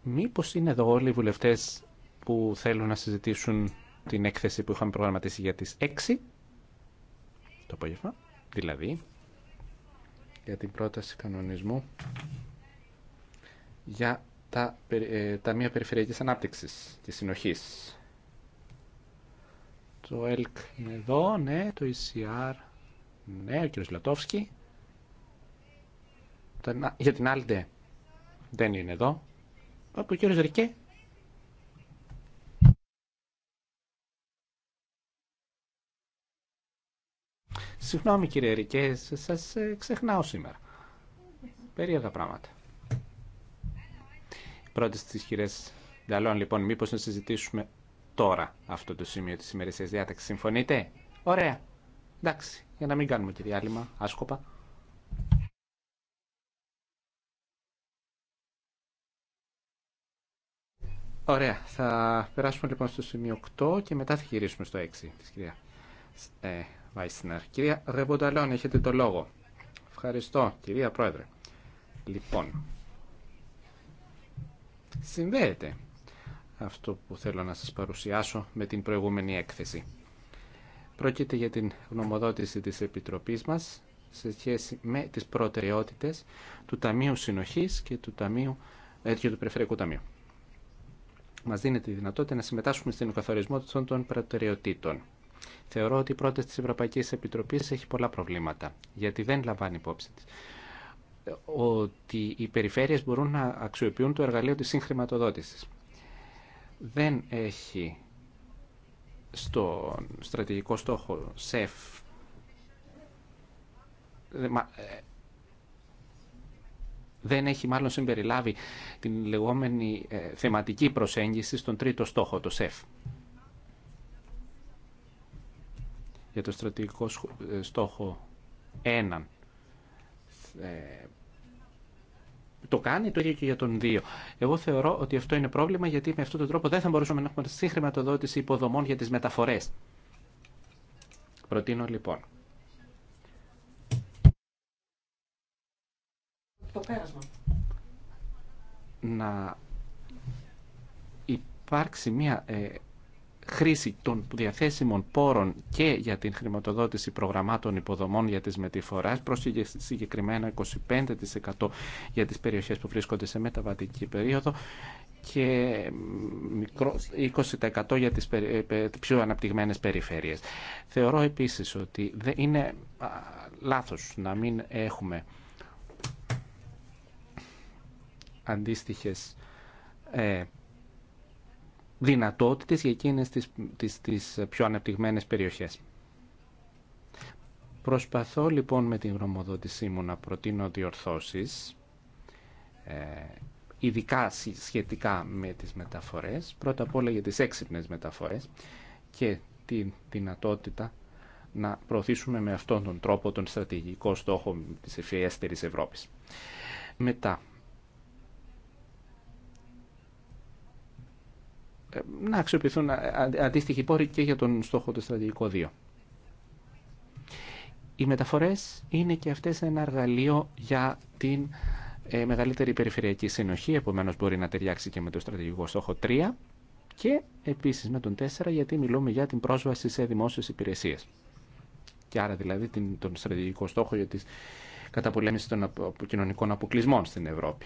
μήπως είναι εδώ όλοι οι βουλευτές που θέλουν να συζητήσουν την έκθεση που είχαμε προγραμματίσει για τις 6 το απόγευμα, δηλαδή για την πρόταση κανονισμού για τα ε, Μία περιφερειακής ανάπτυξης και συνοχής. Το ΕΛΚ είναι εδώ, ναι, το ECR, ναι, ο κύριος Λατόφσκι. Για την άλλη δεν είναι εδώ. Ο κύριος Ρικέ. Συγγνώμη κύριε Ρικέ, σας ε, ξεχνάω σήμερα. Περίεργα πράγματα. Πρώτες τις χειρές Νταλών, λοιπόν, μήπως να συζητήσουμε τώρα αυτό το σημείο της ημερησίας διάταξης. Συμφωνείτε? Ωραία. Εντάξει, για να μην κάνουμε και διάλειμμα άσκοπα. Ωραία. Θα περάσουμε λοιπόν στο σημείο 8 και μετά θα γυρίσουμε στο 6 της κυρία ε, Κυρία Ρεβονταλόν, έχετε το λόγο. Ευχαριστώ, κυρία Πρόεδρε. Λοιπόν, συνδέεται αυτό που θέλω να σας παρουσιάσω με την προηγούμενη έκθεση. Πρόκειται για την γνωμοδότηση της Επιτροπής μας σε σχέση με τις προτεραιότητες του Ταμείου Συνοχής και του, Ταμείου, ε, του Περιφερειακού Ταμείου. Μας δίνεται η δυνατότητα να συμμετάσχουμε στην καθορισμό των προτεραιοτήτων. Θεωρώ ότι η πρόταση της Ευρωπαϊκής Επιτροπής έχει πολλά προβλήματα, γιατί δεν λαμβάνει υπόψη της ε, ότι οι περιφέρειες μπορούν να αξιοποιούν το εργαλείο της συγχρηματοδότησης δεν έχει στο στρατηγικό στόχο ΣΕΦ ε, ε, δεν έχει μάλλον συμπεριλάβει την λεγόμενη ε, θεματική προσέγγιση στον τρίτο στόχο, το ΣΕΦ. Για το στρατηγικό στόχο 1 το κάνει το ίδιο και για τον δύο. Εγώ θεωρώ ότι αυτό είναι πρόβλημα γιατί με αυτόν τον τρόπο δεν θα μπορούσαμε να έχουμε συγχρηματοδότηση υποδομών για τις μεταφορές. Προτείνω λοιπόν. Το πέρασμα. Να υπάρξει μια ε, χρήση των διαθέσιμων πόρων και για την χρηματοδότηση προγραμμάτων υποδομών για τις μετηφοράς πρόσφυγε συγκεκριμένα 25% για τις περιοχές που βρίσκονται σε μεταβατική περίοδο και 20% για τις ε, ε, πιο αναπτυγμένες περιφέρειες. Θεωρώ επίσης ότι δεν είναι λάθος να μην έχουμε αντίστοιχες ε, δυνατότητες για εκείνες τις, τις, τις πιο αναπτυγμένες περιοχές. Προσπαθώ λοιπόν με την γνωμοδότησή μου να προτείνω διορθώσεις, ε, ειδικά σχετικά με τις μεταφορές, πρώτα απ' όλα για τις έξυπνες μεταφορές και τη δυνατότητα να προωθήσουμε με αυτόν τον τρόπο τον στρατηγικό στόχο της ευφιέστερης Ευρώπης. Μετά, να αξιοποιηθούν αντίστοιχοι πόροι και για τον στόχο του στρατηγικό 2. Οι μεταφορές είναι και αυτές ένα εργαλείο για την ε, μεγαλύτερη περιφερειακή συνοχή, επομένως μπορεί να ταιριάξει και με το στρατηγικό στόχο 3 και επίσης με τον 4 γιατί μιλούμε για την πρόσβαση σε δημόσιες υπηρεσίες. Και άρα δηλαδή τον στρατηγικό στόχο για την καταπολέμηση των κοινωνικών αποκλεισμών στην Ευρώπη.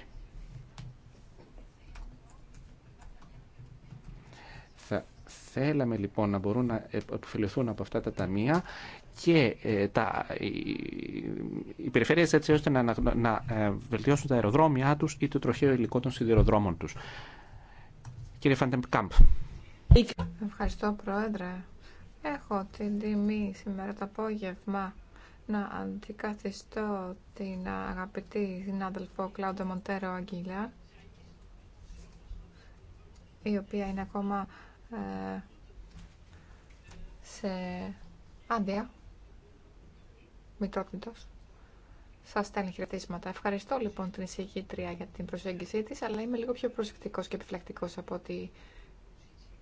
θέλαμε λοιπόν να μπορούν να επωφεληθούν από αυτά τα ταμεία και ε, τα, οι, περιφέρειες έτσι ώστε να, να, ε, βελτιώσουν τα αεροδρόμια τους ή το τροχαίο υλικό των σιδηροδρόμων τους. Κύριε Φαντεμπκάμπ. Ευχαριστώ Πρόεδρε. Έχω την τιμή σήμερα το απόγευμα να αντικαθιστώ την αγαπητή συνάδελφο Κλάουντα Μοντέρο Αγγίλα η οποία είναι ακόμα ε, σε άντια, μητρότητος. Σας στέλνει χαιρετίσματα. Ευχαριστώ λοιπόν την εισηγήτρια για την προσέγγιση της, αλλά είμαι λίγο πιο προσεκτικός και επιφυλακτικός από ότι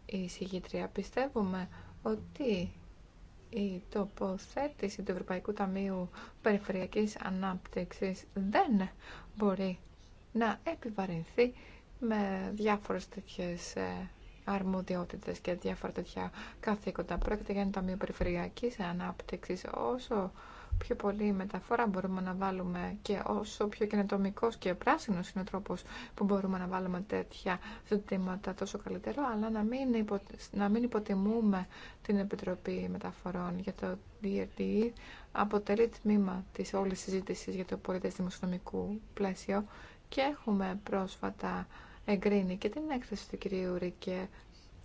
η εισηγήτρια. Πιστεύουμε ότι η τοποθέτηση του Ευρωπαϊκού Ταμείου Περιφερειακής Ανάπτυξης δεν μπορεί να επιβαρυνθεί με διάφορες τέτοιες ε, αρμοδιότητε και διάφορα τέτοια καθήκοντα. Πρόκειται για ένα ταμείο περιφερειακή ανάπτυξη, Όσο πιο πολύ μεταφορά μπορούμε να βάλουμε και όσο πιο καινοτομικό και πράσινο είναι ο τρόπο που μπορούμε να βάλουμε τέτοια ζητήματα, τόσο καλύτερο. Αλλά να μην, υπο, να μην υποτιμούμε την Επιτροπή Μεταφορών για το DRD. Αποτελεί τμήμα τη όλη συζήτηση για το πολιτέ δημοσιονομικού πλαίσιο και έχουμε πρόσφατα εγκρίνει και την έκθεση του κυρίου Ρικέ,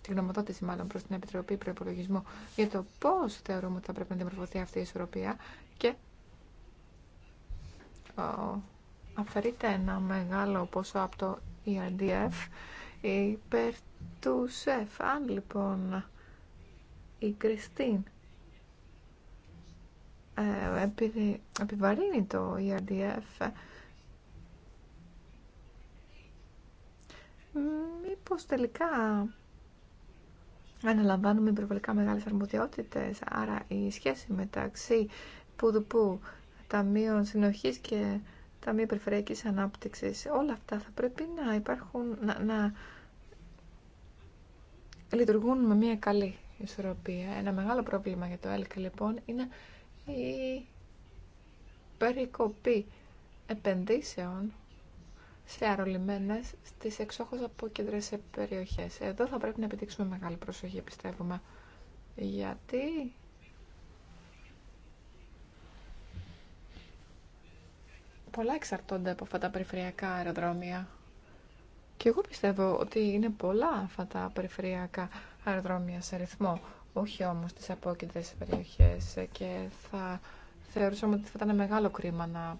την γνωμοδότηση μάλλον προς την Επιτροπή Προπολογισμού για το πώς θεωρούμε ότι θα πρέπει να δημορφωθεί αυτή η ισορροπία και αφαιρείται ένα μεγάλο ποσό από το ERDF υπέρ του ΣΕΦ. Αν λοιπόν η Κριστίν ε, επιβαρύνει το ERDF μήπως τελικά αναλαμβάνουμε υπερβολικά μεγάλες αρμοδιότητες, άρα η σχέση μεταξύ πουδουπού ταμείων συνοχής και ταμείων περιφερειακής ανάπτυξης, όλα αυτά θα πρέπει να υπάρχουν, να, να λειτουργούν με μια καλή ισορροπία. Ένα μεγάλο πρόβλημα για το ΕΛΚ λοιπόν είναι η περικοπή επενδύσεων σε αρρολιμένες στις εξόχως από κεντρές περιοχές. Εδώ θα πρέπει να επιτύξουμε μεγάλη προσοχή, πιστεύουμε. Γιατί πολλά εξαρτώνται από αυτά τα περιφερειακά αεροδρόμια. Και εγώ πιστεύω ότι είναι πολλά αυτά τα περιφερειακά αεροδρόμια σε ρυθμό, όχι όμως τις απόκεντρες περιοχές και θα θεωρούσαμε ότι θα ήταν μεγάλο κρίμα να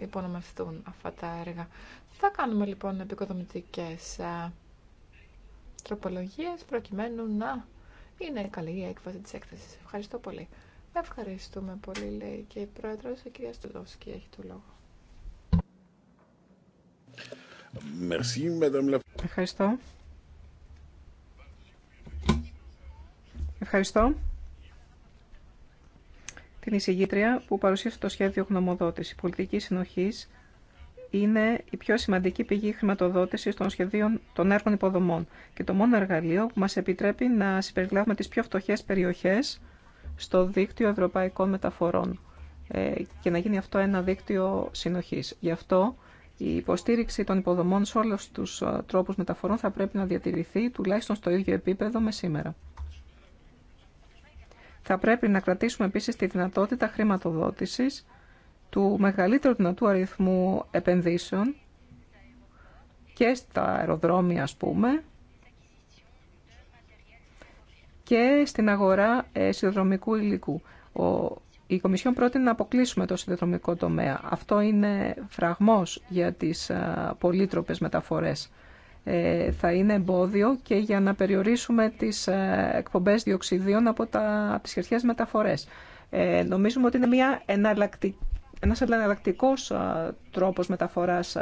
υπονομευθούν αυτά τα έργα. Θα κάνουμε λοιπόν επικοδομητικές τροπολογίες προκειμένου να είναι καλή η έκβαση της έκθεσης. Ευχαριστώ πολύ. Ευχαριστούμε πολύ, λέει και η πρόεδρος, η κυρία Στουλόσκη έχει το λόγο. Ευχαριστώ. Ευχαριστώ την εισηγήτρια που παρουσίασε το σχέδιο γνωμοδότηση. Η πολιτική συνοχή είναι η πιο σημαντική πηγή χρηματοδότηση των σχεδίων των έργων υποδομών και το μόνο εργαλείο που μα επιτρέπει να συμπεριλάβουμε τι πιο φτωχέ περιοχέ στο δίκτυο ευρωπαϊκών μεταφορών ε, και να γίνει αυτό ένα δίκτυο συνοχή. Γι' αυτό η υποστήριξη των υποδομών σε όλου του ε, τρόπου μεταφορών θα πρέπει να διατηρηθεί τουλάχιστον στο ίδιο επίπεδο με σήμερα. Θα πρέπει να κρατήσουμε επίσης τη δυνατότητα χρηματοδότησης του μεγαλύτερου δυνατού αριθμού επενδύσεων και στα αεροδρόμια, ας πούμε, και στην αγορά ε, συνδρομικού υλικού. Η Κομισιόν πρότεινε να αποκλείσουμε το συνδρομικό τομέα. Αυτό είναι φραγμός για τις ε, πολύτροπες μεταφορές. Ε, θα είναι εμπόδιο και για να περιορίσουμε τις ε, εκπομπές διοξιδίων από, τα, τις χερσιές μεταφορές. Ε, νομίζουμε ότι είναι μια εναλλακτική ένας εναλλακτικός ε, τρόπος μεταφοράς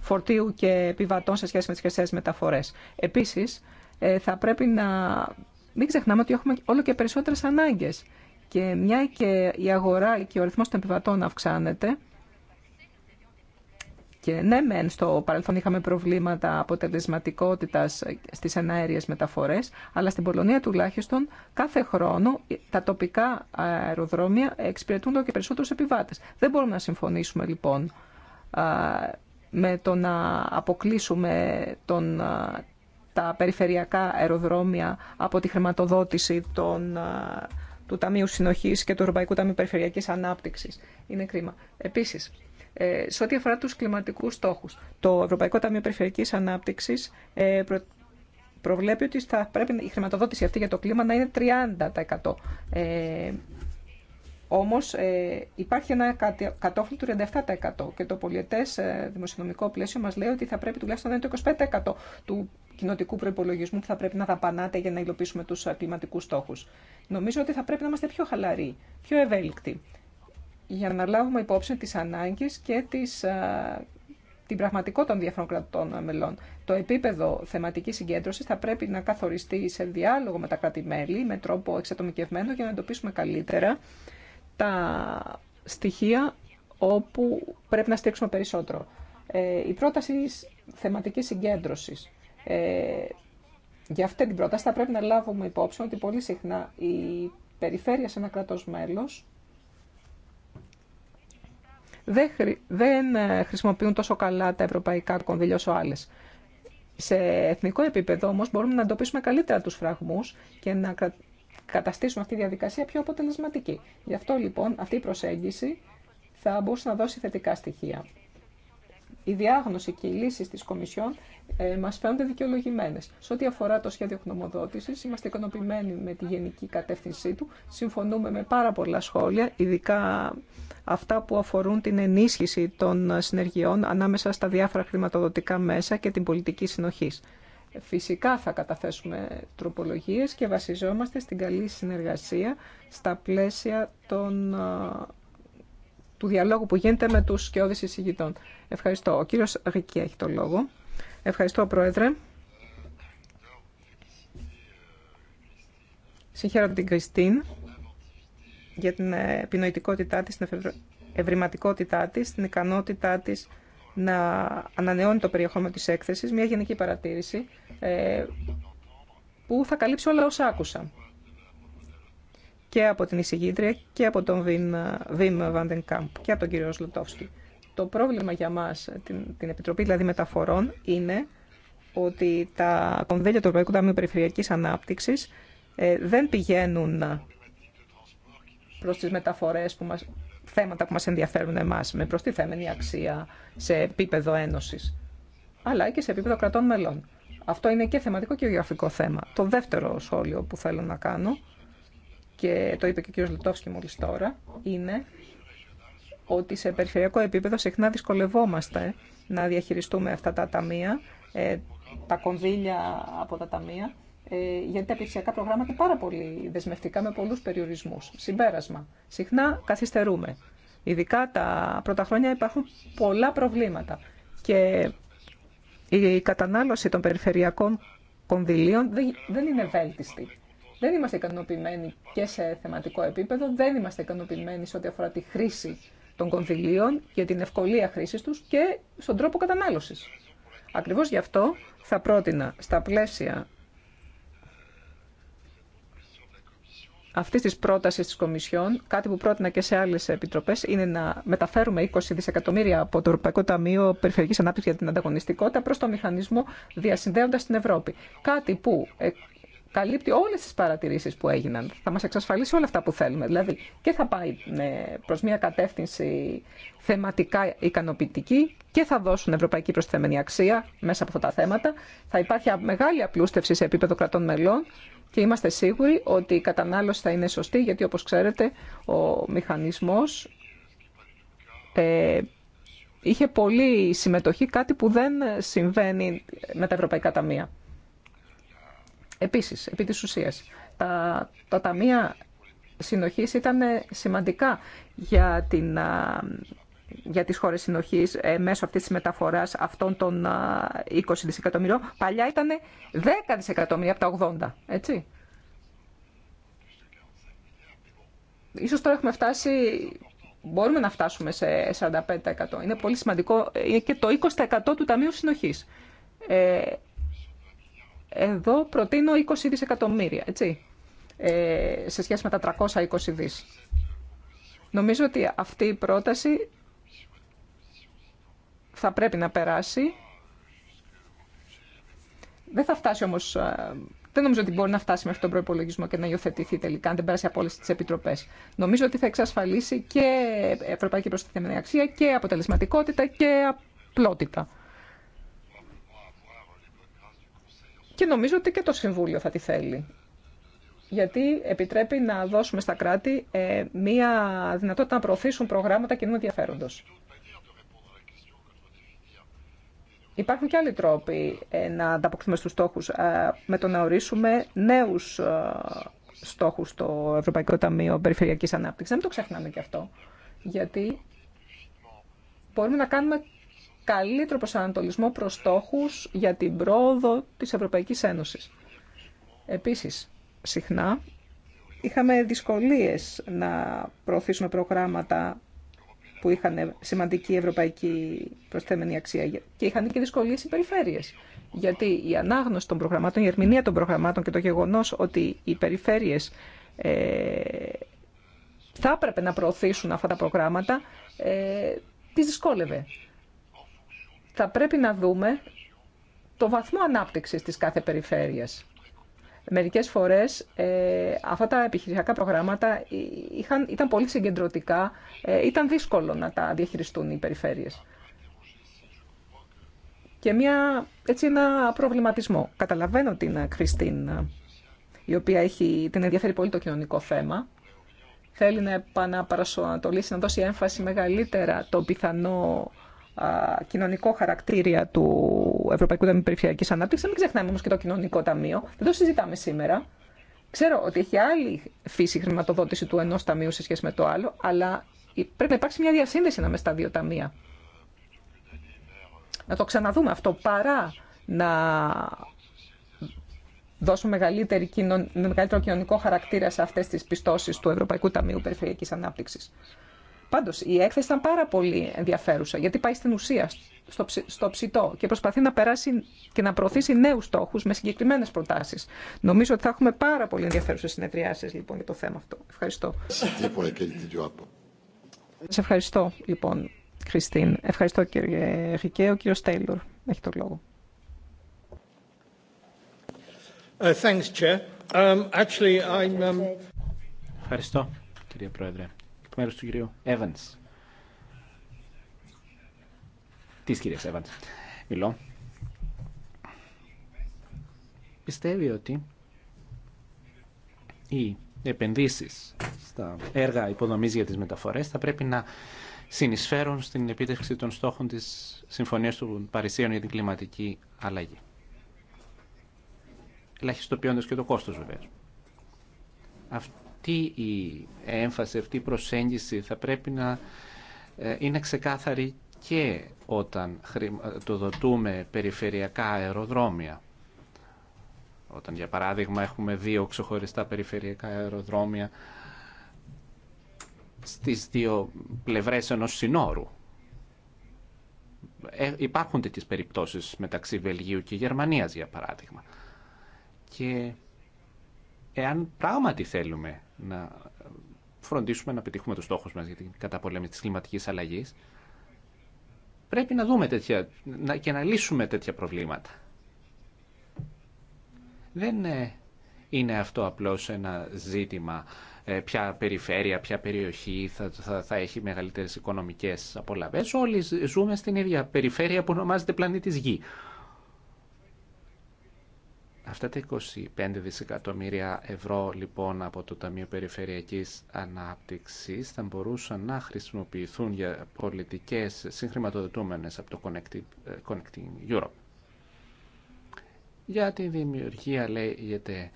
φορτίου και επιβατών σε σχέση με τις χερσαίες μεταφορές. Επίσης, θα πρέπει να μην ξεχνάμε ότι έχουμε όλο και περισσότερες ανάγκες. Και μια και η αγορά και ο αριθμός των επιβατών αυξάνεται, και ναι, μεν στο παρελθόν είχαμε προβλήματα αποτελεσματικότητα στι εναέριε μεταφορέ, αλλά στην Πολωνία τουλάχιστον κάθε χρόνο τα τοπικά αεροδρόμια εξυπηρετούν το και περισσότερου επιβάτε. Δεν μπορούμε να συμφωνήσουμε λοιπόν με το να αποκλείσουμε τα περιφερειακά αεροδρόμια από τη χρηματοδότηση των, του Ταμείου Συνοχής και του Ευρωπαϊκού Ταμείου Περιφερειακής Ανάπτυξης. Είναι κρίμα. Επίσης, ε, σε ό,τι αφορά τους κλιματικούς στόχους. Το Ευρωπαϊκό Ταμείο Περιφερειακής Ανάπτυξης ε, προβλέπει ότι θα πρέπει η χρηματοδότηση αυτή για το κλίμα να είναι 30%. Ε, όμως ε, υπάρχει ένα κατόφλι του 37% και το πολιετές ε, δημοσιονομικό πλαίσιο μας λέει ότι θα πρέπει τουλάχιστον να είναι το 25% του κοινοτικού προϋπολογισμού που θα πρέπει να δαπανάτε για να υλοποιήσουμε τους κλιματικούς στόχους. Νομίζω ότι θα πρέπει να είμαστε πιο χαλαροί, πιο ευέλικτοι για να λάβουμε υπόψη τις ανάγκες και τις, την πραγματικότητα των διαφορών κρατών μελών. Το επίπεδο θεματικής συγκέντρωσης θα πρέπει να καθοριστεί σε διάλογο με τα κράτη-μέλη, με τρόπο εξατομικευμένο για να εντοπίσουμε καλύτερα τα στοιχεία όπου πρέπει να στήριξουμε περισσότερο. Ε, η πρόταση θεματικής συγκέντρωσης. Ε, για αυτή την πρόταση θα πρέπει να λάβουμε υπόψη ότι πολύ συχνά η περιφέρεια σε ένα κράτος μέλος δεν, ε, χρησιμοποιούν τόσο καλά τα ευρωπαϊκά κονδύλια όσο Σε εθνικό επίπεδο όμω μπορούμε να εντοπίσουμε καλύτερα του φραγμού και να καταστήσουμε αυτή τη διαδικασία πιο αποτελεσματική. Γι' αυτό λοιπόν αυτή η προσέγγιση θα μπορούσε να δώσει θετικά στοιχεία η διάγνωση και οι λύσει τη Κομισιόν ε, μα φαίνονται δικαιολογημένε. Σε ό,τι αφορά το σχέδιο γνωμοδότηση, είμαστε ικανοποιημένοι με τη γενική κατεύθυνσή του. Συμφωνούμε με πάρα πολλά σχόλια, ειδικά αυτά που αφορούν την ενίσχυση των συνεργειών ανάμεσα στα διάφορα χρηματοδοτικά μέσα και την πολιτική συνοχή. Φυσικά θα καταθέσουμε τροπολογίες και βασιζόμαστε στην καλή συνεργασία στα πλαίσια των ε, του διαλόγου που γίνεται με τους σκιώδεις εισηγητών. Ευχαριστώ. Ο κύριος Ρικία έχει το λόγο. Ευχαριστώ, Πρόεδρε. Συγχαίρω την Κριστίν για την επινοητικότητά της, την ευρηματικότητά της, την ικανότητά της να ανανεώνει το περιεχόμενο της έκθεσης, μια γενική παρατήρηση ε, που θα καλύψει όλα όσα άκουσα και από την εισηγήτρια και από τον Βιμ Βαντενκάμπ και από τον κύριο Σλοτόφσκι. Το πρόβλημα για μας, την, την Επιτροπή δηλαδή Μεταφορών, είναι ότι τα κονδύλια του Ευρωπαϊκού Ταμείου Περιφερειακής Ανάπτυξης ε, δεν πηγαίνουν προς τις μεταφορές που μας, θέματα που μας ενδιαφέρουν εμάς, με προστιθέμενη αξία σε επίπεδο ένωσης, αλλά και σε επίπεδο κρατών μελών. Αυτό είναι και θεματικό και γεωγραφικό θέμα. Το δεύτερο σχόλιο που θέλω να κάνω και το είπε και ο κ. Λουτόφσκι μόλις τώρα, είναι ότι σε περιφερειακό επίπεδο συχνά δυσκολευόμαστε να διαχειριστούμε αυτά τα ταμεία, ε, τα κονδύλια από τα ταμεία, ε, γιατί τα επιχειρησιακά προγράμματα είναι πάρα πολύ δεσμευτικά με πολλούς περιορισμούς. Συμπέρασμα, συχνά καθυστερούμε. Ειδικά τα πρώτα χρόνια υπάρχουν πολλά προβλήματα και η κατανάλωση των περιφερειακών κονδυλίων δεν είναι βέλτιστη. Δεν είμαστε ικανοποιημένοι και σε θεματικό επίπεδο, δεν είμαστε ικανοποιημένοι σε ό,τι αφορά τη χρήση των κονδυλίων και την ευκολία χρήση του και στον τρόπο κατανάλωση. Ακριβώ γι' αυτό θα πρότεινα στα πλαίσια αυτή τη πρόταση τη Κομισιόν, κάτι που πρότεινα και σε άλλε επιτροπέ, είναι να μεταφέρουμε 20 δισεκατομμύρια από το Ευρωπαϊκό Ταμείο Περιφερειακή ανάπτυξη για την Ανταγωνιστικότητα προ το μηχανισμό διασυνδέοντα την Ευρώπη. Κάτι που καλύπτει όλες τις παρατηρήσεις που έγιναν. Θα μας εξασφαλίσει όλα αυτά που θέλουμε. Δηλαδή και θα πάει ε, προς μια κατεύθυνση θεματικά ικανοποιητική και θα δώσουν ευρωπαϊκή προστιθέμενη αξία μέσα από αυτά τα θέματα. Θα υπάρχει μεγάλη απλούστευση σε επίπεδο κρατών μελών και είμαστε σίγουροι ότι η κατανάλωση θα είναι σωστή γιατί όπως ξέρετε ο μηχανισμός ε, είχε πολύ συμμετοχή, κάτι που δεν συμβαίνει με τα ευρωπαϊκά ταμεία. Επίσης, επί της ουσίας, τα, τα ταμεία συνοχής ήταν ε, σημαντικά για, την, για τις χώρες συνοχής ε, μέσω αυτής της μεταφοράς αυτών των 20 δισεκατομμυρίων. Παλιά ήταν 10 δισεκατομμύρια από τα 80, έτσι. Ίσως τώρα έχουμε φτάσει, μπορούμε να φτάσουμε σε 45%. Είναι πολύ σημαντικό, ε, και το 20% του Ταμείου Συνοχής. Ε, εδώ προτείνω 20 δισεκατομμύρια, έτσι, ε, σε σχέση με τα 320 δις. Νομίζω ότι αυτή η πρόταση θα πρέπει να περάσει. Δεν θα φτάσει όμως, ε, δεν νομίζω ότι μπορεί να φτάσει με μέχρι τον προπολογισμό και να υιοθετηθεί τελικά, αν δεν περάσει από όλε τι επιτροπέ. Νομίζω ότι θα εξασφαλίσει και ευρωπαϊκή προστατευμένη αξία και αποτελεσματικότητα και απλότητα. Και νομίζω ότι και το Συμβούλιο θα τη θέλει. Γιατί επιτρέπει να δώσουμε στα κράτη ε, μία δυνατότητα να προωθήσουν προγράμματα κοινού ενδιαφέροντο. Υπάρχουν και άλλοι τρόποι ε, να ανταποκριθούμε στους στόχους με το να ορίσουμε νέους ε, στόχους στο Ευρωπαϊκό Ταμείο Περιφερειακής Ανάπτυξης. Δεν το ξεχνάμε και αυτό. Γιατί μπορούμε να κάνουμε καλύτερο προσανατολισμό προς στόχους για την πρόοδο της Ευρωπαϊκής Ένωσης. Επίσης, συχνά είχαμε δυσκολίες να προωθήσουμε προγράμματα που είχαν σημαντική ευρωπαϊκή προσθέμενη αξία και είχαν και δυσκολίες οι περιφέρειες. Γιατί η ανάγνωση των προγραμμάτων, η ερμηνεία των προγραμμάτων και το γεγονός ότι οι περιφέρειες ε, θα έπρεπε να προωθήσουν αυτά τα προγράμματα, ε, τις δυσκόλευε θα πρέπει να δούμε το βαθμό ανάπτυξης της κάθε περιφέρειας. Μερικές φορές ε, αυτά τα επιχειρησιακά προγράμματα ήταν πολύ συγκεντρωτικά, ε, ήταν δύσκολο να τα διαχειριστούν οι περιφέρειες. Και μια, έτσι ένα προβληματισμό. Καταλαβαίνω την ε, Κριστίν, ε, η οποία έχει, την ενδιαφέρει πολύ το κοινωνικό θέμα. Θέλει να επαναπαρασοανατολίσει, να δώσει έμφαση μεγαλύτερα το πιθανό κοινωνικό χαρακτήρια του Ευρωπαϊκού Ταμείου Περιφερειακή Ανάπτυξη. μην ξεχνάμε όμω και το κοινωνικό ταμείο. Δεν το συζητάμε σήμερα. Ξέρω ότι έχει άλλη φύση χρηματοδότηση του ενό ταμείου σε σχέση με το άλλο, αλλά πρέπει να υπάρξει μια διασύνδεση ανάμεσα στα δύο ταμεία. Να το ξαναδούμε αυτό παρά να δώσουμε μεγαλύτερο κοινωνικό χαρακτήρα σε αυτές τις πιστώσεις του Ευρωπαϊκού Ταμείου Περιφερειακής Ανάπτυξης. Πάντω, η έκθεση ήταν πάρα πολύ ενδιαφέρουσα, γιατί πάει στην ουσία, στο, στο ψητό και προσπαθεί να περάσει και να προωθήσει νέους στόχου με συγκεκριμένες προτάσεις. Νομίζω ότι θα έχουμε πάρα πολύ ενδιαφέρουσες συνεδριάσεις, λοιπόν, για το θέμα αυτό. Ευχαριστώ. Σε ευχαριστώ, λοιπόν, Χριστίν. Ευχαριστώ, κύριε Ρικέ. Ο κύριο Τέιλορ έχει το λόγο. Ε, um, um, ευχαριστώ, κύριε Πρόεδρε. Μέρο του κυρίου Evans. Τη κυρία Evans. Μιλώ. Πιστεύει ότι οι επενδύσεις στα έργα υποδομής για τις μεταφορές θα πρέπει να συνεισφέρουν στην επίτευξη των στόχων της Συμφωνίας του Παρισίων για την κλιματική αλλαγή. Ελαχιστοποιώντα και το κόστος βεβαίως. Αυτό αυτή η έμφαση, αυτή η προσέγγιση θα πρέπει να ε, είναι ξεκάθαρη και όταν ε, το χρηματοδοτούμε περιφερειακά αεροδρόμια. Όταν για παράδειγμα έχουμε δύο ξεχωριστά περιφερειακά αεροδρόμια στις δύο πλευρές ενός συνόρου. Ε, υπάρχουν τέτοιες περιπτώσεις μεταξύ Βελγίου και Γερμανίας για παράδειγμα. Και εάν πράγματι θέλουμε να φροντίσουμε να πετύχουμε τους στόχους μας για την καταπολέμηση της κλιματικής αλλαγής, πρέπει να δούμε τέτοια και να λύσουμε τέτοια προβλήματα. Δεν ε, είναι αυτό απλώς ένα ζήτημα ε, ποια περιφέρεια, ποια περιοχή θα, έχει μεγαλύτερες οικονομικές απολαβές. Όλοι ζούμε στην ίδια περιφέρεια που ονομάζεται πλανήτης Γη. Αυτά τα 25 δισεκατομμύρια ευρώ λοιπόν από το Ταμείο Περιφερειακής Ανάπτυξης θα μπορούσαν να χρησιμοποιηθούν για πολιτικές συγχρηματοδοτούμενες από το Connecting Europe. Για τη δημιουργία λέγεται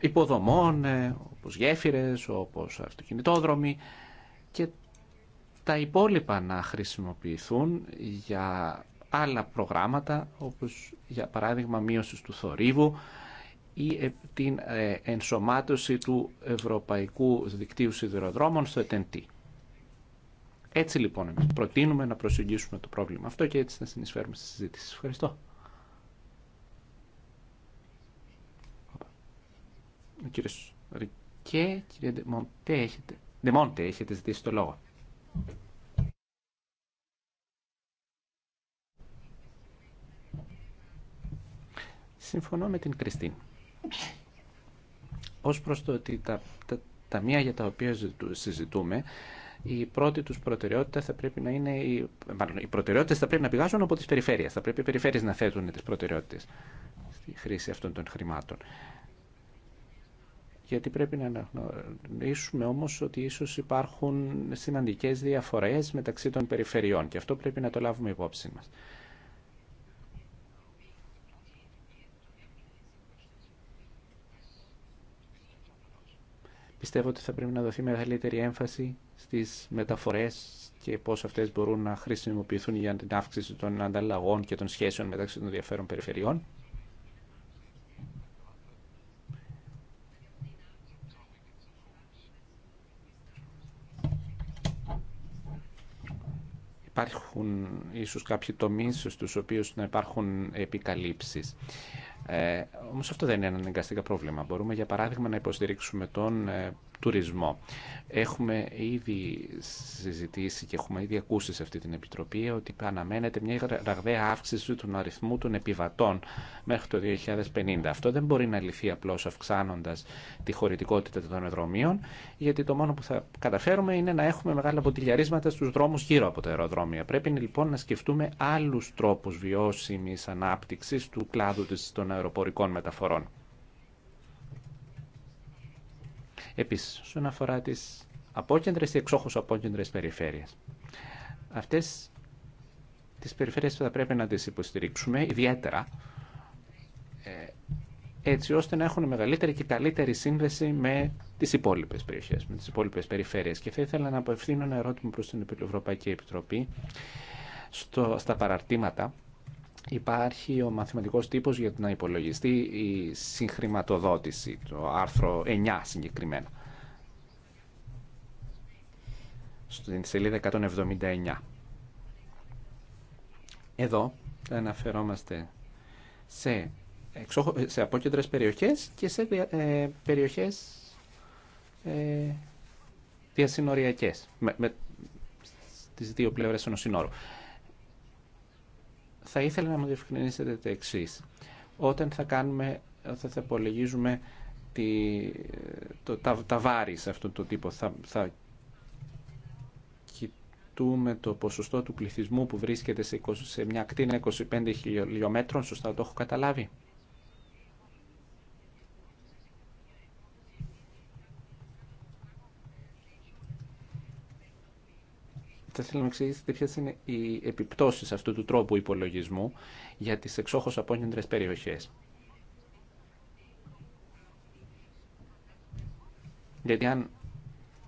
υποδομών ε, όπως γέφυρες, όπως αυτοκινητόδρομοι και τα υπόλοιπα να χρησιμοποιηθούν για άλλα προγράμματα όπως για παράδειγμα μείωση του θορύβου ή ε, την ε, ενσωμάτωση του Ευρωπαϊκού Δικτύου Σιδηροδρόμων στο ΕΤΕΝΤΗ. Έτσι λοιπόν προτείνουμε να προσεγγίσουμε το πρόβλημα αυτό και έτσι θα συνεισφέρουμε στη συζήτηση. Ευχαριστώ. Ο κύριος Ρικέ, κύριε Δεμόντε, έχετε ζητήσει το λόγο. Συμφωνώ με την Κριστίν. Ως προς το ότι τα, τα μία για τα οποία συζητούμε, η πρώτη τους προτεραιότητα θα πρέπει να είναι, η, μάλλον οι προτεραιότητες θα πρέπει να πηγάζουν από τις περιφέρειες. Θα πρέπει οι περιφέρειες να θέτουν τις προτεραιότητες στη χρήση αυτών των χρημάτων. Γιατί πρέπει να αναγνωρίσουμε όμως ότι ίσως υπάρχουν σημαντικές διαφορές μεταξύ των περιφερειών και αυτό πρέπει να το λάβουμε υπόψη μας. Πιστεύω ότι θα πρέπει να δοθεί μεγαλύτερη έμφαση στις μεταφορές και πώς αυτές μπορούν να χρησιμοποιηθούν για την αύξηση των ανταλλαγών και των σχέσεων μεταξύ των διαφέρων περιφερειών. Υπάρχουν ίσως κάποιοι τομείς στους οποίους να υπάρχουν επικαλύψεις. Ε, Όμω αυτό δεν είναι ένα αναγκαστικά πρόβλημα. Μπορούμε για παράδειγμα να υποστηρίξουμε τον ε, τουρισμό. Έχουμε ήδη συζητήσει και έχουμε ήδη ακούσει σε αυτή την Επιτροπή ότι αναμένεται μια ραγδαία αύξηση του αριθμού των επιβατών μέχρι το 2050. Αυτό δεν μπορεί να λυθεί απλώς αυξάνοντας τη χωρητικότητα των αεροδρομίων, γιατί το μόνο που θα καταφέρουμε είναι να έχουμε μεγάλα ποτηλιαρίσματα στους δρόμους γύρω από τα αεροδρόμια. Πρέπει λοιπόν να σκεφτούμε άλλους τρόπους βιώσιμης ανάπτυξης του κλάδου των αεροπορικών μεταφορών. Επίση, όσον αφορά τι απόκεντρε ή εξόχω απόκεντρες περιφέρειες. Αυτές τις περιφέρειες θα πρέπει να τις υποστηρίξουμε ιδιαίτερα ε, έτσι ώστε να έχουν μεγαλύτερη και καλύτερη σύνδεση με τις υπόλοιπε περιοχέ, με τις υπόλοιπε περιφέρειες. Και θα ήθελα να απευθύνω ένα ερώτημα προ την Ευρωπαϊκή Επιτροπή στο, στα παραρτήματα υπάρχει ο μαθηματικός τύπος για να υπολογιστεί η συγχρηματοδότηση, το άρθρο 9 συγκεκριμένα. Στην σελίδα 179. Εδώ αναφερόμαστε σε, εξόχο, σε απόκεντρες περιοχές και σε ε, περιοχές ε, διασυνοριακές, με, με, δύο πλευρές ενός συνόρου θα ήθελα να μου διευκρινίσετε το εξή. Όταν θα κάνουμε, όταν θα υπολογίζουμε το, τα, βάρη σε αυτόν τον τύπο, θα, θα κοιτούμε το ποσοστό του πληθυσμού που βρίσκεται σε, σε μια ακτίνα 25 χιλιόμετρων, σωστά το έχω καταλάβει. θα ήθελα να εξηγήσετε ποιε είναι οι επιπτώσει αυτού του τρόπου υπολογισμού για τι εξόχω απόγεντρε περιοχέ. Γιατί αν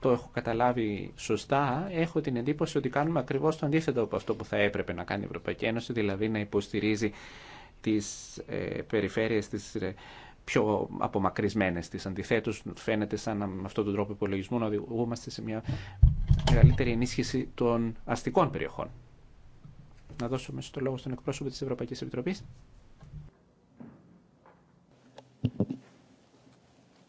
το έχω καταλάβει σωστά, έχω την εντύπωση ότι κάνουμε ακριβώς το αντίθετο από αυτό που θα έπρεπε να κάνει η Ευρωπαϊκή Ένωση, δηλαδή να υποστηρίζει τις ε, περιφέρειες τις ε, πιο απομακρυσμένες της. Αντιθέτως, φαίνεται σαν με αυτόν τον τρόπο υπολογισμού να οδηγούμαστε σε μια μεγαλύτερη ενίσχυση των αστικών περιοχών. Να δώσουμε μέσα λόγο στον εκπρόσωπο της Ευρωπαϊκής Επιτροπής.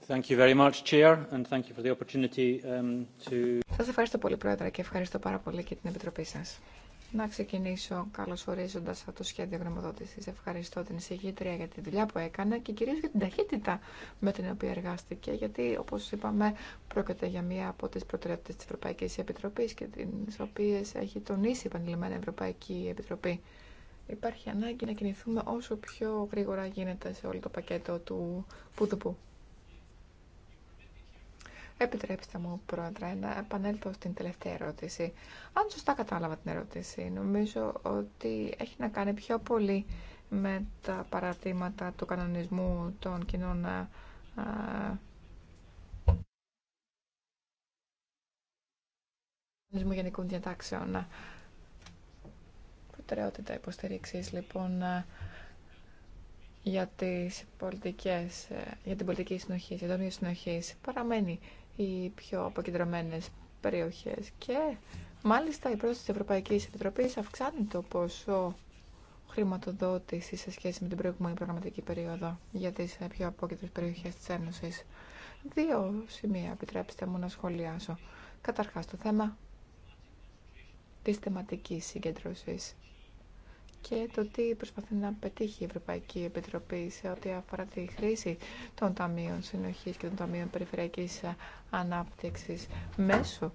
Thank you very much, Chair, and thank you for the opportunity um, to... Σας ευχαριστώ πολύ, Πρόεδρε, και ευχαριστώ πάρα πολύ και την Επιτροπή σας. Να ξεκινήσω καλωσορίζοντα το σχέδιο γνωμοδότηση. Ευχαριστώ την εισηγήτρια για τη δουλειά που έκανε και κυρίω για την ταχύτητα με την οποία εργάστηκε. Γιατί, όπω είπαμε, πρόκειται για μία από τι προτεραιότητε τη Ευρωπαϊκή Επιτροπή και τι οποίε έχει τονίσει η Πανελλημένη Ευρωπαϊκή Επιτροπή. Υπάρχει ανάγκη να κινηθούμε όσο πιο γρήγορα γίνεται σε όλο το πακέτο του Πουδουπού. Επιτρέψτε μου, Πρόεδρε, να επανέλθω στην τελευταία ερώτηση. Αν σωστά κατάλαβα την ερώτηση, νομίζω ότι έχει να κάνει πιο πολύ με τα παρατήματα του κανονισμού των κοινών κανονισμού γενικών διατάξεων. Προτεραιότητα υποστηρίξης, λοιπόν, για, τις πολιτικές, ε, για την πολιτική συνοχή, για την συνοχή, παραμένει οι πιο αποκεντρωμένες περιοχές και μάλιστα η πρόσθεση της Ευρωπαϊκής Επιτροπής αυξάνει το ποσό χρηματοδότηση σε σχέση με την προηγούμενη προγραμματική περίοδο για τις πιο απόκεντρες περιοχές της Ένωσης. Δύο σημεία επιτρέψτε μου να σχολιάσω. Καταρχάς το θέμα της θεματικής συγκέντρωσης και το τι προσπαθεί να πετύχει η Ευρωπαϊκή Επιτροπή σε ό,τι αφορά τη χρήση των Ταμείων Συνοχής και των Ταμείων Περιφερειακής Ανάπτυξης μέσω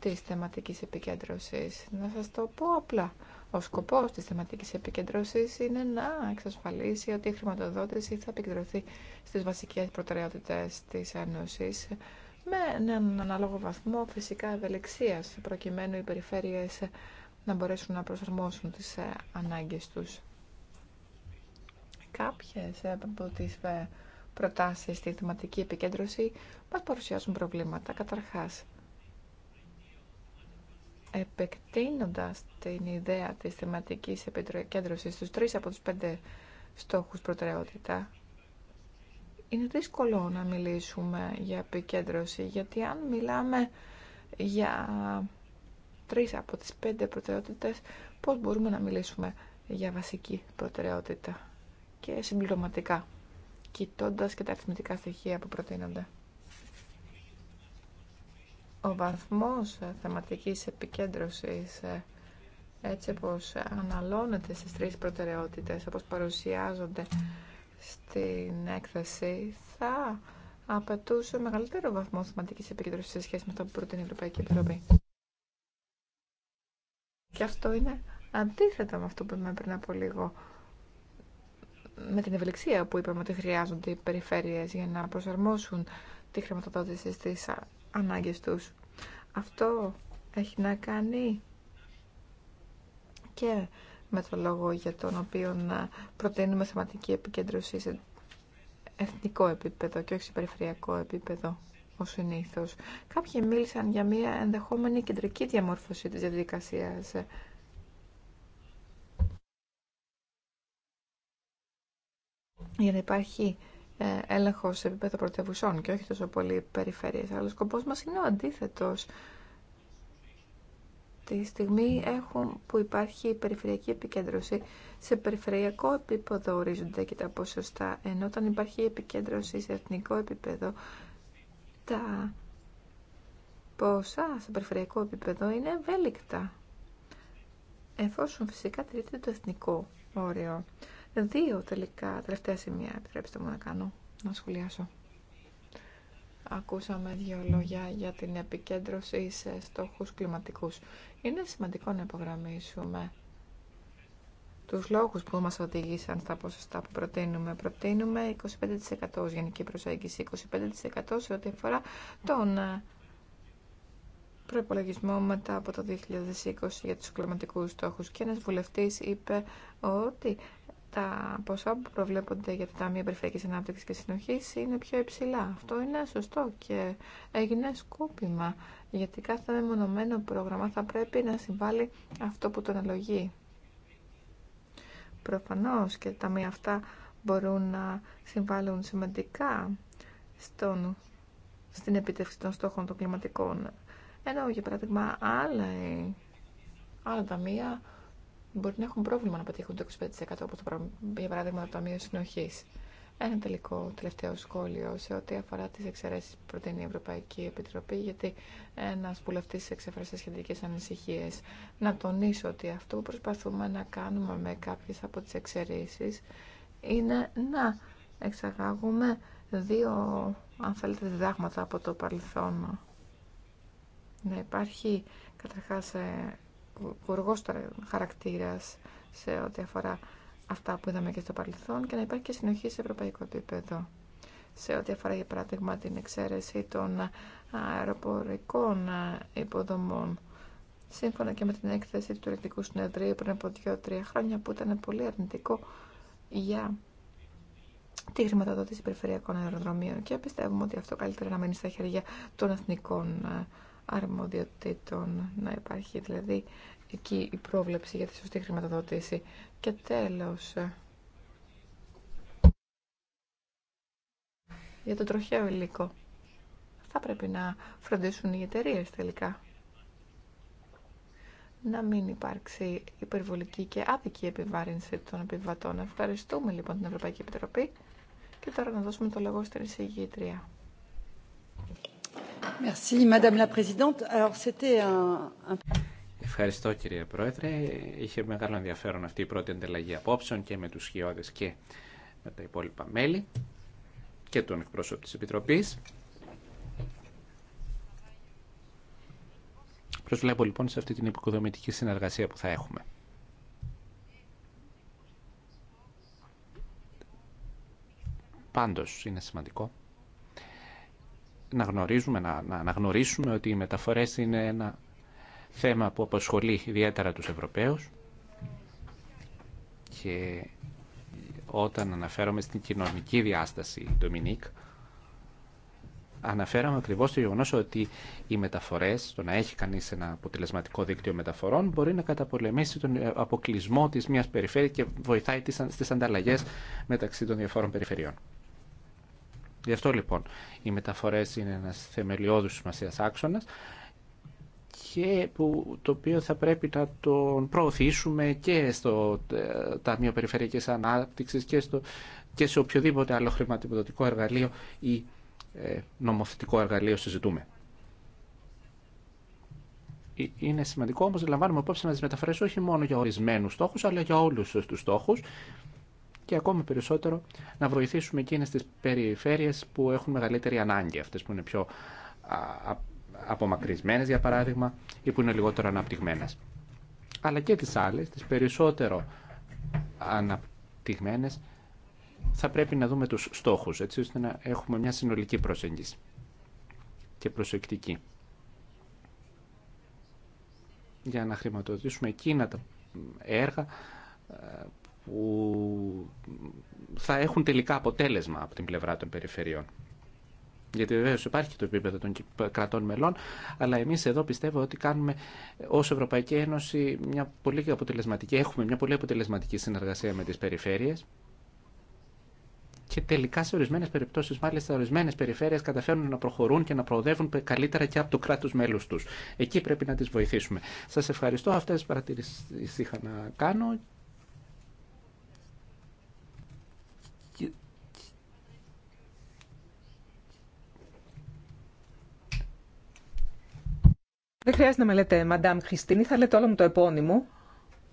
της θεματικής επικέντρωσης. Να σας το πω απλά. Ο σκοπός της θεματικής επικέντρωσης είναι να εξασφαλίσει ότι η χρηματοδότηση θα επικεντρωθεί στις βασικές προτεραιότητες της Ένωσης με έναν ανάλογο βαθμό φυσικά ευελιξίας προκειμένου οι περιφέρειες να μπορέσουν να προσαρμόσουν τις ε, ανάγκες τους. Κάποιες ε, από τις ε, προτάσεις στη θεματική επικέντρωση μας παρουσιάζουν προβλήματα. Καταρχάς, επεκτείνοντας την ιδέα της θεματικής επικέντρωσης στους τρεις από τους πέντε στόχους προτεραιότητα, είναι δύσκολο να μιλήσουμε για επικέντρωση, γιατί αν μιλάμε για τρεις από τις πέντε προτεραιότητες πώς μπορούμε να μιλήσουμε για βασική προτεραιότητα και συμπληρωματικά, κοιτώντας και τα αριθμητικά στοιχεία που προτείνονται. Ο βαθμός θεματικής επικέντρωσης έτσι όπως αναλώνεται στις τρεις προτεραιότητες, όπως παρουσιάζονται στην έκθεση, θα απαιτούσε μεγαλύτερο βαθμό θεματικής επικέντρωσης σε σχέση με αυτό που προτείνει η Ευρωπαϊκή Επιτροπή. Και αυτό είναι αντίθετο με αυτό που είπαμε πριν από λίγο. Με την ευελιξία που είπαμε ότι χρειάζονται οι περιφέρειες για να προσαρμόσουν τη χρηματοδότηση στις ανάγκες τους. Αυτό έχει να κάνει και με το λόγο για τον οποίο ε, προτείνουμε θεματική επικέντρωση σε εθνικό επίπεδο και όχι σε περιφερειακό επίπεδο ο συνήθω. Κάποιοι μίλησαν για μια ενδεχόμενη κεντρική διαμόρφωση της διαδικασίας. Για να υπάρχει ε, έλεγχο σε επίπεδο πρωτεύουσών και όχι τόσο πολύ περιφέρειε. Αλλά ο σκοπός μας είναι ο αντίθετο. Τη στιγμή έχουν, που υπάρχει η περιφερειακή επικέντρωση, σε περιφερειακό επίπεδο ορίζονται και τα ποσοστά, ενώ όταν υπάρχει επικέντρωση σε εθνικό επίπεδο, τα ποσά σε περιφερειακό επίπεδο είναι ευέλικτα. Εφόσον φυσικά τηρείται το εθνικό όριο. Δύο τελικά τελευταία σημεία επιτρέψτε μου να κάνω, να σχολιάσω. Ακούσαμε δύο λόγια για την επικέντρωση σε στόχους κλιματικούς. Είναι σημαντικό να υπογραμμίσουμε τους λόγους που μας οδήγησαν στα ποσοστά που προτείνουμε. Προτείνουμε 25% γενική προσέγγιση, 25% σε ό,τι αφορά τον ε, προπολογισμό μετά από το 2020 για τους κλιματικούς στόχους. Και ένας βουλευτής είπε ότι τα ποσά που προβλέπονται για τα Ταμεία Περιφερειακής Ανάπτυξης και Συνοχής είναι πιο υψηλά. Αυτό είναι σωστό και έγινε σκούπιμα, γιατί κάθε μεμονωμένο πρόγραμμα θα πρέπει να συμβάλλει αυτό που τον αλογεί. Προφανώς και τα μία αυτά μπορούν να συμβάλλουν σημαντικά στον, στην επιτεύξη των στόχων των κλιματικών. Ενώ, για παράδειγμα, άλλα, άλλα ταμεία μπορεί να έχουν πρόβλημα να πετύχουν το 25% όπως το, για παράδειγμα το Ταμείο Συνοχής. Ένα τελικό τελευταίο σχόλιο σε ό,τι αφορά τις εξαιρέσει που προτείνει η Ευρωπαϊκή Επιτροπή, γιατί ένα βουλευτή εξέφρασε σχετικέ ανησυχίε. Να τονίσω ότι αυτό που προσπαθούμε να κάνουμε με κάποιε από τις εξαιρεσει είναι να εξαγάγουμε δύο, αν θέλετε, διδάγματα από το παρελθόν. Να υπάρχει καταρχάς ε, γουργός χαρακτήρας σε ό,τι αφορά αυτά που είδαμε και στο παρελθόν και να υπάρχει και συνοχή σε ευρωπαϊκό επίπεδο. Σε ό,τι αφορά για παράδειγμα την εξαίρεση των αεροπορικών υποδομών. Σύμφωνα και με την έκθεση του Ρεκτικού Συνεδρίου πριν από 2-3 χρόνια που ήταν πολύ αρνητικό για τη χρηματοδότηση περιφερειακών αεροδρομίων και πιστεύουμε ότι αυτό καλύτερα να μείνει στα χέρια των εθνικών αρμοδιοτήτων, να υπάρχει δηλαδή εκεί η πρόβλεψη για τη σωστή χρηματοδότηση. Και τέλος, ε, για το τροχαίο υλικό. Θα πρέπει να φροντίσουν οι εταιρείε τελικά. Να μην υπάρξει υπερβολική και άδικη επιβάρυνση των επιβατών. Ευχαριστούμε λοιπόν την Ευρωπαϊκή Επιτροπή και τώρα να δώσουμε το λόγο στην εισηγήτρια. Ευχαριστώ κύριε Πρόεδρε. Είχε μεγάλο ενδιαφέρον αυτή η πρώτη ανταλλαγή απόψεων και με τους Χιώδες και με τα υπόλοιπα μέλη και τον εκπρόσωπο της Επιτροπής. Προσβλέπω λοιπόν σε αυτή την υποκοδομητική συνεργασία που θα έχουμε. Πάντως είναι σημαντικό να γνωρίζουμε, να, να αναγνωρίσουμε ότι οι μεταφορές είναι ένα θέμα που απασχολεί ιδιαίτερα τους Ευρωπαίους και όταν αναφέρομαι στην κοινωνική διάσταση, Ντομινίκ, αναφέραμε ακριβώ το γεγονό ότι οι μεταφορέ, το να έχει κανεί ένα αποτελεσματικό δίκτυο μεταφορών, μπορεί να καταπολεμήσει τον αποκλεισμό τη μια περιφέρειας και βοηθάει στι ανταλλαγέ μεταξύ των διαφόρων περιφερειών. Γι' αυτό λοιπόν οι μεταφορέ είναι ένα θεμελιώδου σημασία άξονα και που, το οποίο θα πρέπει να τον προωθήσουμε και στο ε, Ταμείο Περιφερειακής Ανάπτυξης και, στο, και σε οποιοδήποτε άλλο χρηματοδοτικό εργαλείο ή ε, νομοθετικό εργαλείο συζητούμε. Ε, είναι σημαντικό όμως να λαμβάνουμε υπόψη να τις μεταφράσει όχι μόνο για ορισμένους στόχους αλλά για όλους τους στόχους και ακόμη περισσότερο να βοηθήσουμε εκείνες τις περιφέρειες που έχουν μεγαλύτερη ανάγκη, αυτές που είναι πιο απομακρυσμένες για παράδειγμα ή που είναι λιγότερο αναπτυγμένες. Αλλά και τι άλλε, τις περισσότερο αναπτυγμένες, θα πρέπει να δούμε τους στόχους, έτσι ώστε να έχουμε μια συνολική προσέγγιση και προσεκτική. Για να χρηματοδοτήσουμε εκείνα τα έργα ε, που θα έχουν τελικά αποτέλεσμα από την πλευρά των περιφερειών γιατί βεβαίω υπάρχει και το επίπεδο των κρατών μελών, αλλά εμεί εδώ πιστεύω ότι κάνουμε ω Ευρωπαϊκή Ένωση μια πολύ αποτελεσματική, έχουμε μια πολύ αποτελεσματική συνεργασία με τι περιφέρειε. Και τελικά σε ορισμένε περιπτώσει, μάλιστα ορισμένε περιφέρειε καταφέρνουν να προχωρούν και να προοδεύουν καλύτερα και από το κράτο μέλου του. Εκεί πρέπει να τι βοηθήσουμε. Σα ευχαριστώ. Αυτέ τι παρατηρήσει είχα να κάνω Δεν χρειάζεται να με λέτε Μαντάμ Χριστίνη, θα λέτε όλο μου το επώνυμο,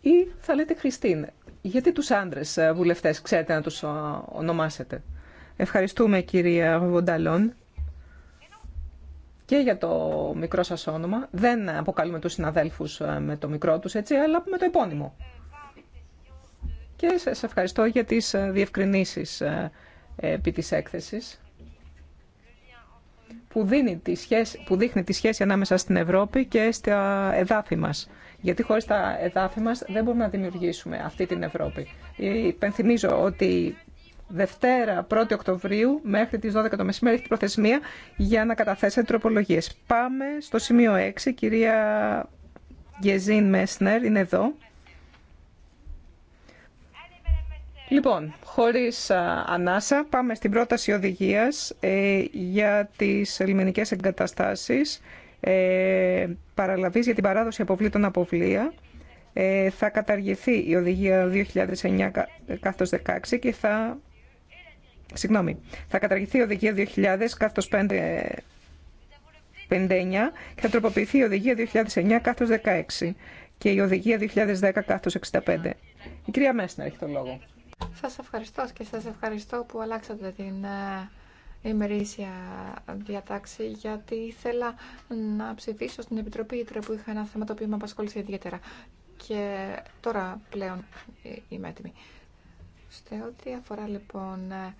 ή θα λέτε Χριστίν. Γιατί τους άντρες ε, βουλευτές ξέρετε να τους ε, ονομάσετε. Ευχαριστούμε κυρία Βονταλόν και για το μικρό σας όνομα. Δεν αποκαλούμε τους συναδέλφους ε, με το μικρό τους, έτσι, αλλά με το επώνυμο. Και σας ευχαριστώ για τις διευκρινήσεις επί της έκθεσης που, δίνει τη σχέση, που δείχνει τη σχέση ανάμεσα στην Ευρώπη και στα εδάφη μας. Γιατί χωρίς τα εδάφη μας δεν μπορούμε να δημιουργήσουμε αυτή την Ευρώπη. Ε, υπενθυμίζω ότι Δευτέρα 1η Οκτωβρίου μέχρι τις 12 το μεσημέρι έχει την προθεσμία για να καταθέσετε τροπολογίες. Πάμε στο σημείο 6. Κυρία Γεζίν Μέσνερ είναι εδώ. Λοιπόν, χωρίς ανάσα, πάμε στην πρόταση οδηγίας ε, για τις λιμενικές εγκαταστάσεις, ε, παραλαβής για την παράδοση αποβλήτων αποβλία. Ε, θα καταργηθεί η οδηγία 2009-16 και θα... Συγγνώμη, θα καταργηθεί η οδηγία 59 και θα τροποποιηθεί η οδηγία 2009-16 και η οδηγία 2010-65. Η κυρία Μέσνα έχει τον λόγο. Σας ευχαριστώ και σας ευχαριστώ που αλλάξατε την ε, ημερήσια διατάξη, γιατί ήθελα να ψηφίσω στην Επιτροπή Ήτρε που είχα ένα θέμα το οποίο με απασχόλησε ιδιαίτερα. Και τώρα πλέον ε, είμαι έτοιμη. Σε ό,τι αφορά λοιπόν ε,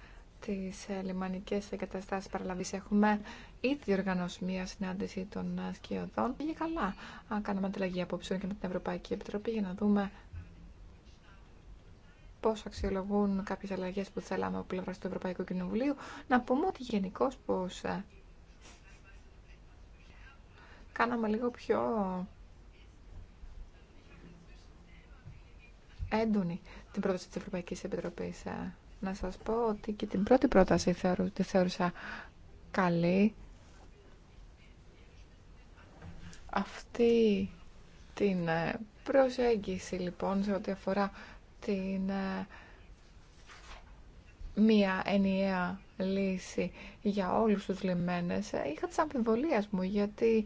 τις λιμανικές εγκαταστάσεις παραλαβής έχουμε ήδη οργανώσει μια συνάντηση των σκιωδών. Πήγε καλά κάναμε ανταλλαγή απόψεων και με την Ευρωπαϊκή Επιτροπή για να δούμε Πώ αξιολογούν κάποιες αλλαγές που θέλαμε από πλευρά του Ευρωπαϊκού Κοινοβουλίου, να πούμε ότι γενικώ πώς ε, κάναμε λίγο πιο έντονη την πρόταση της Ευρωπαϊκής Επιτροπής. Ε. Να σας πω ότι και την πρώτη πρόταση θεωρού, τη θεώρησα καλή. Αυτή την ε, προσέγγιση λοιπόν σε ό,τι αφορά την ε, μία ενιαία λύση για όλους τους λιμένες. Ε, είχα τις αμφιβολίες μου γιατί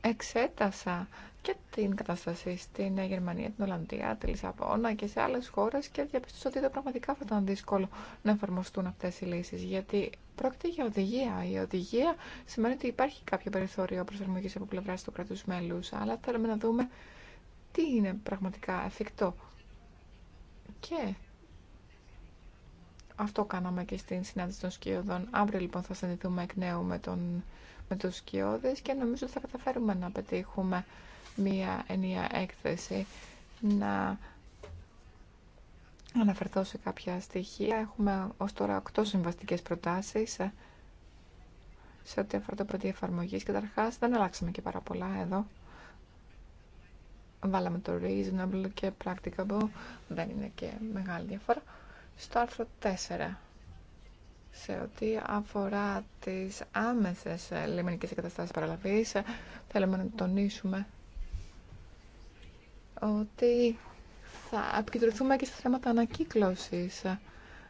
εξέτασα και την κατάσταση στην Γερμανία, την Ολλανδία, τη Λισαβόνα και σε άλλες χώρες και διαπιστώσα ότι πραγματικά θα ήταν δύσκολο να εφαρμοστούν αυτές οι λύσεις γιατί πρόκειται για οδηγία. Η οδηγία σημαίνει ότι υπάρχει κάποιο περιθώριο προσαρμογής από πλευρά του κράτους μέλους αλλά θέλουμε να δούμε τι είναι πραγματικά εφικτό. Και αυτό κάναμε και στην συνάντηση των σκιωδών. Αύριο λοιπόν θα συνειδηθούμε εκ νέου με, τον, με τους σκιώδες και νομίζω ότι θα καταφέρουμε να πετύχουμε μία ενιαία έκθεση, να αναφερθώ σε κάποια στοιχεία. Έχουμε ως τώρα 8 συμβαστικές προτάσεις ε, σε ό,τι αφορά το παιδί εφαρμογής. Καταρχάς δεν αλλάξαμε και πάρα πολλά εδώ. Βάλαμε το reasonable και practicable, δεν είναι και μεγάλη διαφορά. Στο άρθρο 4, σε ό,τι αφορά τις άμεσες ε, λιμενικές εγκαταστάσεις παραλαβής, ε, θέλουμε να τονίσουμε ότι θα επικεντρωθούμε και στα θέματα ανακύκλωσης.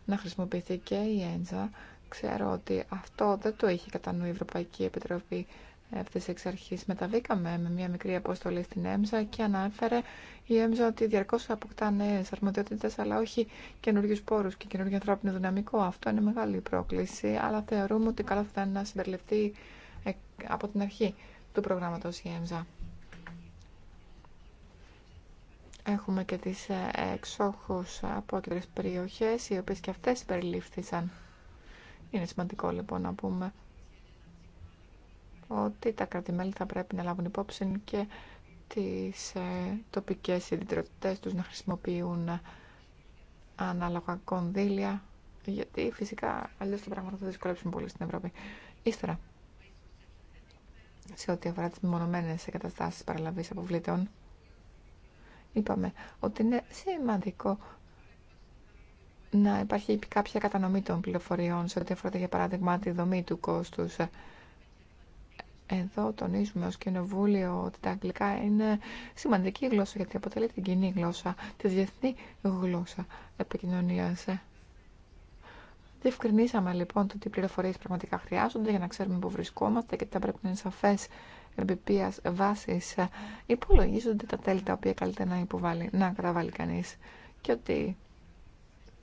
Να χρησιμοποιηθεί και η έντζα. Ξέρω ότι αυτό δεν το έχει κατά νου η Ευρωπαϊκή Επιτροπή Ευθύ εξ αρχή μεταβήκαμε με μια μικρή αποστολή στην ΕΜΖΑ και ανάφερε η ΕΜΖΑ ότι διαρκώ αποκτά νέε αρμοδιότητε, αλλά όχι καινούριου πόρου και καινούριο ανθρώπινο δυναμικό. Αυτό είναι μεγάλη πρόκληση, αλλά θεωρούμε ότι καλό θα ήταν να συμπεριληφθεί ε, από την αρχή του προγράμματο η ΕΜΖΑ. Έχουμε και τις ε, εξόχους κεντρικές περιοχές, οι οποίες και αυτές συμπεριλήφθησαν. Είναι σημαντικό λοιπόν να πούμε ότι τα κρατημέλη θα πρέπει να λάβουν υπόψη και τις ε, τοπικές ιδιαιτερότητες τους να χρησιμοποιούν ε, ανάλογα κονδύλια γιατί φυσικά αλλιώς τα πράγματα θα δυσκολέψουν πολύ στην Ευρώπη. Ύστερα, σε ό,τι αφορά τις μονομένες εγκαταστάσεις παραλαβής αποβλήτων, είπαμε ότι είναι σημαντικό να υπάρχει κάποια κατανομή των πληροφοριών σε ό,τι αφορά για παράδειγμα τη δομή του κόστους ε, εδώ τονίζουμε ως κοινοβούλιο ότι τα αγγλικά είναι σημαντική γλώσσα γιατί αποτελεί την κοινή γλώσσα, τη διεθνή γλώσσα επικοινωνίας. Διευκρινίσαμε λοιπόν το τι πληροφορίε πραγματικά χρειάζονται για να ξέρουμε που βρισκόμαστε και τα θα πρέπει να είναι σαφές επιπία βάση υπολογίζονται τα τέλη τα οποία καλύτερα να υποβάλει, να καταβάλει κανεί. Και ότι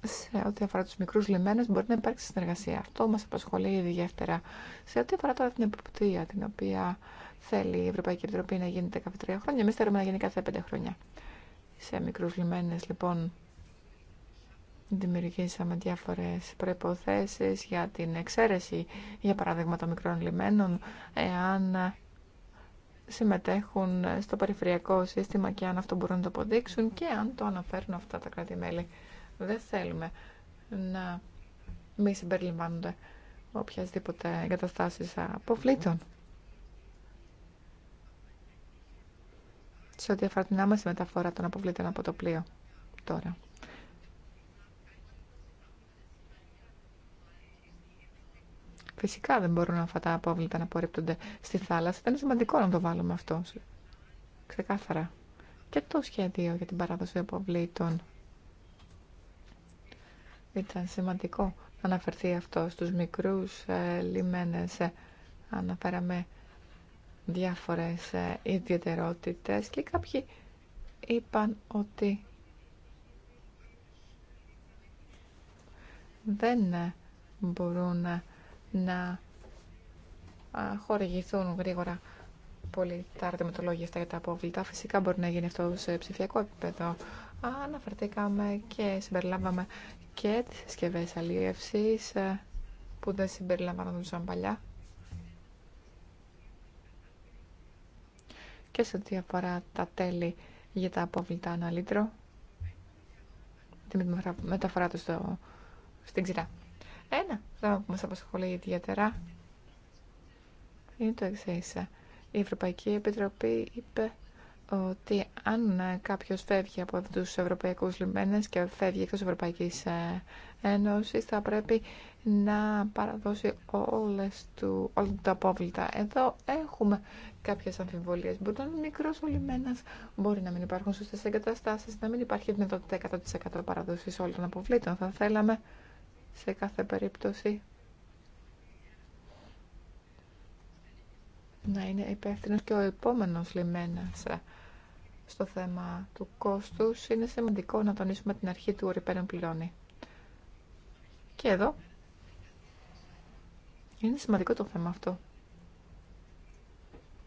σε ό,τι αφορά του μικρού λιμένε, μπορεί να υπάρξει συνεργασία. Αυτό μα απασχολεί ιδιαίτερα. Σε ό,τι αφορά τώρα την επιπτία την οποία θέλει η Ευρωπαϊκή Επιτροπή να γίνεται κάθε τρία χρόνια, Εμεί θέλουμε να γίνει κάθε πέντε χρόνια. Σε μικρού λιμένε, λοιπόν δημιουργήσαμε διάφορε προποθέσει για την εξαίρεση, για παράδειγμα των μικρών λιμένων, εάν συμμετέχουν στο περιφερειακό σύστημα και αν αυτό μπορούν να το αποδείξουν και αν το αναφέρουν αυτά τα κράτη-μέλη δεν θέλουμε να μη συμπεριλαμβάνονται οποιασδήποτε εγκαταστάσεις αποβλήτων. Σε ό,τι αφορά την άμεση μεταφορά των αποβλήτων από το πλοίο τώρα. Φυσικά δεν μπορούν αυτά τα απόβλητα να απορρίπτονται στη θάλασσα. είναι σημαντικό να το βάλουμε αυτό. Ξεκάθαρα. Και το σχέδιο για την παράδοση αποβλήτων ήταν σημαντικό να αναφερθεί αυτό στους μικρούς ε, λιμένες. Ε, αναφέραμε διάφορες ε, ιδιαιτερότητες και κάποιοι είπαν ότι δεν μπορούν να χορηγηθούν γρήγορα πολύ τα αρτηματολόγια αυτά για τα απόβλητα. Φυσικά μπορεί να γίνει αυτό σε ψηφιακό επίπεδο. Αναφερθήκαμε και συμπεριλάβαμε και τις συσκευέ αλλιεύσης ε, που δεν συμπεριλαμβανόντουσαν παλιά. Και σε ό,τι αφορά τα τέλη για τα απόβλητα αναλύτρο, τη μεταφορά του στο, στην ξηρά. Ένα θέμα που μας απασχολεί ιδιαίτερα είναι το εξή. Η Ευρωπαϊκή Επιτροπή είπε ότι αν ε, κάποιος φεύγει από τους ευρωπαϊκούς λιμένες και φεύγει εκτός Ευρωπαϊκής ε, Ένωσης θα πρέπει να παραδώσει όλες του, όλα τα απόβλητα. Εδώ έχουμε κάποιες αμφιβολίες. Μπορεί να είναι μικρός ο λιμένας, μπορεί να μην υπάρχουν σωστές εγκαταστάσεις, να μην υπάρχει δυνατότητα 100% παραδοσής όλων των αποβλήτων. Θα θέλαμε σε κάθε περίπτωση να είναι υπεύθυνο και ο επόμενος λιμένας στο θέμα του κόστους, είναι σημαντικό να τονίσουμε την αρχή του ορυπαίνων πληρώνει. Και εδώ είναι σημαντικό το θέμα αυτό.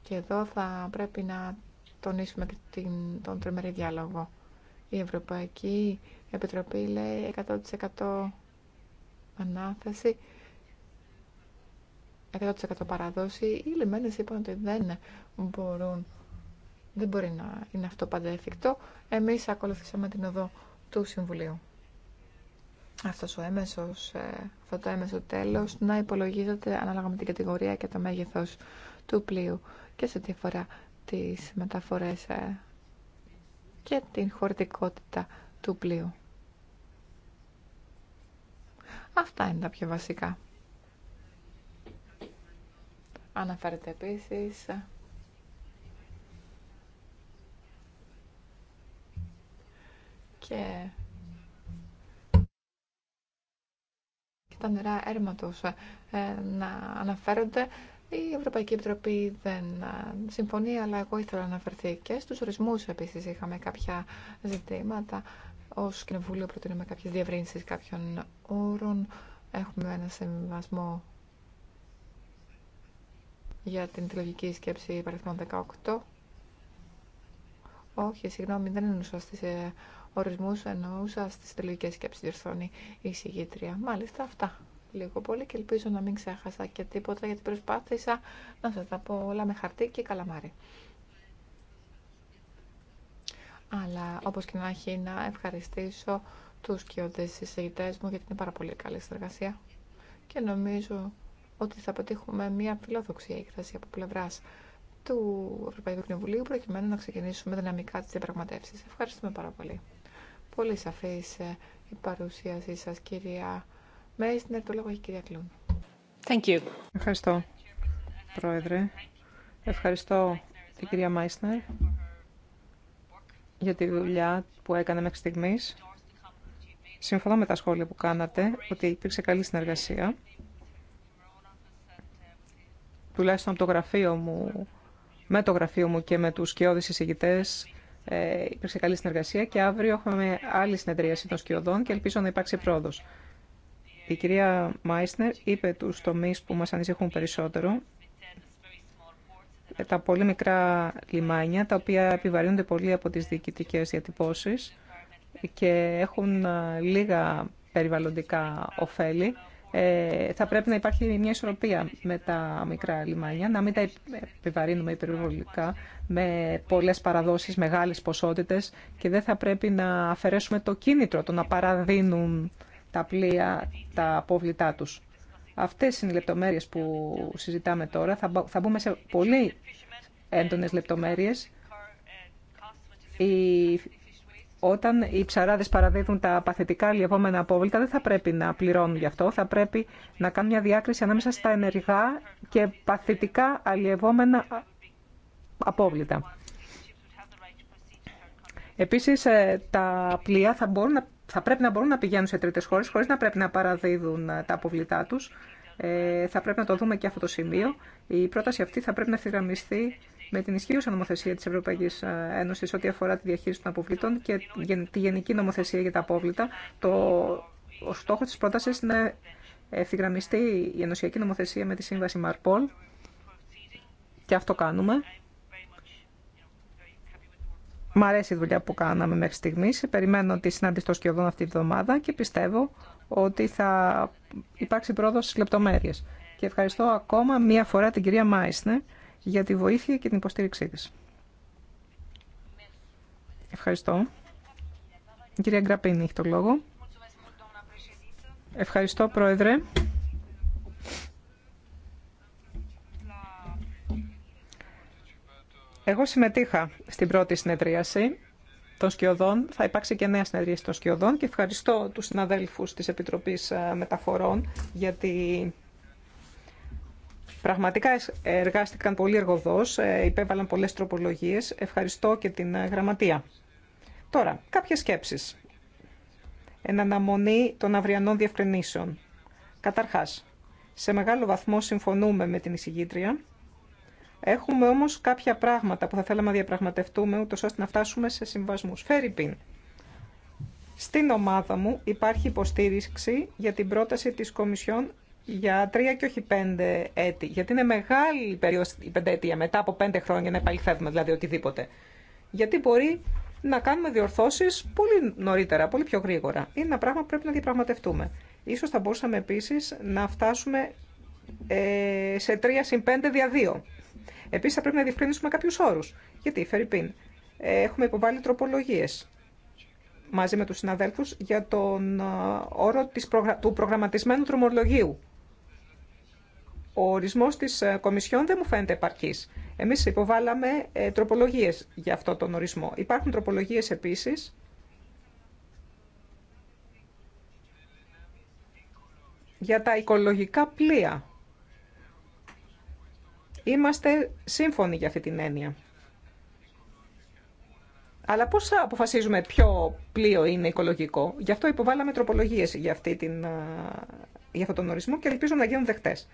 Και εδώ θα πρέπει να τονίσουμε και την, τον τριμερή διάλογο. Η Ευρωπαϊκή Επιτροπή λέει 100% ανάθεση, 100% παραδόση. Οι λιμένες είπαν ότι δεν μπορούν δεν μπορεί να είναι αυτό πάντα εφικτό. Εμείς ακολουθήσαμε την οδό του Συμβουλίου. Αυτός ο έμεσος, ε, αυτό το έμεσο τέλος να υπολογίζεται ανάλογα με την κατηγορία και το μέγεθος του πλοίου και σε τι αφορά τις μεταφορές ε, και την χωρητικότητα του πλοίου. Αυτά είναι τα πιο βασικά. Αναφέρεται επίσης και, και τα νερά έρματος ε, ε, να αναφέρονται. Η Ευρωπαϊκή Επιτροπή δεν ε, συμφωνεί, αλλά εγώ ήθελα να αναφερθεί και στους ορισμούς επίσης είχαμε κάποια ζητήματα. Ως Κοινοβούλιο προτείνουμε κάποιες διευρύνσεις κάποιων όρων. Έχουμε ένα συμβασμό για την τηλογική σκέψη παρελθόν 18. Όχι, συγγνώμη, δεν είναι ορισμούς εννοούσα στις τελικές σκέψεις διορθώνει η συγγήτρια. Μάλιστα αυτά λίγο πολύ και ελπίζω να μην ξέχασα και τίποτα γιατί προσπάθησα να σας τα πω όλα με χαρτί και καλαμάρι. Αλλά όπως και να έχει να ευχαριστήσω τους κοιόντες συζητητές μου γιατί είναι πάρα πολύ καλή συνεργασία και νομίζω ότι θα πετύχουμε μια φιλόδοξη έκθεση από πλευρά του Ευρωπαϊκού Κοινοβουλίου προκειμένου να ξεκινήσουμε δυναμικά τι διαπραγματεύσει. Ευχαριστούμε πάρα πολύ. Πολύ σαφής ε, η παρουσίασή σας, κυρία Μέισνερ. Το λόγο έχει η κυρία Κλούν. Ευχαριστώ, Πρόεδρε. Ευχαριστώ την κυρία Μάισνερ για τη δουλειά που έκανε μέχρι στιγμής. Συμφωνώ με τα σχόλια που κάνατε ότι υπήρξε καλή συνεργασία. Τουλάχιστον από το γραφείο μου, με το γραφείο μου και με τους σκιώδεις εισηγητές ε, υπήρξε καλή συνεργασία και αύριο έχουμε άλλη συνεδρίαση των σκιωδών και ελπίζω να υπάρξει πρόοδο. Η κυρία Μάισνερ είπε του τομεί που μα ανησυχούν περισσότερο. Ε, τα πολύ μικρά λιμάνια, τα οποία επιβαρύνονται πολύ από τι διοικητικέ διατυπώσει και έχουν ε, λίγα περιβαλλοντικά ωφέλη. Ε, θα πρέπει να υπάρχει μια ισορροπία με τα μικρά λιμάνια, να μην τα επιβαρύνουμε υπερβολικά με πολλές παραδόσεις, μεγάλες ποσότητες και δεν θα πρέπει να αφαιρέσουμε το κίνητρο το να παραδίνουν τα πλοία, τα απόβλητά τους. Αυτές είναι οι λεπτομέρειες που συζητάμε τώρα. Θα, θα μπούμε σε πολύ έντονες λεπτομέρειες όταν οι ψαράδες παραδίδουν τα παθητικά λιευόμενα απόβλητα δεν θα πρέπει να πληρώνουν γι' αυτό. Θα πρέπει να κάνουν μια διάκριση ανάμεσα στα ενεργά και παθητικά αλλιευόμενα απόβλητα. Επίση, ε, τα πλοία θα, πρέπει να μπορούν να πηγαίνουν σε τρίτε χώρε, χωρί να πρέπει να παραδίδουν ε, τα αποβλητά του. Ε, θα πρέπει να το δούμε και αυτό το σημείο. Η πρόταση αυτή θα πρέπει να ευθυγραμμιστεί με την ισχύουσα νομοθεσία τη Ευρωπαϊκή ε, Ένωση ό,τι αφορά τη διαχείριση των αποβλήτων και τη γενική νομοθεσία για τα απόβλητα, το, ο στόχος της πρότασης είναι να ευθυγραμμιστεί η ενωσιακή νομοθεσία με τη σύμβαση Μαρπόλ και αυτό κάνουμε. Μ' αρέσει η δουλειά που κάναμε μέχρι στιγμή. Περιμένω τη συνάντηση των σκιωδών αυτή τη βδομάδα και πιστεύω ότι θα υπάρξει πρόοδο στι λεπτομέρειε. Και ευχαριστώ ακόμα μία φορά την κυρία Μάισνε για τη βοήθεια και την υποστήριξή της. Ευχαριστώ. Η κυρία Γκραπίνη έχει το λόγο. Ευχαριστώ, Πρόεδρε. Εγώ συμμετείχα στην πρώτη συνεδρίαση των Σκιωδών. Θα υπάρξει και νέα συνεδρίαση των Σκιωδών και ευχαριστώ τους συναδέλφους της Επιτροπής ε, Μεταφορών για τη Πραγματικά εργάστηκαν πολύ εργοδός, ε, υπέβαλαν πολλές τροπολογίες. Ευχαριστώ και την ε, γραμματεία. Τώρα, κάποιες σκέψεις. Εν αναμονή των αυριανών διευκρινήσεων. Καταρχάς, σε μεγάλο βαθμό συμφωνούμε με την εισηγήτρια. Έχουμε όμως κάποια πράγματα που θα θέλαμε να διαπραγματευτούμε, ούτως ώστε να φτάσουμε σε συμβασμούς. Φέρει πίν. Στην ομάδα μου υπάρχει υποστήριξη για την πρόταση της Κομισιόν για τρία και όχι πέντε έτη. Γιατί είναι μεγάλη η περίοδος η πενταετία μετά από πέντε χρόνια να επαληθεύουμε δηλαδή οτιδήποτε. Γιατί μπορεί να κάνουμε διορθώσεις πολύ νωρίτερα, πολύ πιο γρήγορα. Είναι ένα πράγμα που πρέπει να διαπραγματευτούμε. Ίσως θα μπορούσαμε επίσης να φτάσουμε ε, σε 3 συν 5 δια 2. Επίσης θα πρέπει να διευκρινίσουμε κάποιου όρου. Γιατί, Φερρυπίν, ε, έχουμε υποβάλει τροπολογίε μαζί με τους συναδέλφους για τον ε, όρο της του προγραμματισμένου τρομολογίου ο ορισμός της ε, Κομισιόν δεν μου φαίνεται επαρκής. Εμείς υποβάλαμε ε, τροπολογίες για αυτό τον ορισμό. Υπάρχουν τροπολογίες επίσης για τα οικολογικά πλοία. Είμαστε σύμφωνοι για αυτή την έννοια. Αλλά πώς θα αποφασίζουμε ποιο πλοίο είναι οικολογικό. Γι' αυτό υποβάλαμε τροπολογίες για, αυτή την, ε, για αυτόν τον ορισμό και ελπίζω να γίνουν δεχτές.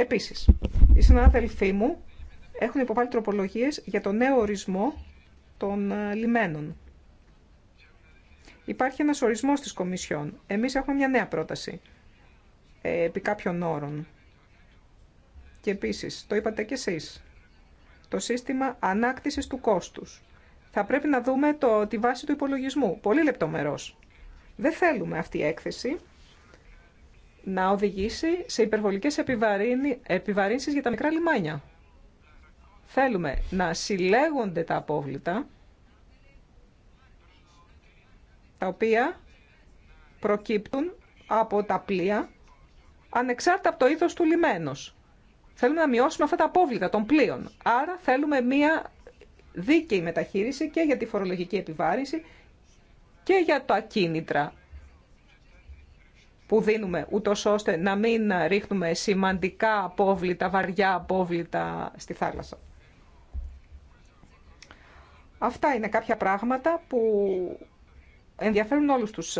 Επίσης, οι συνάδελφοί μου έχουν υποβάλει τροπολογίε για τον νέο ορισμό των ε, λιμένων. Υπάρχει ένας ορισμός τη Κομισιόν. Εμείς έχουμε μια νέα πρόταση ε, επί κάποιων όρων. Και επίσης, το είπατε κι εσεί. το σύστημα ανάκτησης του κόστους. Θα πρέπει να δούμε το, τη βάση του υπολογισμού, πολύ λεπτομερό. Δεν θέλουμε αυτή η έκθεση να οδηγήσει σε υπερβολικές επιβαρύνσεις για τα μικρά λιμάνια. Θέλουμε να συλλέγονται τα απόβλητα, τα οποία προκύπτουν από τα πλοία, ανεξάρτητα από το είδος του λιμένος. Θέλουμε να μειώσουμε αυτά τα απόβλητα των πλοίων. Άρα θέλουμε μία δίκαιη μεταχείριση και για τη φορολογική επιβάρηση και για τα κίνητρα που δίνουμε, ούτω ώστε να μην ρίχνουμε σημαντικά απόβλητα, βαριά απόβλητα στη θάλασσα. Αυτά είναι κάποια πράγματα που ενδιαφέρουν όλους τους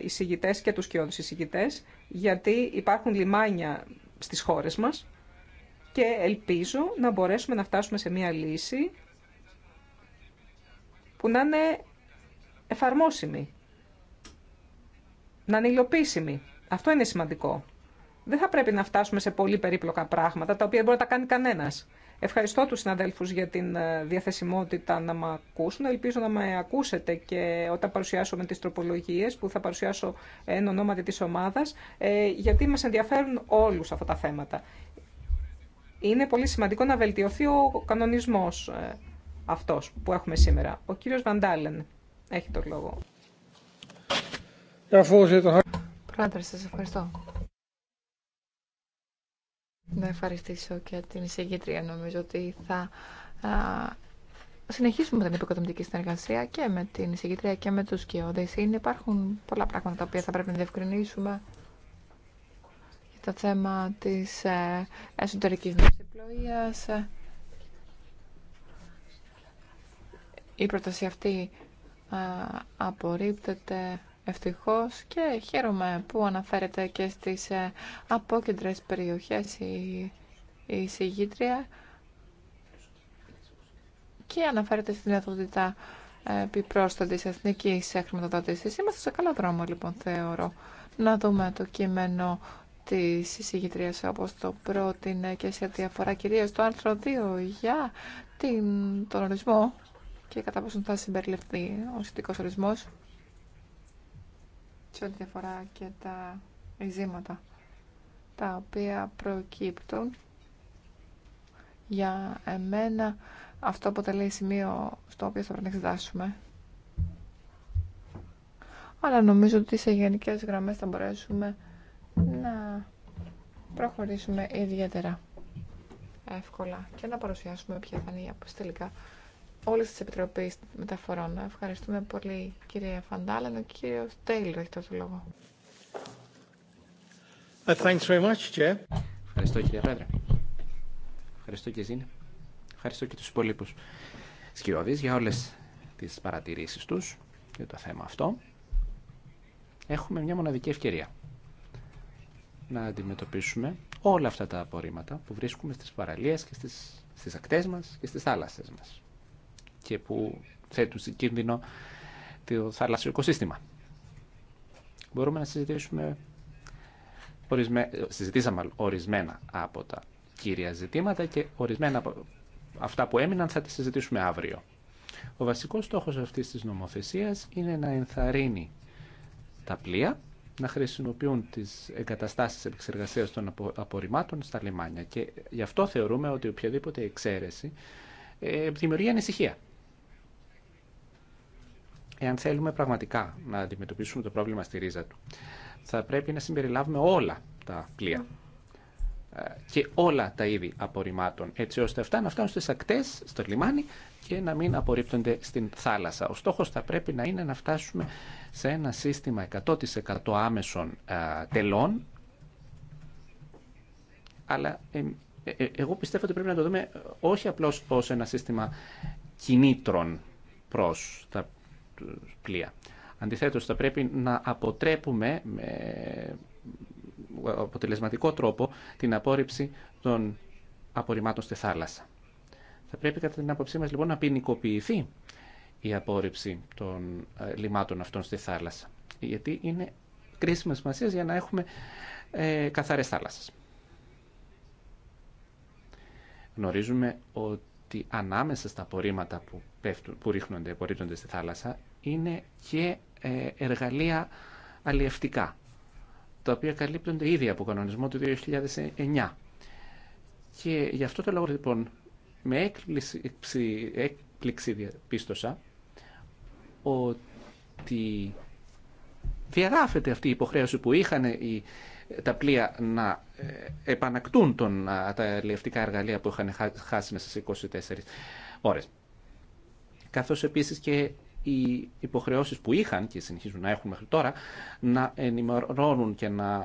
εισηγητές και τους κοιόδους εισηγητές, γιατί υπάρχουν λιμάνια στις χώρες μας και ελπίζω να μπορέσουμε να φτάσουμε σε μια λύση που να είναι εφαρμόσιμη να είναι υλοποιήσιμη. Αυτό είναι σημαντικό. Δεν θα πρέπει να φτάσουμε σε πολύ περίπλοκα πράγματα, τα οποία δεν μπορεί να τα κάνει κανένα. Ευχαριστώ του συναδέλφου για την ε, διαθεσιμότητα να με ακούσουν. Ελπίζω να με ακούσετε και όταν παρουσιάσω με τι τροπολογίε που θα παρουσιάσω εν ονόματι τη ομάδα, ε, γιατί μα ενδιαφέρουν όλου αυτά τα θέματα. Είναι πολύ σημαντικό να βελτιωθεί ο κανονισμό ε, αυτό που έχουμε σήμερα. Ο κύριο Βαντάλεν έχει το λόγο. Πρόεδρε, σα ευχαριστώ. Να ευχαριστήσω και την εισηγήτρια. Νομίζω ότι θα συνεχίσουμε με την επικοδομητική συνεργασία και με την εισηγήτρια και με του κοιόδε. υπάρχουν πολλά πράγματα τα οποία θα πρέπει να διευκρινίσουμε για το θέμα τη ε, εσωτερική μα νοσηπλοείας. Η πρόταση αυτή απορρίπτεται Ευτυχώς και χαίρομαι που αναφέρεται και στις ε, απόκεντρες περιοχές η, η συγγήτρια και αναφέρεται στην δυνατότητα ε, επιπρόσθετη εθνική χρηματοδότηση. Είμαστε σε καλό δρόμο, λοιπόν, θεωρώ. Να δούμε το κείμενο τη εισηγητρία όπω το πρότεινε και σε διαφορά κυρίω το άρθρο 2 για την, τον ορισμό και κατά πόσο θα συμπεριληφθεί ο σχετικό ορισμό σε ό,τι αφορά και τα ειζήματα τα οποία προκύπτουν. Για εμένα αυτό αποτελεί σημείο στο οποίο θα πρέπει να εξετάσουμε. Αλλά νομίζω ότι σε γενικές γραμμές θα μπορέσουμε να προχωρήσουμε ιδιαίτερα εύκολα και να παρουσιάσουμε ποια θα είναι η αποστελικά. Όλες τις Επιτροπή Μεταφορών. Ευχαριστούμε πολύ, κύριε Φαντάλα Ο κύριο Τέιλ έχει το λόγο. Ε, Ευχαριστώ, κύριε Πρόεδρε. Ευχαριστώ και Ζήνη. Ευχαριστώ και του υπολείπου σκιώδει για όλε τι παρατηρήσει του για το θέμα αυτό. Έχουμε μια μοναδική ευκαιρία να αντιμετωπίσουμε όλα αυτά τα απορρίμματα που βρίσκουμε στις παραλίες και στις, στις ακτές μας και στις θάλασσες μας και που θέτουν σε κίνδυνο το θαλασσιακό σύστημα. Μπορούμε να συζητήσουμε συζητήσαμε ορισμένα από τα κύρια ζητήματα και ορισμένα από αυτά που έμειναν θα τα συζητήσουμε αύριο. Ο βασικός στόχος αυτής της νομοθεσίας είναι να ενθαρρύνει τα πλοία να χρησιμοποιούν τις εγκαταστάσεις επεξεργασίας των απορριμμάτων στα λιμάνια και γι' αυτό θεωρούμε ότι οποιαδήποτε εξαίρεση ε, δημιουργεί ανησυχία Εάν θέλουμε πραγματικά να αντιμετωπίσουμε το πρόβλημα στη ρίζα του, θα πρέπει να συμπεριλάβουμε όλα τα πλοία ε, και όλα τα είδη απορριμμάτων, έτσι ώστε αυτά να φτάνουν στις ακτές, στο λιμάνι και να μην απορρίπτονται στην θάλασσα. Ο στόχος θα πρέπει να είναι να φτάσουμε σε ένα σύστημα 100% άμεσων ε, τελών, αλλά ε, εγώ πιστεύω ότι πρέπει να το δούμε όχι απλώς ως ένα σύστημα κινήτρων προς τα πλοία. Αντιθέτως, θα πρέπει να αποτρέπουμε με αποτελεσματικό τρόπο την απόρριψη των απορριμμάτων στη θάλασσα. Θα πρέπει κατά την άποψή μας λοιπόν να ποινικοποιηθεί η απόρριψη των ε, λιμάτων αυτών στη θάλασσα. Γιατί είναι κρίσιμη σημασία για να έχουμε ε, καθαρές θάλασσες. Γνωρίζουμε ότι ανάμεσα στα απορρίμματα που, που ρίχνονται, στη θάλασσα είναι και ε, εργαλεία αλλιευτικά, τα οποία καλύπτονται ήδη από κανονισμό του 2009. Και γι' αυτό το λόγο, λοιπόν, με έκπληξη, έκπληξη πίστοσα ότι διαγράφεται αυτή η υποχρέωση που είχαν οι, τα πλοία να ε, επανακτούν τον, τα αλλιευτικά εργαλεία που είχαν χάσει μέσα στις 24 ώρες. Καθώς επίσης και οι υποχρεώσεις που είχαν και συνεχίζουν να έχουν μέχρι τώρα να ενημερώνουν και να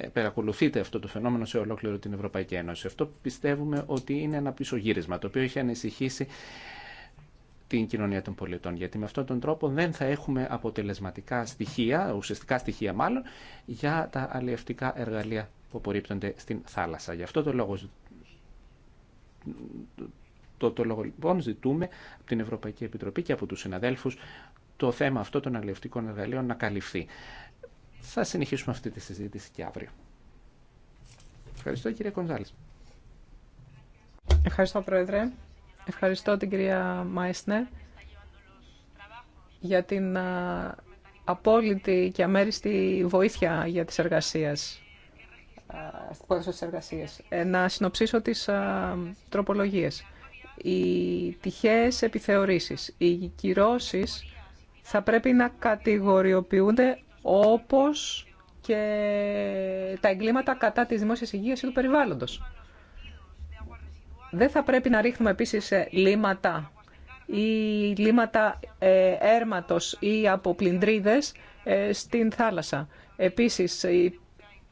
ε, περακολουθείτε αυτό το φαινόμενο σε ολόκληρο την Ευρωπαϊκή Ένωση. Αυτό πιστεύουμε ότι είναι ένα πίσω γύρισμα το οποίο έχει ανησυχήσει την κοινωνία των πολιτών, γιατί με αυτόν τον τρόπο δεν θα έχουμε αποτελεσματικά στοιχεία, ουσιαστικά στοιχεία μάλλον, για τα αλλιευτικά εργαλεία που απορρίπτονται στην θάλασσα. Γι' αυτό το λόγο το λόγο λοιπόν ζητούμε από την Ευρωπαϊκή Επιτροπή και από τους συναδέλφους το θέμα αυτό των αλληλευτικών εργαλείων να καλυφθεί. Θα συνεχίσουμε αυτή τη συζήτηση και αύριο. Ευχαριστώ κύριε Κονζάλης. Ευχαριστώ Πρόεδρε. Ευχαριστώ την κυρία Μάισνε για την απόλυτη και αμέριστη βοήθεια για τις εργασίες εργασίες. Ε, να συνοψίσω τις τροπολογίες οι τυχαίες επιθεωρήσεις, οι κυρώσεις θα πρέπει να κατηγοριοποιούνται όπως και τα εγκλήματα κατά της δημόσιας υγείας ή του περιβάλλοντος. Δεν θα πρέπει να ρίχνουμε επίσης λίματα ή λίματα ε, έρματος ή από πλυντρίδες ε, στην θάλασσα. Επίσης, η λιματα ερματος η απο πλυντριδες στην θαλασσα επισης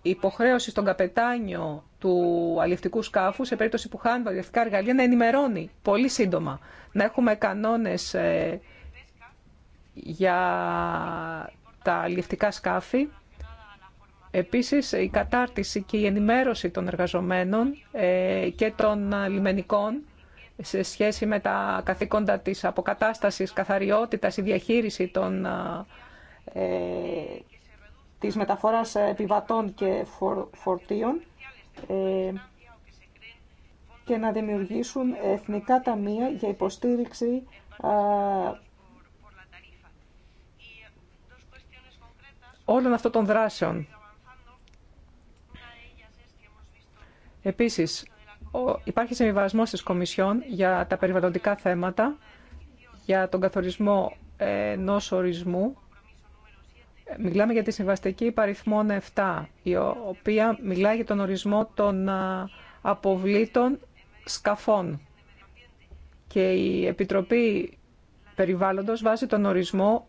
υποχρέωση στον καπετάνιο του αλληλευτικού σκάφου, σε περίπτωση που χάνουν αλληλευτικά εργαλεία, να ενημερώνει πολύ σύντομα. Να έχουμε κανόνες ε, για τα αλληλευτικά σκάφη. Επίσης, η κατάρτιση και η ενημέρωση των εργαζομένων ε, και των λιμενικών σε σχέση με τα καθήκοντα της αποκατάστασης, καθαριότητας, η διαχείριση των ε, της μεταφοράς ε, επιβατών και φορτίων ε, και να δημιουργήσουν εθνικά ταμεία για υποστήριξη όλων αυτών των δράσεων. Επίσης, υπάρχει συμβιβασμό της Κομισιόν για τα περιβαλλοντικά θέματα, για τον καθορισμό ε, ενό ορισμού Μιλάμε για τη συμβαστική παριθμόν 7, η οποία μιλάει για τον ορισμό των αποβλήτων σκαφών. Και η Επιτροπή Περιβάλλοντος βάζει τον ορισμό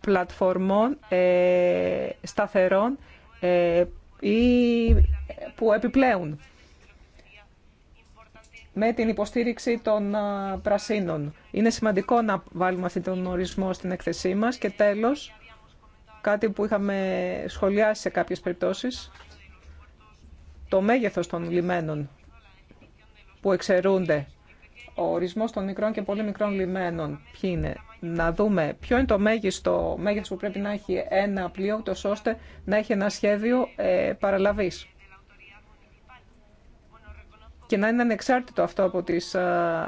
πλατφορμών ε, σταθερών ε, ή που επιπλέουν με την υποστήριξη των πρασίνων. Είναι σημαντικό να βάλουμε αυτόν τον ορισμό στην εκθεσή μας και τέλος, κάτι που είχαμε σχολιάσει σε κάποιες περιπτώσεις, το μέγεθος των λιμένων που εξαιρούνται. Ο ορισμός των μικρών και πολύ μικρών λιμένων, ποιοι είναι, να δούμε ποιο είναι το μέγιστο, μέγεθος που πρέπει να έχει ένα πλοίο, ώστε να έχει ένα σχέδιο ε, παραλαβής και να είναι ανεξάρτητο αυτό από τις, α,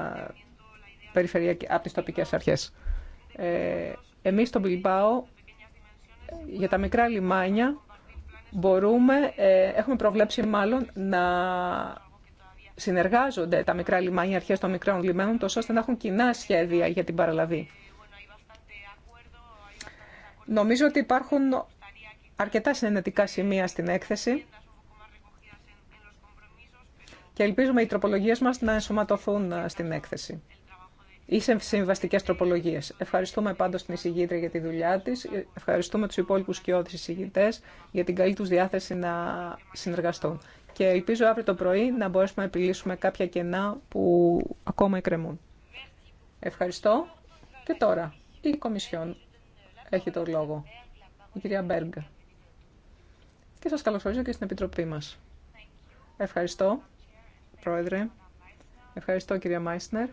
από τις τοπικές αρχές. Ε, εμείς στο Μπιλμπάο για τα μικρά λιμάνια μπορούμε, ε, έχουμε προβλέψει μάλλον να συνεργάζονται τα μικρά λιμάνια, αρχές των μικρών λιμένων, τόσο ώστε να έχουν κοινά σχέδια για την παραλαβή. Νομίζω ότι υπάρχουν αρκετά συνενετικά σημεία στην έκθεση και ελπίζουμε οι τροπολογίε μα να ενσωματωθούν ε, στην έκθεση ή σε συμβαστικέ τροπολογίε. Ευχαριστούμε πάντω την εισηγήτρια για τη δουλειά τη. Ε, ευχαριστούμε του υπόλοιπου σκιώδει εισηγητέ για την καλή του διάθεση να συνεργαστούν. Και ελπίζω αύριο το πρωί να μπορέσουμε να επιλύσουμε κάποια κενά που ακόμα εκκρεμούν. Ευχαριστώ. Και τώρα η Κομισιόν έχει το λόγο. Η κυρία Μπέργκ. Και σας καλωσορίζω και στην Επιτροπή μας. Ευχαριστώ. Πρόεδρε. Ευχαριστώ, κυρία Μάισνερ.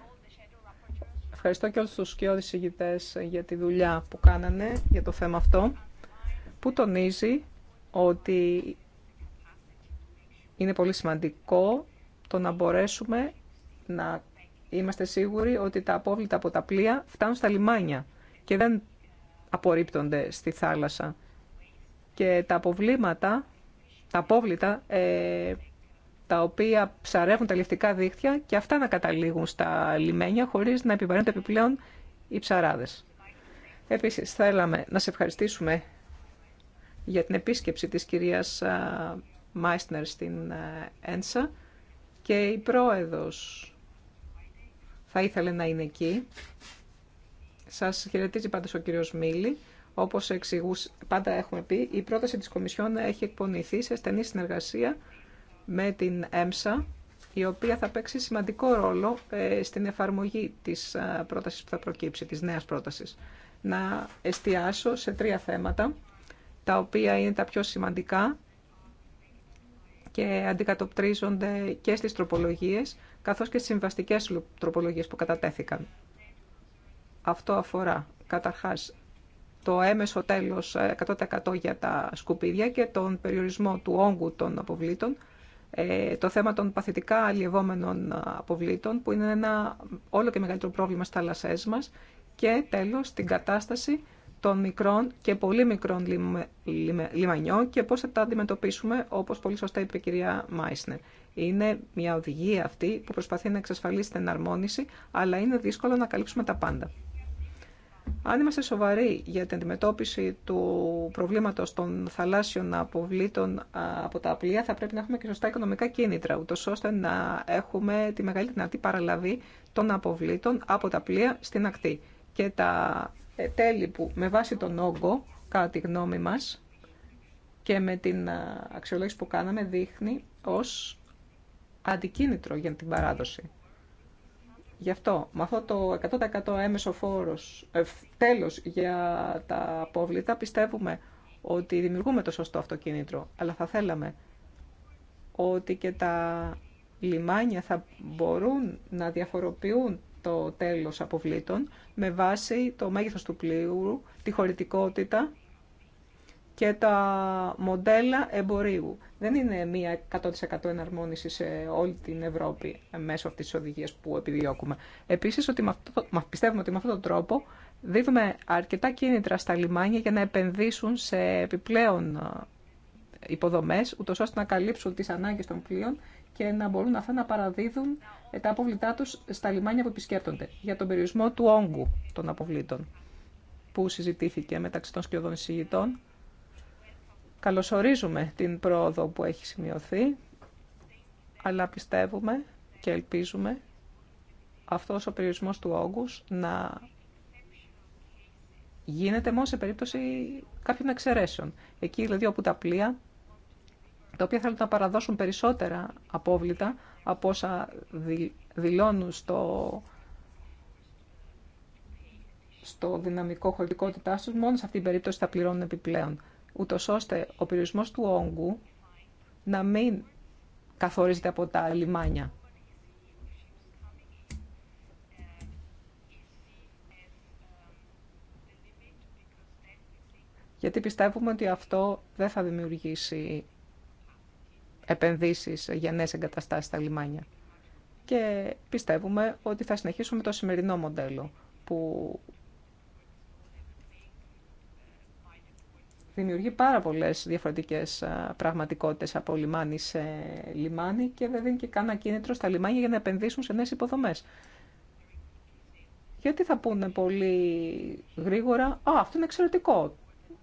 Ευχαριστώ και όλους τους σκιώδης ηγητές για τη δουλειά που κάνανε για το θέμα αυτό, που τονίζει ότι είναι πολύ σημαντικό το να μπορέσουμε να είμαστε σίγουροι ότι τα απόβλητα από τα πλοία φτάνουν στα λιμάνια και δεν απορρίπτονται στη θάλασσα. Και τα αποβλήματα, τα απόβλητα ε, τα οποία ψαρεύουν τα ληφτικά δίχτυα και αυτά να καταλήγουν στα λιμένια χωρίς να επιβαρύνονται επιπλέον οι ψαράδες. Επίσης, θέλαμε να σε ευχαριστήσουμε για την επίσκεψη της κυρίας Μάισνερ στην ΕΝΣΑ και η πρόεδρος θα ήθελε να είναι εκεί. Σας χαιρετίζει πάντως ο κύριος Μίλη. Όπως εξηγούς, πάντα έχουμε πει, η πρόταση της Κομισιόν έχει εκπονηθεί σε στενή συνεργασία με την ΕΜΣΑ, η οποία θα παίξει σημαντικό ρόλο ε, στην εφαρμογή της ε, πρότασης που θα προκύψει, της νέας πρότασης. Να εστιάσω σε τρία θέματα, τα οποία είναι τα πιο σημαντικά και αντικατοπτρίζονται και στις τροπολογίες, καθώς και στις συμβαστικές τροπολογίες που κατατέθηκαν. Αυτό αφορά καταρχάς το έμεσο τέλος 100% ε, για τα σκουπίδια και τον περιορισμό του όγκου των αποβλήτων, ε, το θέμα των παθητικά αλλιευόμενων ε, αποβλήτων, που είναι ένα όλο και μεγαλύτερο πρόβλημα στα θάλασσές μας, και τέλος την κατάσταση των μικρών και πολύ μικρών λιμανιών και πώς θα τα αντιμετωπίσουμε, όπως πολύ σωστά είπε η κυρία Μάισνερ. Είναι μια οδηγία αυτή που προσπαθεί να εξασφαλίσει την εναρμόνιση, αλλά είναι δύσκολο να καλύψουμε τα πάντα. Αν είμαστε σοβαροί για την αντιμετώπιση του προβλήματος των θαλάσσιων αποβλήτων από τα πλοία, θα πρέπει να έχουμε και σωστά οικονομικά κίνητρα, ούτως ώστε να έχουμε τη μεγαλύτερη δυνατή παραλαβή των αποβλήτων από τα πλοία στην ακτή. Και τα ε, τέλη που με βάση τον όγκο, κατά τη γνώμη μας, και με την αξιολόγηση που κάναμε, δείχνει ως αντικίνητρο για την παράδοση. Γι' αυτό, με αυτό το 100% έμεσο φόρος, ε, τέλος για τα απόβλητα, πιστεύουμε ότι δημιουργούμε το σωστό αυτοκίνητρο, αλλά θα θέλαμε ότι και τα λιμάνια θα μπορούν να διαφοροποιούν το τέλος αποβλήτων με βάση το μέγεθος του πλοίου, τη χωρητικότητα και τα μοντέλα εμπορίου. Δεν είναι μία 100% εναρμόνιση σε όλη την Ευρώπη μέσω αυτής της οδηγίας που επιδιώκουμε. Επίσης, πιστεύουμε ότι με αυτόν τον τρόπο δίδουμε αρκετά κίνητρα στα λιμάνια για να επενδύσουν σε επιπλέον υποδομές, ούτω ώστε να καλύψουν τις ανάγκες των πλοίων και να μπορούν αυτά να παραδίδουν τα αποβλητά τους στα λιμάνια που επισκέπτονται. Για τον περιορισμό του όγκου των αποβλήτων που συζητήθηκε μεταξύ των σκιωδών εισηγητών, Καλωσορίζουμε την πρόοδο που έχει σημειωθεί, αλλά πιστεύουμε και ελπίζουμε αυτός ο περιορισμός του όγκους να γίνεται μόνο σε περίπτωση κάποιων εξαιρέσεων. Εκεί δηλαδή όπου τα πλοία, τα οποία θέλουν να παραδώσουν περισσότερα απόβλητα από όσα δηλώνουν στο, δυναμικό χωρητικότητά τους, μόνο σε αυτή την περίπτωση θα πληρώνουν επιπλέον ούτως ώστε ο περιορισμός του όγκου να μην καθορίζεται από τα λιμάνια. Γιατί πιστεύουμε ότι αυτό δεν θα δημιουργήσει επενδύσεις για νέες εγκαταστάσεις στα λιμάνια. Και πιστεύουμε ότι θα συνεχίσουμε το σημερινό μοντέλο που δημιουργεί πάρα πολλέ διαφορετικέ πραγματικότητες από λιμάνι σε λιμάνι και δεν δίνει και κανένα κίνητρο στα λιμάνια για να επενδύσουν σε νέε υποδομέ. Γιατί θα πούνε πολύ γρήγορα, «Α, αυτό είναι εξαιρετικό,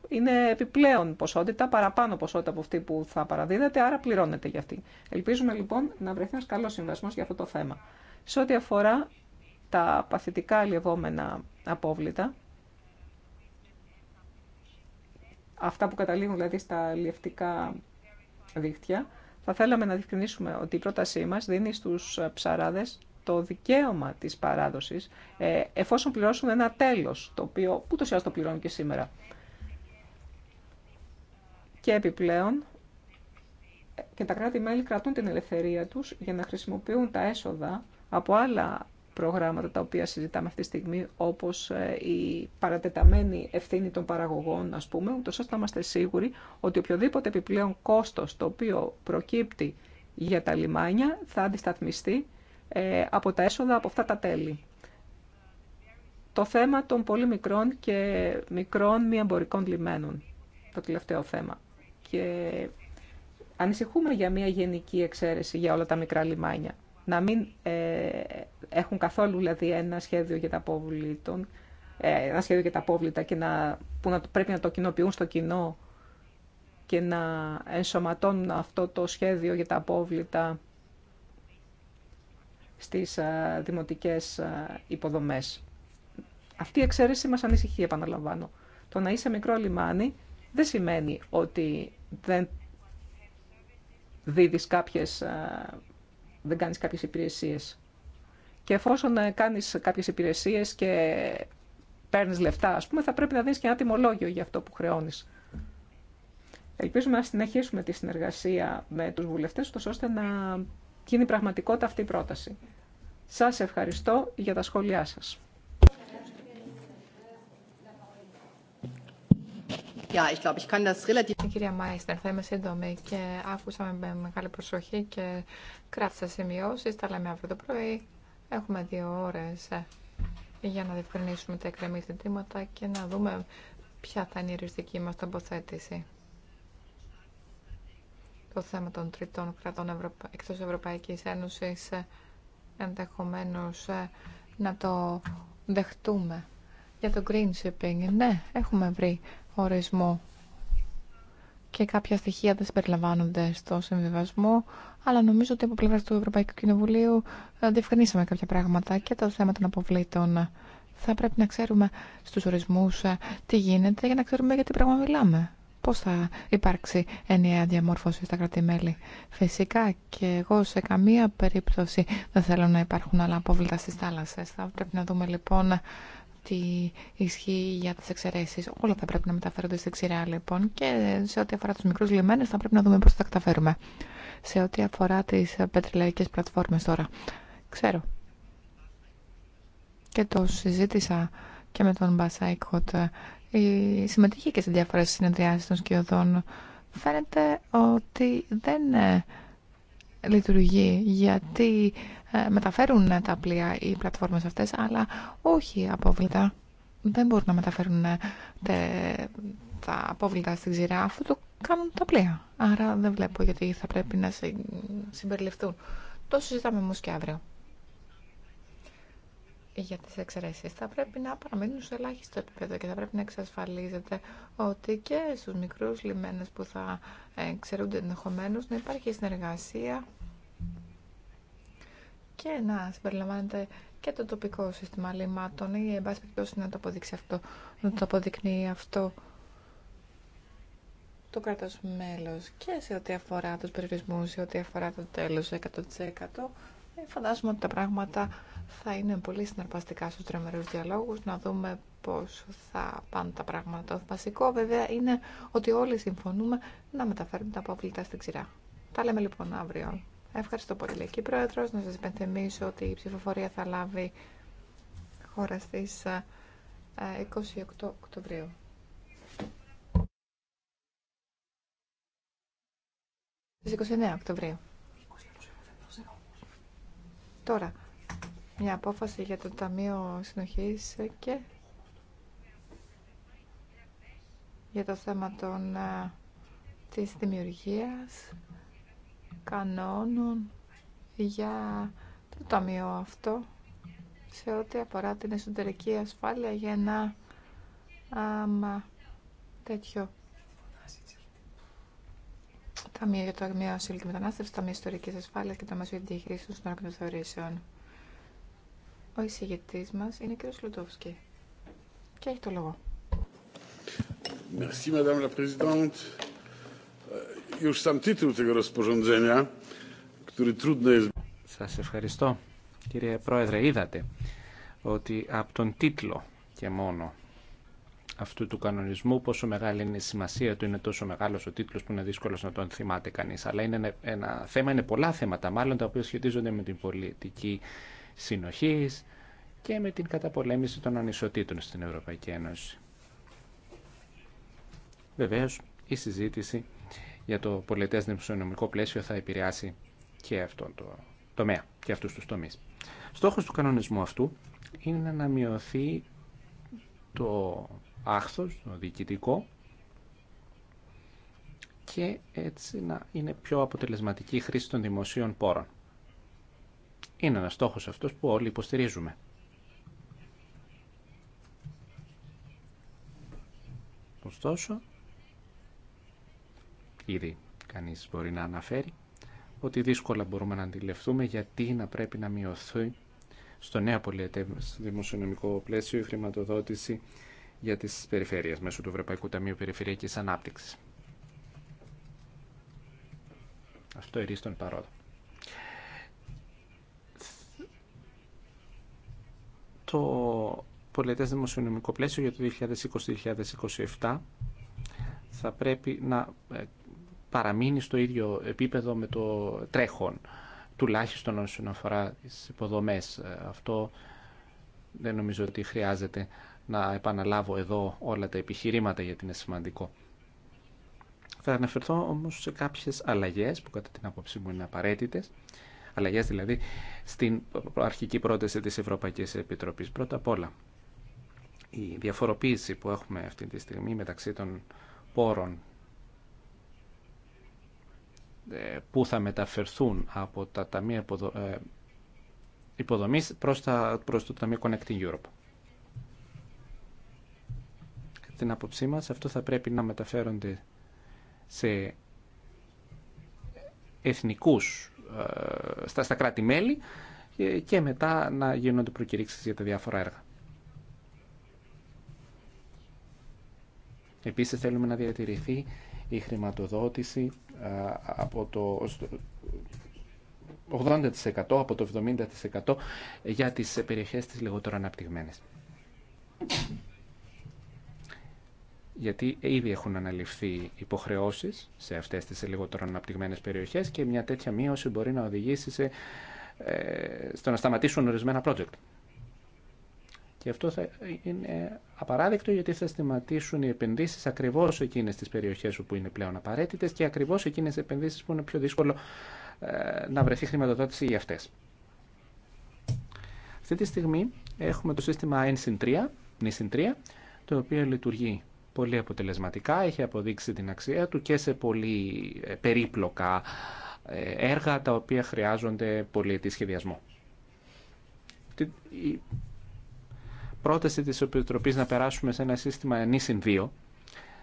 είναι επιπλέον ποσότητα, παραπάνω ποσότητα από αυτή που θα παραδίδεται, άρα πληρώνεται για αυτή. Ελπίζουμε λοιπόν να βρεθεί ένα καλό συμβασμό για αυτό το θέμα. Σε ό,τι αφορά τα παθητικά αλλιευόμενα απόβλητα, αυτά που καταλήγουν δηλαδή στα λιευτικά δίκτυα, θα θέλαμε να διευκρινίσουμε ότι η πρότασή μας δίνει στους ψαράδες το δικαίωμα της παράδοσης ε, εφόσον πληρώσουν ένα τέλος, το οποίο ούτως ή άλλως το πληρώνουν και σήμερα. Και επιπλέον, ε, και τα κράτη-μέλη κρατούν την ελευθερία τους για να χρησιμοποιούν τα έσοδα από άλλα προγράμματα τα οποία συζητάμε αυτή τη στιγμή, όπως ε, η παρατεταμένη ευθύνη των παραγωγών, ας πούμε, ούτως ώστε να είμαστε σίγουροι ότι οποιοδήποτε επιπλέον κόστος το οποίο προκύπτει για τα λιμάνια θα αντισταθμιστεί ε, από τα έσοδα από αυτά τα τέλη. Το θέμα των πολύ μικρών και μικρών μη εμπορικών λιμένων, το τελευταίο θέμα. Και ανησυχούμε για μια γενική εξαίρεση για όλα τα μικρά λιμάνια να μην ε, έχουν καθόλου δηλαδή, ένα σχέδιο για τα ε, ένα σχέδιο για τα απόβλητα και να, που να, πρέπει να το κοινοποιούν στο κοινό και να ενσωματώνουν αυτό το σχέδιο για τα απόβλητα στις ε, δημοτικές ε, υποδομές. Αυτή η εξαίρεση μας ανησυχεί, επαναλαμβάνω. Το να είσαι μικρό λιμάνι δεν σημαίνει ότι δεν δίδεις κάποιες δεν κάνεις κάποιες υπηρεσίες. Και εφόσον ε, κάνεις κάποιες υπηρεσίες και παίρνεις λεφτά, ας πούμε, θα πρέπει να δίνεις και ένα τιμολόγιο για αυτό που χρεώνεις. Ελπίζουμε να συνεχίσουμε τη συνεργασία με τους βουλευτές, ώστε να γίνει πραγματικότητα αυτή η πρόταση. Σας ευχαριστώ για τα σχόλιά σας. Ja, ich glaube, ich kann das relativ... Ε, κυρία Μάιστερ, θα είμαι σύντομη και άκουσα με μεγάλη προσοχή και κράτησα σημειώσει. Τα λέμε αύριο το πρωί. Έχουμε δύο ώρε ε, για να διευκρινίσουμε τα εκκρεμή ζητήματα και να δούμε ποια θα είναι η οριστική μα τοποθέτηση. Το θέμα των τριτών κρατών Ευρωπα... εκτό Ευρωπαϊκή Ένωση ε, ενδεχομένω να το δεχτούμε. Για το green shipping, ναι, έχουμε βρει ορισμό και κάποια στοιχεία δεν συμπεριλαμβάνονται στο συμβιβασμό, αλλά νομίζω ότι από πλευρά του Ευρωπαϊκού Κοινοβουλίου ε, διευκρινίσαμε κάποια πράγματα και το θέμα των αποβλήτων. Θα πρέπει να ξέρουμε στους ορισμού ε, τι γίνεται για να ξέρουμε γιατί πράγμα μιλάμε. Πώς θα υπάρξει ενιαία διαμόρφωση στα κράτη-μέλη. Φυσικά και εγώ σε καμία περίπτωση δεν θέλω να υπάρχουν άλλα απόβλητα στι θάλασσε. Θα πρέπει να δούμε λοιπόν τι ισχύει για τι εξαιρέσει. Όλα θα πρέπει να μεταφέρονται στη ξηρά λοιπόν και σε ό,τι αφορά τους μικρού λιμένε θα πρέπει να δούμε πώ θα τα καταφέρουμε. Σε ό,τι αφορά τι πετρελαϊκέ πλατφόρμες τώρα. Ξέρω. Και το συζήτησα και με τον Μπασάικοτ. Συμμετείχε και σε διάφορες συνεδριάσεις των σκιωδών. Φαίνεται ότι δεν ε, λειτουργεί, γιατί ε, μεταφέρουν τα πλοία οι πλατφόρμες αυτές, αλλά όχι απόβλητα. Δεν μπορούν να μεταφέρουν ε, τα απόβλητα στην ξηρά, αφού το κάνουν τα πλοία. Άρα δεν βλέπω γιατί θα πρέπει να συμπεριληφθούν. Το συζητάμε όμω και αύριο. Για τις εξαιρέσει θα πρέπει να παραμείνουν σε ελάχιστο επίπεδο και θα πρέπει να εξασφαλίζεται ότι και στους μικρούς λιμένες που θα ε, Ξερούνται ενδεχομένω να υπάρχει συνεργασία και να συμπεριλαμβάνεται και το τοπικό σύστημα λιμάτων ή ε, ή εν πάση περιπτώσει να το αποδείξει αυτό, να το αποδεικνύει αυτό το κράτος μέλος και σε ό,τι αφορά του περιορισμού, σε ό,τι αφορά το τέλος 100% ε, φαντάζομαι ότι τα πράγματα θα είναι πολύ συναρπαστικά στους τρεμερούς διαλόγους, να δούμε πώς θα πάνε τα πράγματα. Το βασικό βέβαια είναι ότι όλοι συμφωνούμε να μεταφέρουμε τα αποβλητά στην ξηρά. Τα λέμε λοιπόν αύριο. Ευχαριστώ πολύ εκεί Πρόεδρος. Να σας υπενθυμίσω ότι η ψηφοφορία θα λάβει χώρα στις 28 ε, Οκτωβρίου. Στις 29 Οκτωβρίου. Τώρα, μια απόφαση για το Ταμείο Συνοχής και για το θέμα των, ε, της δημιουργίας κανόνων για το ταμείο αυτό σε ό,τι αφορά την εσωτερική ασφάλεια για ένα άμα τέτοιο ταμείο για το αγμείο ασύλου και μετανάστευση, ταμείο ιστορικής ασφάλειας και το μέσο για τη χρήση των συνόρων Ο εισηγητής μας είναι ο κ. Λουτόφσκι και έχει το λόγο. Merci, Σας ευχαριστώ. Κύριε Πρόεδρε, είδατε ότι από τον τίτλο και μόνο αυτού του κανονισμού, πόσο μεγάλη είναι η σημασία του, είναι τόσο μεγάλο ο τίτλο που είναι δύσκολο να τον θυμάται κανεί. Αλλά είναι ένα, θέμα, είναι πολλά θέματα μάλλον τα οποία σχετίζονται με την πολιτική συνοχή και με την καταπολέμηση των ανισοτήτων στην Ευρωπαϊκή Ένωση. Βεβαίω, η συζήτηση για το πολιτέ νομικό πλαίσιο θα επηρεάσει και αυτό το τομέα και αυτού του τομεί. Στόχο του κανονισμού αυτού είναι να μειωθεί το άχθος, το διοικητικό και έτσι να είναι πιο αποτελεσματική η χρήση των δημοσίων πόρων. Είναι ένα στόχος αυτός που όλοι υποστηρίζουμε. Ωστόσο, ήδη κανείς μπορεί να αναφέρει, ότι δύσκολα μπορούμε να αντιληφθούμε γιατί να πρέπει να μειωθεί στο νέο δημοσιονομικό πλαίσιο η χρηματοδότηση για τις περιφέρειες μέσω του Ευρωπαϊκού Ταμείου Περιφερειακής Ανάπτυξης. Αυτό ερίστον παρόλο. Το πολιτές δημοσιονομικό πλαίσιο για το 2020-2027 θα πρέπει να ε, παραμείνει στο ίδιο επίπεδο με το τρέχον, τουλάχιστον όσον αφορά τις υποδομές. Ε, αυτό δεν νομίζω ότι χρειάζεται να επαναλάβω εδώ όλα τα επιχειρήματα γιατί είναι σημαντικό. Θα αναφερθώ όμως σε κάποιες αλλαγές που κατά την άποψή μου είναι απαραίτητες, αλλαγές δηλαδή στην αρχική πρόταση της Ευρωπαϊκής Επιτροπής. Πρώτα απ' όλα, η διαφοροποίηση που έχουμε αυτή τη στιγμή μεταξύ των πόρων ε, που θα μεταφερθούν από τα ταμεία ε, υποδομής προς, τα, προς το Ταμείο Connecting Europe. την άποψή μας, αυτό θα πρέπει να μεταφέρονται σε εθνικούς, ε, στα, στα κράτη-μέλη και μετά να γίνονται προκηρύξεις για τα διάφορα έργα. Επίσης θέλουμε να διατηρηθεί η χρηματοδότηση από το 80% από το 70% για τις περιοχές της λιγότερο αναπτυγμένες. Γιατί ήδη έχουν αναλυφθεί υποχρεώσεις σε αυτές τις λιγότερο αναπτυγμένες περιοχές και μια τέτοια μείωση μπορεί να οδηγήσει σε, ε, στο να σταματήσουν ορισμένα project. Και αυτό θα είναι απαράδεκτο γιατί θα σταματήσουν οι επενδύσει ακριβώ εκείνε τι περιοχέ που είναι πλέον απαραίτητε και ακριβώ εκείνε τι επενδύσει που είναι πιο δύσκολο ε, να βρεθεί χρηματοδότηση για αυτέ. Αυτή τη στιγμή έχουμε το σύστημα N3, το οποίο λειτουργεί πολύ αποτελεσματικά, έχει αποδείξει την αξία του και σε πολύ ε, περίπλοκα ε, έργα τα οποία χρειάζονται τη σχεδιασμό πρόταση της Επιτροπή να περάσουμε σε ένα σύστημα ενίσυν 2,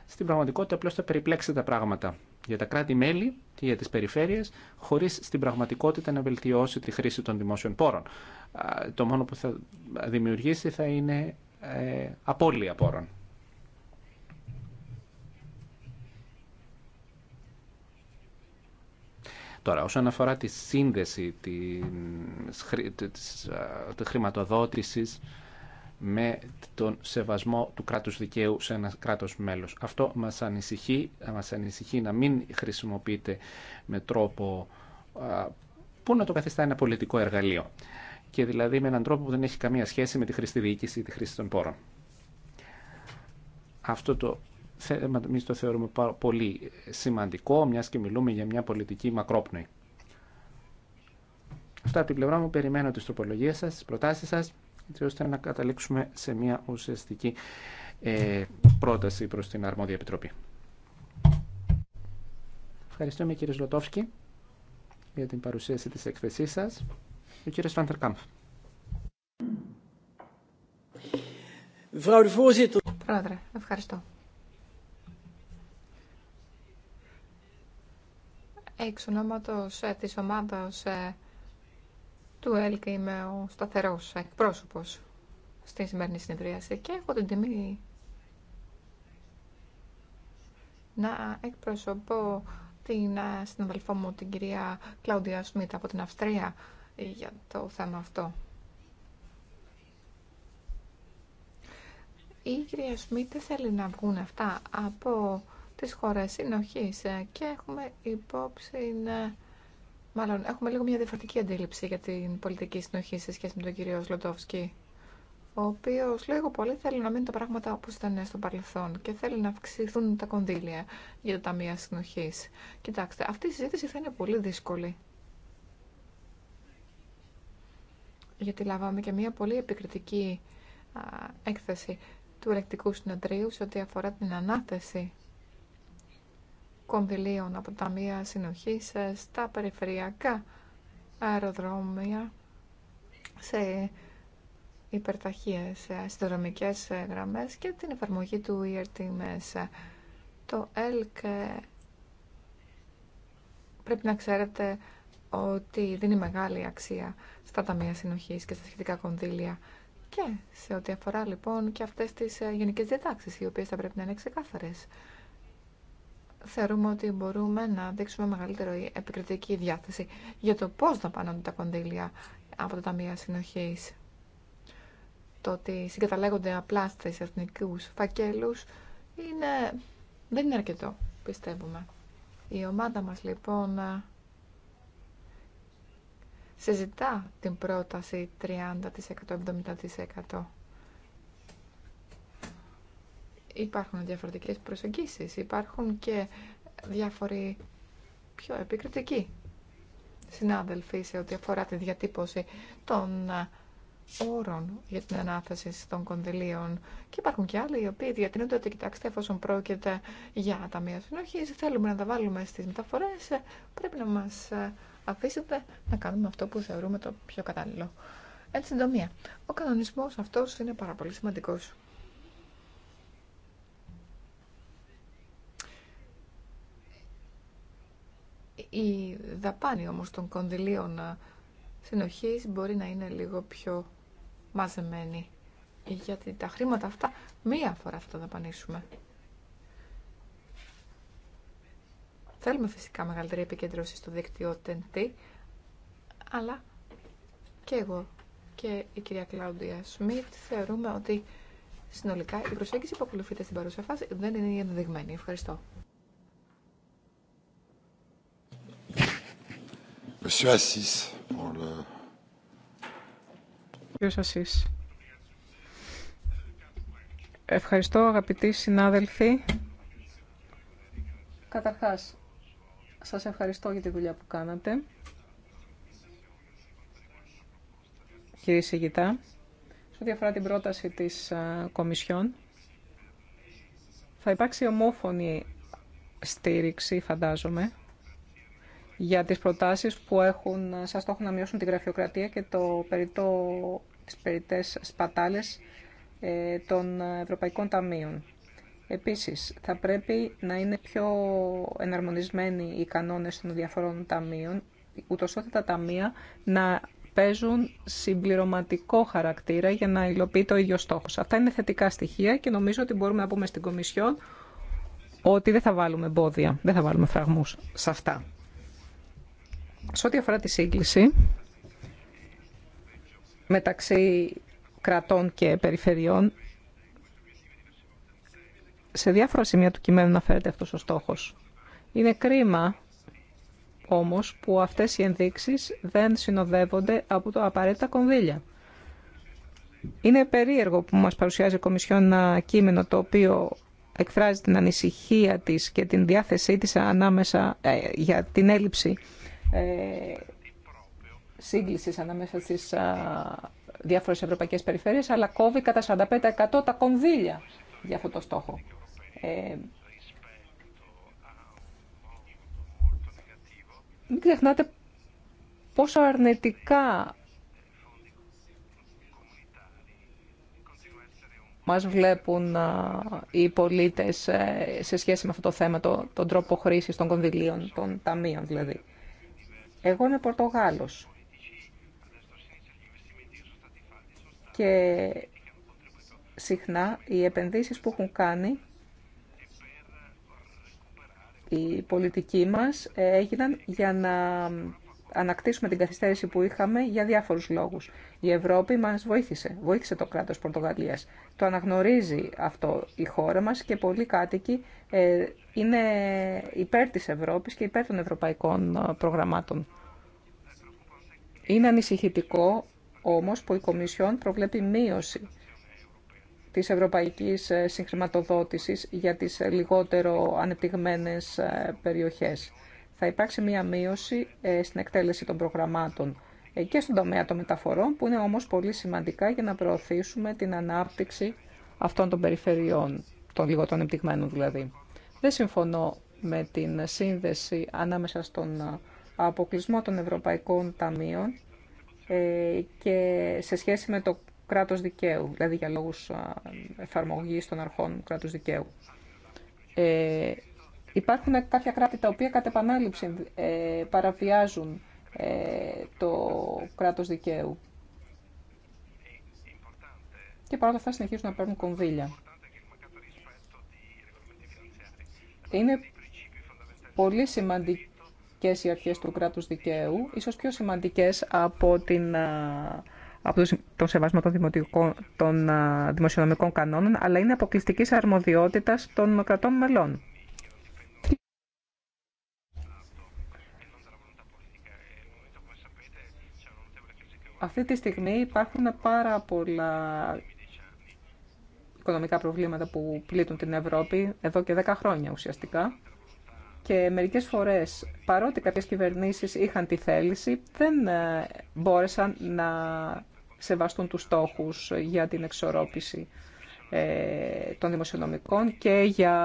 στην πραγματικότητα απλώ θα περιπλέξει τα πράγματα για τα κράτη-μέλη και για τις περιφέρειες, χωρίς στην πραγματικότητα να βελτιώσει τη χρήση των δημόσιων πόρων. Το μόνο που θα δημιουργήσει θα είναι ε, απώλεια πόρων. Τώρα, όσον αφορά τη σύνδεση ε, της, χρηματοδότησης με τον σεβασμό του κράτους δικαίου σε ένα κράτος μέλος. Αυτό μας ανησυχεί, μας ανησυχεί να μην χρησιμοποιείται με τρόπο που να το καθιστά ένα πολιτικό εργαλείο και δηλαδή με έναν τρόπο που δεν έχει καμία σχέση με τη χρηστή διοίκηση ή τη χρήση των πόρων. Αυτό το θέμα εμεί το θεωρούμε πολύ σημαντικό, μιας και μιλούμε για μια πολιτική μακρόπνοη. Αυτά από την πλευρά μου. Περιμένω τις τροπολογίες σας, τις προτάσεις σας έτσι ώστε να καταλήξουμε σε μια ουσιαστική ε, πρόταση προς την Αρμόδια Επιτροπή. Ευχαριστούμε κύριε Ζλωτόφσκι για την παρουσίαση της εκθεσής σας. Ο κύριος Φαντερκάμπ. Πρόεδρε, ευχαριστώ. Εξ ονόματος ε, της ομάδας ε, του ΕΛΚ είμαι ο σταθερός εκπρόσωπος στη σημερινή συνεδρίαση και έχω την τιμή να εκπροσωπώ την ε, συναδελφό μου την κυρία Κλάουντια Σμίτ από την Αυστρία για το θέμα αυτό. Η κυρία Σμίτ θέλει να βγουν αυτά από τις χώρες συνοχής ε, και έχουμε υπόψη να ε, Μάλλον έχουμε λίγο μια διαφορετική αντίληψη για την πολιτική συνοχή σε σχέση με τον κύριο Σλοντόφσκι, ο οποίο λίγο πολύ θέλει να μείνουν τα πράγματα όπω ήταν στο παρελθόν και θέλει να αυξηθούν τα κονδύλια για τα ταμεία συνοχή. Κοιτάξτε, αυτή η συζήτηση θα είναι πολύ δύσκολη. Γιατί λάβαμε και μια πολύ επικριτική έκθεση του ελεκτικού συναντρίου σε ό,τι αφορά την ανάθεση κονδυλίων από τα μία συνοχή στα περιφερειακά αεροδρόμια σε υπερταχείες συνδρομικές γραμμές και την εφαρμογή του ERTMS. Το ΕΛΚ ε, πρέπει να ξέρετε ότι δίνει μεγάλη αξία στα ταμεία συνοχής και στα σχετικά κονδύλια και σε ό,τι αφορά λοιπόν και αυτές τις ε, γενικές διατάξεις οι οποίες θα πρέπει να είναι ξεκάθαρες θεωρούμε ότι μπορούμε να δείξουμε μεγαλύτερη επικριτική διάθεση για το πώς πάνε τα κονδύλια από τα Ταμεία Συνοχής. Το ότι συγκαταλέγονται απλά στις εθνικούς φακέλους είναι... δεν είναι αρκετό, πιστεύουμε. Η ομάδα μας λοιπόν συζητά την πρόταση 30%-70% υπάρχουν διαφορετικές προσεγγίσεις, υπάρχουν και διάφοροι πιο επικριτικοί συνάδελφοι σε ό,τι αφορά τη διατύπωση των όρων για την ανάθεση των κονδυλίων. Και υπάρχουν και άλλοι οι οποίοι διατείνονται ότι κοιτάξτε, εφόσον πρόκειται για ταμεία συνοχή, θέλουμε να τα βάλουμε στι μεταφορέ, πρέπει να μα αφήσετε να κάνουμε αυτό που θεωρούμε το πιο κατάλληλο. Εν συντομία, ο κανονισμό αυτό είναι πάρα πολύ σημαντικό. Η δαπάνη όμως των κονδυλίων ε, συνοχής μπορεί να είναι λίγο πιο μαζεμένη. Γιατί τα χρήματα αυτά μία φορά θα τα δαπανίσουμε. Θέλουμε φυσικά μεγαλύτερη επικέντρωση στο δίκτυο TNT, αλλά και εγώ και η κυρία Κλάουντια Σμιτ θεωρούμε ότι συνολικά η προσέγγιση που ακολουθείται στην παρούσα φάση δεν είναι η ενδεδειγμένη. Ευχαριστώ. pour le... Ευχαριστώ αγαπητοί συνάδελφοι. Καταρχάς, σας ευχαριστώ για τη δουλειά που κάνατε. Κύριε Σιγητά, σε ό,τι αφορά την πρόταση της Κομισιόν, θα υπάρξει ομόφωνη στήριξη, φαντάζομαι, για τις προτάσεις που έχουν σαν στόχο να μειώσουν την γραφειοκρατία και το περιττό, τις περιττές σπατάλες ε, των Ευρωπαϊκών Ταμείων. Επίσης, θα πρέπει να είναι πιο εναρμονισμένοι οι κανόνες των διαφορών ταμείων, ούτως ώστε τα ταμεία να παίζουν συμπληρωματικό χαρακτήρα για να υλοποιεί το ίδιο στόχος. Αυτά είναι θετικά στοιχεία και νομίζω ότι μπορούμε να πούμε στην Κομισιόν ότι δεν θα βάλουμε εμπόδια, δεν θα βάλουμε φραγμού σε αυτά. Σε ό,τι αφορά τη σύγκληση μεταξύ κρατών και περιφερειών, σε διάφορα σημεία του κειμένου αναφέρεται αυτός ο στόχος. Είναι κρίμα όμως που αυτές οι ενδείξεις δεν συνοδεύονται από το απαραίτητα κονδύλια. Είναι περίεργο που μας παρουσιάζει η Κομισιόν ένα κείμενο το οποίο εκφράζει την ανησυχία της και την διάθεσή της ανάμεσα ε, για την έλλειψη ε, σύγκλησης ανάμεσα στις διάφορες ευρωπαϊκές περιφέρειες, αλλά κόβει κατά 45% τα κονδύλια για αυτό το στόχο. Ε, μην ξεχνάτε πόσο αρνητικά μας βλέπουν οι πολίτες ε, σε σχέση με αυτό το θέμα, το, τον τρόπο χρήσης των κονδυλίων, των ταμείων δηλαδή. Εγώ είμαι Πορτογάλος. Και συχνά οι επενδύσεις που έχουν κάνει η πολιτική μας ε, έγιναν για να ανακτήσουμε την καθυστέρηση που είχαμε για διάφορους λόγους. Η Ευρώπη μας βοήθησε, βοήθησε το κράτος Πορτογαλίας. Το αναγνωρίζει αυτό η χώρα μας και πολλοί κάτοικοι ε, είναι υπέρ της Ευρώπης και υπέρ των ευρωπαϊκών ε, προγραμμάτων. Είναι ανησυχητικό όμως που η Κομισιόν προβλέπει μείωση της ευρωπαϊκής ε, συγχρηματοδότησης για τις λιγότερο ανεπτυγμένες περιοχές θα υπάρξει μία μείωση ε, στην εκτέλεση των προγραμμάτων ε, και στον τομέα των μεταφορών, που είναι όμως πολύ σημαντικά για να προωθήσουμε την ανάπτυξη αυτών των περιφερειών, των λιγοτών επιτυγμένων δηλαδή. Δεν συμφωνώ με την σύνδεση ανάμεσα στον ε, αποκλεισμό των ευρωπαϊκών ταμείων και σε σχέση με το κράτος δικαίου, δηλαδή για λόγους εφαρμογής των αρχών κράτους δικαίου. Ε, Υπάρχουν κάποια κράτη τα οποία κατ' επανάληψη ε, παραβιάζουν ε, το κράτος δικαίου. Και παρόλα αυτά συνεχίζουν να παίρνουν κονδύλια. Είναι πολύ σημαντικές οι αρχέ του κράτους δικαίου, ίσως πιο σημαντικές από, την, από τον σεβασμό των, των δημοσιονομικών κανόνων, αλλά είναι αποκλειστική αρμοδιότητα των κρατών μελών. Αυτή τη στιγμή υπάρχουν πάρα πολλά οικονομικά προβλήματα που πλήττουν την Ευρώπη εδώ και 10 χρόνια ουσιαστικά. Και μερικές φορές, παρότι κάποιες κυβερνήσεις είχαν τη θέληση, δεν ε, μπόρεσαν να σεβαστούν τους στόχους για την εξορρόπηση ε, των δημοσιονομικών και για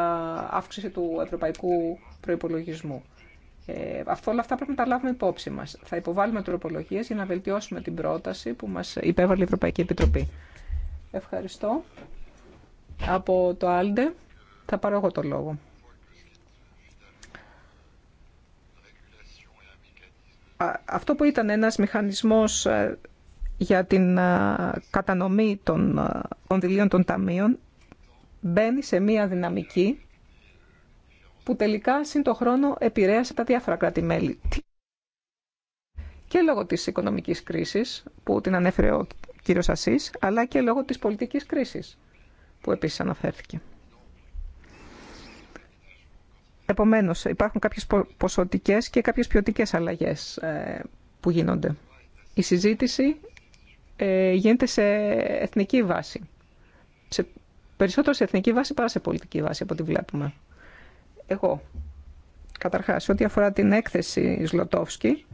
αύξηση του ευρωπαϊκού προϋπολογισμού. Ε, αυτό όλα αυτά πρέπει να τα λάβουμε υπόψη μας. Θα υποβάλουμε τροπολογίε για να βελτιώσουμε την πρόταση που μας υπέβαλε η Ευρωπαϊκή Επιτροπή. Ευχαριστώ. Από το Άλντε θα πάρω εγώ το λόγο. Αυτό που ήταν ένας μηχανισμός ε, για την ε, κατανομή των ε, κονδυλίων των ταμείων μπαίνει σε μία δυναμική που τελικά συν το χρόνο επηρέασε τα διάφορα κράτη-μέλη. Και λόγω της οικονομικής κρίσης που την ανέφερε ο κύριος Ασής, αλλά και λόγω της πολιτικής κρίσης που επίσης αναφέρθηκε. Επομένως, υπάρχουν κάποιες ποσοτικές και κάποιες ποιοτικές αλλαγές ε, που γίνονται. Η συζήτηση ε, γίνεται σε εθνική βάση. περισσότερο σε εθνική βάση παρά σε πολιτική βάση από ό,τι βλέπουμε εγώ. Καταρχάς, ό,τι αφορά την έκθεση Ισλοτόφσκι,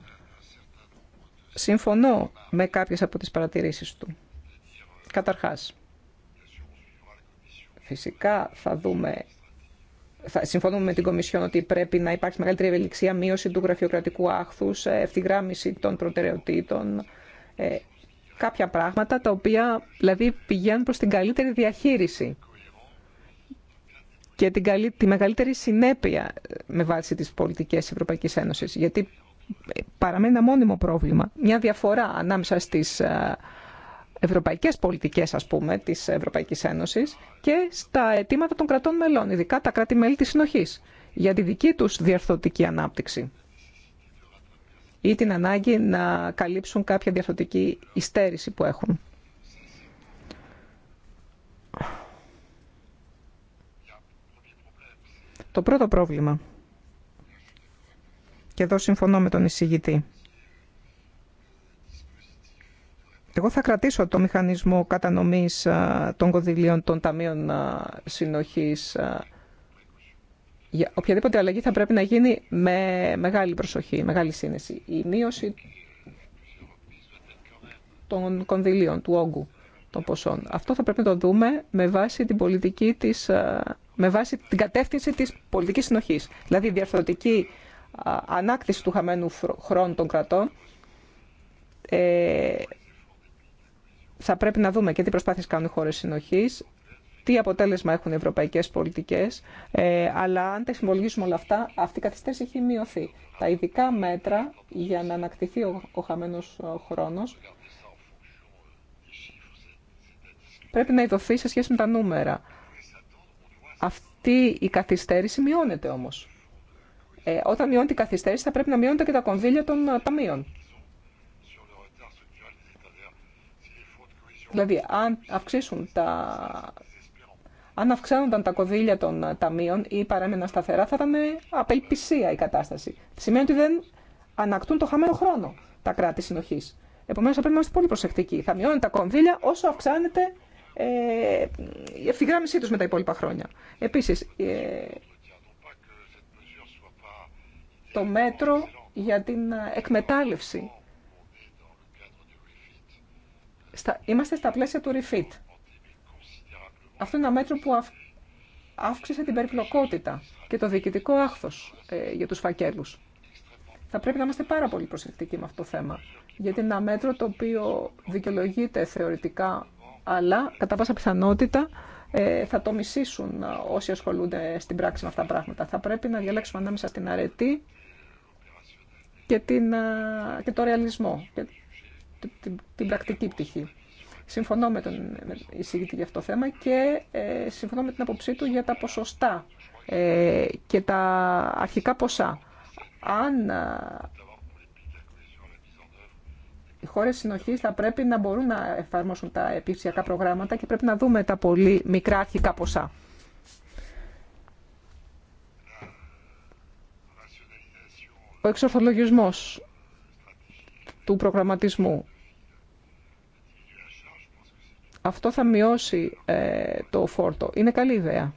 συμφωνώ με κάποιες από τις παρατηρήσεις του. Καταρχάς, φυσικά θα δούμε... Θα συμφωνούμε με την Κομισιόν ότι πρέπει να υπάρχει μεγαλύτερη ευελιξία, μείωση του γραφειοκρατικού άχθους, ε, ευθυγράμμιση των προτεραιοτήτων, ε, κάποια πράγματα τα οποία δηλαδή πηγαίνουν προς την καλύτερη διαχείριση και τη μεγαλύτερη συνέπεια ε, με βάση τις πολιτικές της Ευρωπαϊκής Ένωσης. Γιατί ε, παραμένει ένα μόνιμο πρόβλημα, μια διαφορά ανάμεσα στις ε, ευρωπαϊκές πολιτικές, ας πούμε, της Ευρωπαϊκής Ένωσης και στα αιτήματα των κρατών μελών, ειδικά τα κράτη-μέλη της συνοχής, για τη δική τους διαρθωτική ανάπτυξη ή την ανάγκη να καλύψουν κάποια διαρθωτική υστέρηση που έχουν. Το πρώτο πρόβλημα, και εδώ συμφωνώ με τον εισηγητή, εγώ θα κρατήσω το μηχανισμό κατανομής των κονδυλίων των ταμείων συνοχής. Για οποιαδήποτε αλλαγή θα πρέπει να γίνει με μεγάλη προσοχή, μεγάλη σύνεση. Η μείωση των κονδυλίων, του όγκου. Αυτό θα πρέπει να το δούμε με βάση την, πολιτική της, με βάση την κατεύθυνση της πολιτικής συνοχής. Δηλαδή η διαρθρωτική ανάκτηση του χαμένου χρόνου των κρατών ε, θα πρέπει να δούμε και τι προσπάθειες κάνουν οι χώρες συνοχής, τι αποτέλεσμα έχουν οι ευρωπαϊκές πολιτικές, ε, αλλά αν τα συμβολογήσουμε όλα αυτά, αυτή η καθυστέρηση έχει μειωθεί. Τα ειδικά μέτρα για να ανακτηθεί ο, ο χαμένος χρόνος πρέπει να ειδωθεί σε σχέση με τα νούμερα. Αυτή η καθυστέρηση μειώνεται όμως. Ε, όταν μειώνεται η καθυστέρηση θα πρέπει να μειώνεται και τα κονδύλια των ε, ταμείων. Δηλαδή, αν αυξήσουν τα... Αν αυξάνονταν τα κονδύλια των ε, ταμείων ή παρέμεναν σταθερά, θα ήταν ε, απελπισία η κατάσταση. Σημαίνει ότι δεν ανακτούν το χαμένο χρόνο τα κράτη συνοχή. Επομένω, θα πρέπει να είμαστε πολύ προσεκτικοί. Θα μειώνουν τα κρατη συνοχης επομενως θα πρεπει όσο αυξάνεται ε, η ευθυγράμμισή τους με τα υπόλοιπα χρόνια. Επίσης, ε, το μέτρο για την εκμετάλλευση. Είμαστε στα πλαίσια του refit. Αυτό είναι ένα μέτρο που αύξησε την περιπλοκότητα και το διοικητικό άχθος ε, για τους φακέλους. Θα πρέπει να είμαστε πάρα πολύ προσεκτικοί με αυτό το θέμα, γιατί είναι ένα μέτρο το οποίο δικαιολογείται θεωρητικά αλλά κατά πάσα πιθανότητα ε, θα το μισήσουν όσοι ασχολούνται στην πράξη με αυτά τα πράγματα. Θα πρέπει να διαλέξουμε ανάμεσα στην αρετή και, την, ε, και το ρεαλισμό, και την, πρακτική πτυχή. Συμφωνώ με τον εισηγητή για αυτό το θέμα και ε, συμφωνώ με την αποψή του για τα ποσοστά και τα αρχικά ποσά. Αν οι χώρες συνοχής θα πρέπει να μπορούν να εφαρμόσουν τα επιχειρησιακά προγράμματα και πρέπει να δούμε τα πολύ μικρά αρχικά ποσά. Ο εξορθολογισμός του προγραμματισμού. Αυτό θα μειώσει ε, το φόρτο. Είναι καλή ιδέα.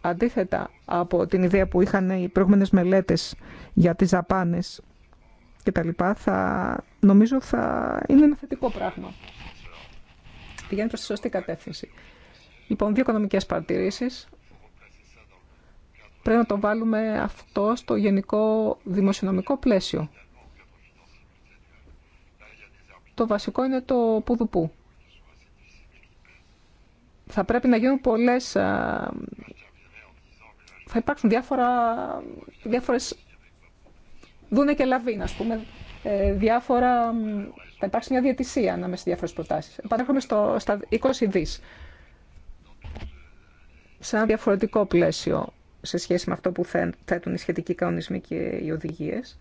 Αντίθετα από την ιδέα που είχαν οι προηγούμενες μελέτες για τις δαπάνες και τα λοιπά, θα, νομίζω θα είναι ένα θετικό πράγμα. Πηγαίνει προς τη σωστή κατεύθυνση. Λοιπόν, δύο οικονομικές παρατηρήσεις. Πρέπει να το βάλουμε αυτό στο γενικό δημοσιονομικό πλαίσιο. Το βασικό είναι το πουδουπού. Θα πρέπει να γίνουν πολλές... Θα υπάρξουν διάφορα, διάφορες δούνε και λαβίνα. ας πούμε, ε, διάφορα, θα υπάρξει μια διαιτησία ανάμεσα σε διάφορες προτάσεις. Επανέρχομαι στο, στα 20 δις, σε ένα διαφορετικό πλαίσιο σε σχέση με αυτό που θέτουν οι σχετικοί κανονισμοί και οι οδηγίες.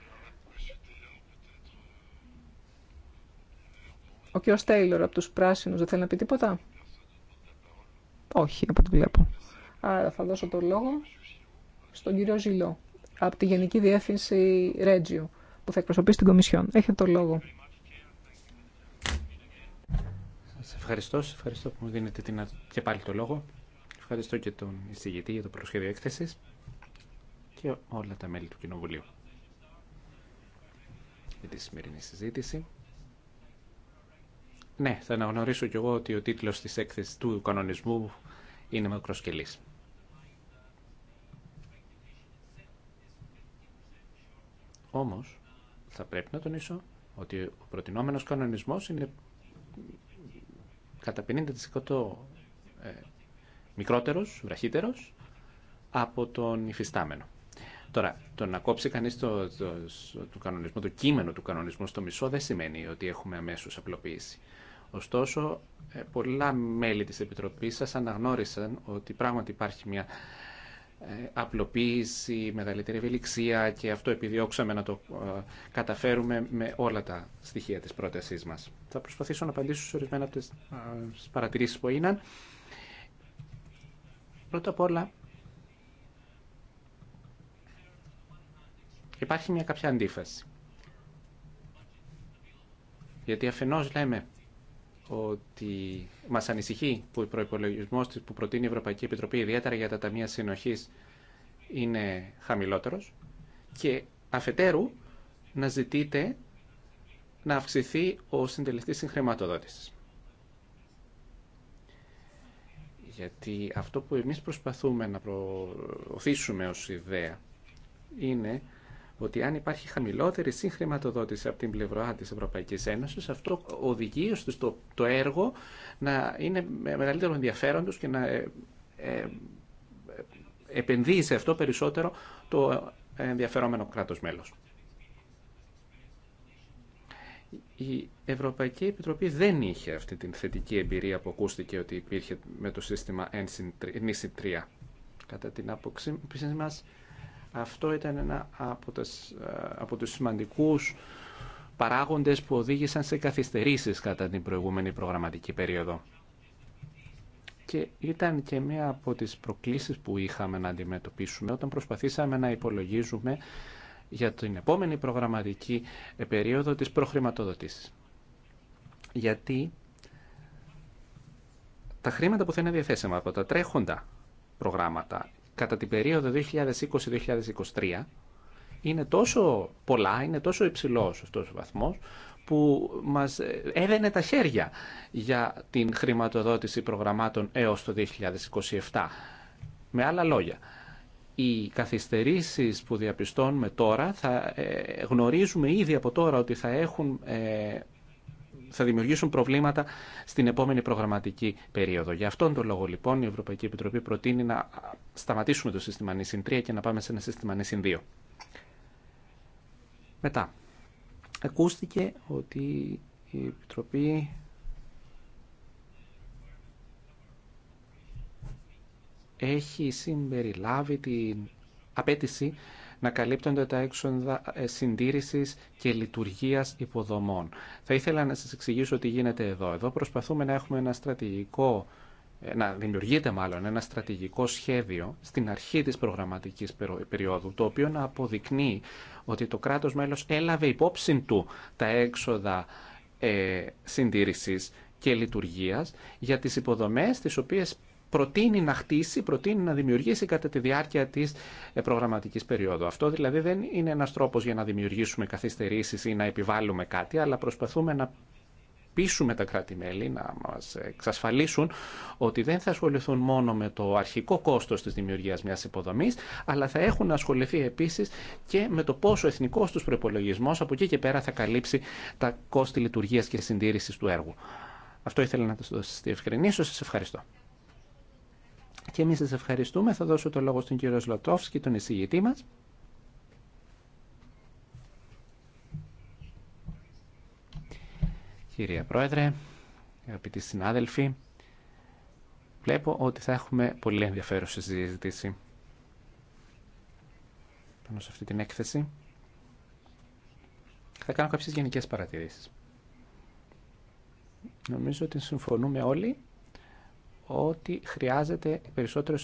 Ο κ. Τέιλορ από τους πράσινους δεν θέλει να πει τίποτα. Όχι, από ό,τι βλέπω. Άρα θα δώσω το λόγο στον κύριο Ζηλό από τη Γενική Διεύθυνση Ρέτζιου που θα εκπροσωπήσει την Κομισιόν. Έχετε το λόγο. Σας ευχαριστώ. Σας ευχαριστώ που μου δίνετε την... και πάλι το λόγο. Ευχαριστώ και τον εισηγητή για το προσχέδιο έκθεσης και όλα τα μέλη του Κοινοβουλίου για τη σημερινή συζήτηση. Ναι, θα αναγνωρίσω κι εγώ ότι ο τίτλος της έκθεσης του κανονισμού είναι μακροσκελής. Όμως, θα πρέπει να τονίσω ότι ο προτινόμενο κανονισμός είναι κατά 50% ε, μικρότερος, βραχύτερος από τον υφιστάμενο. Τώρα, το να κόψει κανείς το, το, κανονισμό, το κείμενο του κανονισμού στο μισό δεν σημαίνει ότι έχουμε αμέσως απλοποίηση. Ωστόσο, ε, πολλά μέλη της Επιτροπής σας αναγνώρισαν ότι πράγματι υπάρχει μια ε, απλοποίηση, μεγαλύτερη ευελιξία και αυτό επιδιώξαμε να το ε, καταφέρουμε με όλα τα στοιχεία της πρότασής μας. Θα προσπαθήσω να απαντήσω σε ορισμένα από τις ε, παρατηρήσεις που είναι. Πρώτα απ' όλα, υπάρχει μια κάποια αντίφαση. Γιατί αφενός λέμε ότι μας ανησυχεί που ο προπολογισμό που προτείνει η Ευρωπαϊκή Επιτροπή, ιδιαίτερα για τα ταμεία συνοχής, είναι χαμηλότερος και αφετέρου να ζητείτε να αυξηθεί ο συντελεστής συγχρηματοδότησης. Γιατί αυτό που εμείς προσπαθούμε να προωθήσουμε ως ιδέα είναι ότι αν υπάρχει χαμηλότερη συγχρηματοδότηση από την πλευρά της Ευρωπαϊκής Ένωσης, αυτό οδηγεί ώστε το, το έργο να είναι μεγαλύτερο ενδιαφέροντος και να ε, ε, επενδύει σε αυτό περισσότερο το ενδιαφερόμενο κράτος μέλος. Η Ευρωπαϊκή Επιτροπή δεν είχε αυτή την θετική εμπειρία που ακούστηκε ότι υπήρχε με το σύστημα N3 κατά την άποψή μας αυτό ήταν ένα από, τις, ε, από τους σημαντικούς παράγοντες που οδήγησαν σε καθυστερήσεις κατά την προηγούμενη προγραμματική περίοδο. Και ήταν και μία από τις προκλήσεις που είχαμε να αντιμετωπίσουμε όταν προσπαθήσαμε να υπολογίζουμε για την επόμενη προγραμματική ε, περίοδο της προχρηματοδοτήσης. Γιατί τα χρήματα που θα είναι διαθέσιμα από τα τρέχοντα προγράμματα κατά την περίοδο 2020-2023 είναι τόσο πολλά, είναι τόσο υψηλός αυτός ο βαθμός που μας ε, έδαινε τα χέρια για την χρηματοδότηση προγραμμάτων έως το 2027. Με άλλα λόγια, οι καθυστερήσεις που διαπιστώνουμε τώρα θα ε, γνωρίζουμε ήδη από τώρα ότι θα έχουν ε, θα δημιουργήσουν προβλήματα στην επόμενη προγραμματική περίοδο. Γι' αυτόν τον λόγο λοιπόν η Ευρωπαϊκή Επιτροπή προτείνει να σταματήσουμε το σύστημα νησιν 3 και να πάμε σε ένα σύστημα νησιν 2. Μετά, ακούστηκε ότι η Επιτροπή έχει συμπεριλάβει την απέτηση να καλύπτονται τα έξοδα ε, συντήρησης και λειτουργίας υποδομών. Θα ήθελα να σας εξηγήσω τι γίνεται εδώ. Εδώ προσπαθούμε να έχουμε ένα στρατηγικό ε, να δημιουργείται μάλλον ένα στρατηγικό σχέδιο στην αρχή της προγραμματικής περίοδου, το οποίο να αποδεικνύει ότι το κράτος μέλος έλαβε υπόψη του τα έξοδα ε, συντήρησης και λειτουργίας για τις υποδομές τις οποίες προτείνει να χτίσει, προτείνει να δημιουργήσει κατά τη διάρκεια τη ε, προγραμματική περίοδου. Αυτό δηλαδή δεν είναι ένα τρόπο για να δημιουργήσουμε καθυστερήσει ή να επιβάλλουμε κάτι, αλλά προσπαθούμε να πείσουμε τα κράτη-μέλη να μας εξασφαλίσουν ότι δεν θα ασχοληθούν μόνο με το αρχικό κόστος της δημιουργίας μιας υποδομής, αλλά θα έχουν να ασχοληθεί επίσης και με το πόσο εθνικός τους προπολογισμός από εκεί και πέρα θα καλύψει τα κόστη λειτουργίας και συντήρησης του έργου. Αυτό ήθελα να το διευκρινίσω. Σας ευχαριστώ. Και εμείς σας ευχαριστούμε. Θα δώσω το λόγο στον κύριο Σλοτόφσκι, τον εισηγητή μας. Κυρία Πρόεδρε, αγαπητοί συνάδελφοι, βλέπω ότι θα έχουμε πολύ ενδιαφέρουσα συζήτηση πάνω σε αυτή την έκθεση. Θα κάνω κάποιες γενικές παρατηρήσεις. Νομίζω ότι συμφωνούμε όλοι ότι χρειάζεται περισσότερο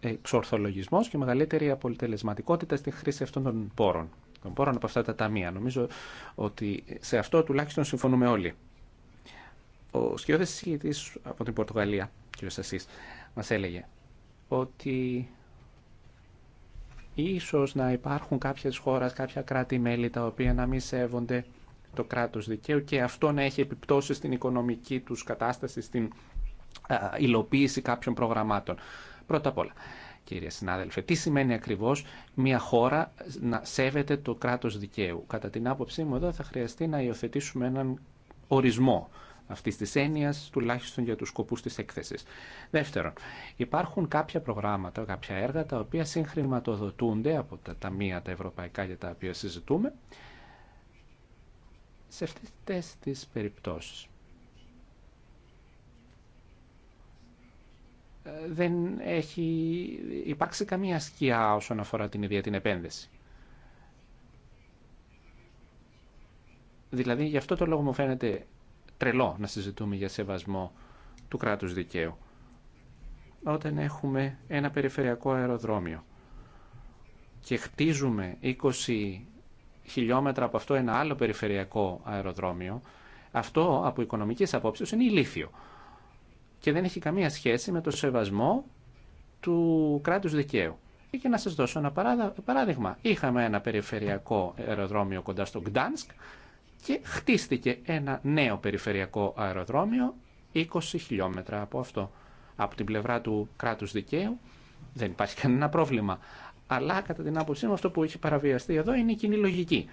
εξορθολογισμό και μεγαλύτερη αποτελεσματικότητα στη χρήση αυτών των πόρων. Των πόρων από αυτά τα ταμεία. Νομίζω ότι σε αυτό τουλάχιστον συμφωνούμε όλοι. Ο σκιώδη συζητητή από την Πορτογαλία, κ. Σασή, μα έλεγε ότι ίσως να υπάρχουν κάποιες χώρες, κάποια κράτη-μέλη τα οποία να μην σέβονται το κράτος δικαίου και αυτό να έχει επιπτώσεις στην οικονομική τους κατάσταση, στην ε, υλοποίηση κάποιων προγραμμάτων. Πρώτα απ' όλα, κύριε συνάδελφε, τι σημαίνει ακριβώ μια χώρα να σέβεται το κράτο δικαίου. Κατά την άποψή μου εδώ θα χρειαστεί να υιοθετήσουμε έναν ορισμό αυτή τη έννοια, τουλάχιστον για του σκοπού τη έκθεση. Δεύτερον, υπάρχουν κάποια προγράμματα, κάποια έργα τα οποία συγχρηματοδοτούνται από τα ταμεία τα ευρωπαϊκά για τα οποία συζητούμε. Σε αυτέ τις περιπτώσει Ε, δεν έχει υπάρξει καμία σκιά όσον αφορά την ίδια την επένδυση. Δηλαδή, γι' αυτό το λόγο μου φαίνεται τρελό να συζητούμε για σεβασμό του κράτους δικαίου. Όταν έχουμε ένα περιφερειακό αεροδρόμιο και χτίζουμε 20 χιλιόμετρα από αυτό ένα άλλο περιφερειακό αεροδρόμιο, αυτό από οικονομικής απόψεις είναι ηλίθιο και δεν έχει καμία σχέση με το σεβασμό του κράτους δικαίου. Και να σας δώσω ένα παράδειγμα. Είχαμε ένα περιφερειακό αεροδρόμιο κοντά στο Γκτάνσκ και χτίστηκε ένα νέο περιφερειακό αεροδρόμιο 20 χιλιόμετρα από αυτό. Από την πλευρά του κράτους δικαίου δεν υπάρχει κανένα πρόβλημα. Αλλά κατά την άποψή μου αυτό που έχει παραβιαστεί εδώ είναι η κοινή λογική.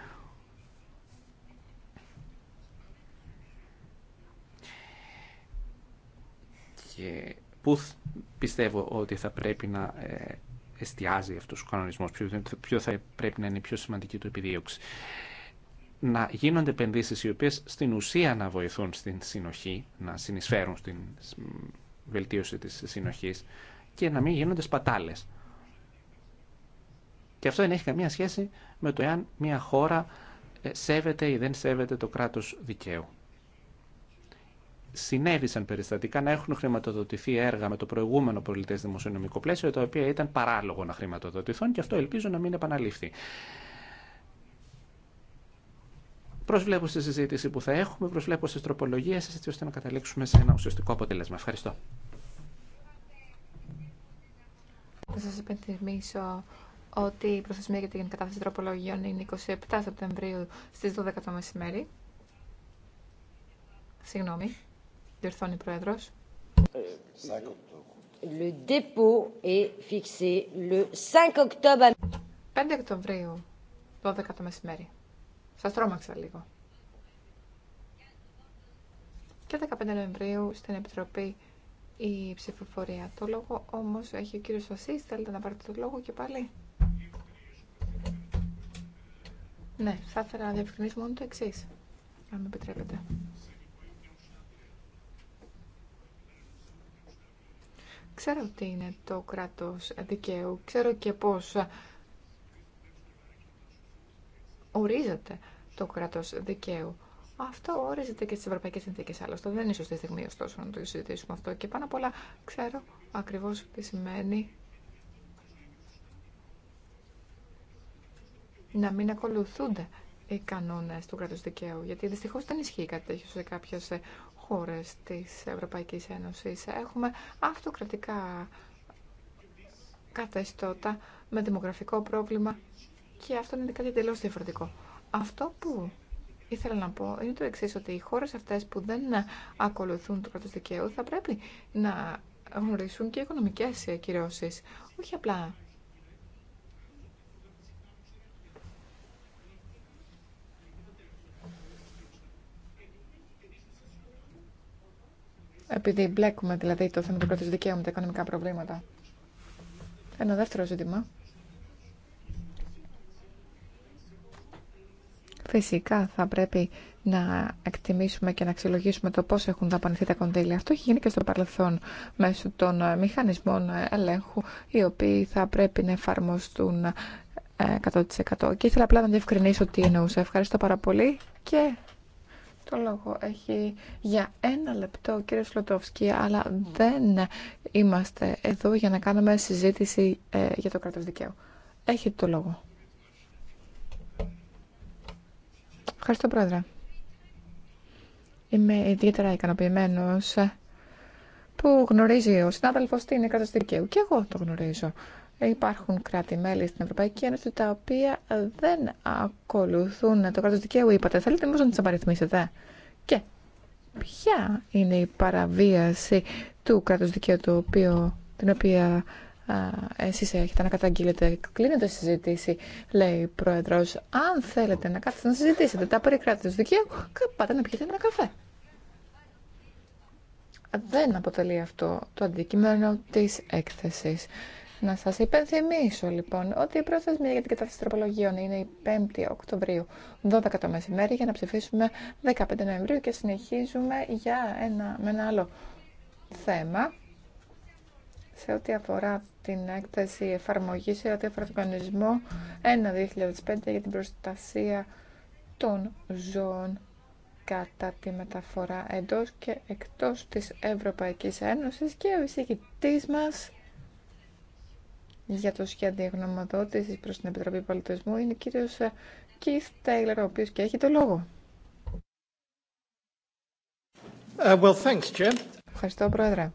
πού πιστεύω ότι θα πρέπει να ε, εστιάζει αυτός ο κανονισμός, ποιο θα πρέπει να είναι η πιο σημαντική του επιδίωξη. Να γίνονται επενδύσεις οι οποίες στην ουσία να βοηθούν στην συνοχή, να συνεισφέρουν στην βελτίωση της συνοχής και να μην γίνονται σπατάλες. Και αυτό δεν έχει καμία σχέση με το εάν μια χώρα ε, σέβεται ή δεν σέβεται το κράτος δικαίου συνέβησαν περιστατικά να έχουν χρηματοδοτηθεί έργα με το προηγούμενο πολιτές δημοσιονομικό πλαίσιο, τα οποία ήταν παράλογο να χρηματοδοτηθούν και αυτό ελπίζω να μην επαναλήφθει. Προσβλέπω στη συζήτηση που θα έχουμε, προσβλέπω στις τροπολογίες έτσι ώστε να καταλήξουμε σε ένα ουσιαστικό αποτέλεσμα. Ευχαριστώ. Θα σας υπενθυμίσω ότι η προθεσμία για την κατάθεση τροπολογιών είναι 27 Σεπτεμβρίου στις 12 το μεσημέρι. Συγγνώμη διορθώνει η πρόεδρο. dépôt est fixé le 5 octobre. 5 Οκτωβρίου, 12 το μεσημέρι. Σα τρόμαξα λίγο. Και 15 Νοεμβρίου στην Επιτροπή η ψηφοφορία. Το λόγο όμω έχει ο κύριο Σωσή. Θέλετε να πάρετε το λόγο και πάλι. Ναι, θα ήθελα να διευκρινίσω μόνο το εξή, αν με επιτρέπετε. Ξέρω τι είναι το κράτος δικαίου, ξέρω και πώς ορίζεται το κράτος δικαίου. Αυτό ορίζεται και στις ευρωπαϊκές συνθήκες, Άλλωστε, δεν είναι σωστή στιγμή ωστόσο να το συζητήσουμε αυτό. Και πάνω απ' όλα, ξέρω ακριβώς τι σημαίνει να μην ακολουθούνται οι κανόνες του κράτους δικαίου. Γιατί δυστυχώ δεν ισχύει κάτι τέτοιο σε κάποιο χώρες της Ευρωπαϊκής Ένωσης. Έχουμε αυτοκρατικά καθεστώτα με δημογραφικό πρόβλημα και αυτό είναι κάτι τελώς διαφορετικό. Αυτό που ήθελα να πω είναι το εξής, ότι οι χώρες αυτές που δεν ακολουθούν το κράτος δικαίου θα πρέπει να γνωρίσουν και οικονομικές κυρώσεις. Όχι απλά επειδή μπλέκουμε δηλαδή το θέμα του κράτου δικαίου με τα οικονομικά προβλήματα. Ένα δεύτερο ζήτημα. Φυσικά θα πρέπει να εκτιμήσουμε και να αξιολογήσουμε το πώς έχουν δαπανηθεί τα κονδύλια. Αυτό έχει γίνει και στο παρελθόν μέσω των ε, μηχανισμών ε, ελέγχου, οι οποίοι θα πρέπει να εφαρμοστούν 100%. Ε, και ήθελα απλά να διευκρινίσω τι εννοούσα. Ευχαριστώ πάρα πολύ και το λόγο έχει για ένα λεπτό ο κύριος Λοτόφσκι, αλλά δεν είμαστε εδώ για να κάνουμε συζήτηση ε, για το κράτος δικαίου. Έχετε το λόγο. Ευχαριστώ, Πρόεδρε. Είμαι ιδιαίτερα ικανοποιημένος που γνωρίζει ο συνάδελφο τι είναι κράτος δικαίου. Και εγώ το γνωρίζω. Υπάρχουν κράτη-μέλη στην Ευρωπαϊκή Ένωση τα οποία δεν ακολουθούν το κράτο δικαίου, είπατε. Θέλετε όμω να τι απαριθμίσετε. Και ποια είναι η παραβίαση του κράτου δικαίου, το οποίο, την οποία εσείς έχετε να καταγγείλετε. Κλείνεται συζήτηση, λέει η Πρόεδρος. Αν θέλετε να κάθετε να συζητήσετε τα περί κράτου δικαίου, πάτε να πιείτε ένα καφέ. Δεν αποτελεί αυτό το αντικείμενο της έκθεσης. Να σας υπενθυμίσω λοιπόν ότι η πρόταση για την κατάσταση τροπολογίων είναι η 5η Οκτωβρίου 12 το μεσημέρι για να ψηφίσουμε 15 Νοεμβρίου και συνεχίζουμε για ένα, με ένα άλλο θέμα σε ό,τι αφορά την έκθεση εφαρμογή, σε ό,τι αφορά τον κανονισμό 1-2005 για την προστασία των ζώων κατά τη μεταφορά εντός και εκτός της Ευρωπαϊκής Ένωσης και ο εισηγητής μας για το σχέδιο προς την Επιτροπή Πολιτισμού είναι κύριος ε, Keith Taylor, ο οποίος και έχει το λόγο. Uh, well, thanks, Jim. Ευχαριστώ, Πρόεδρε.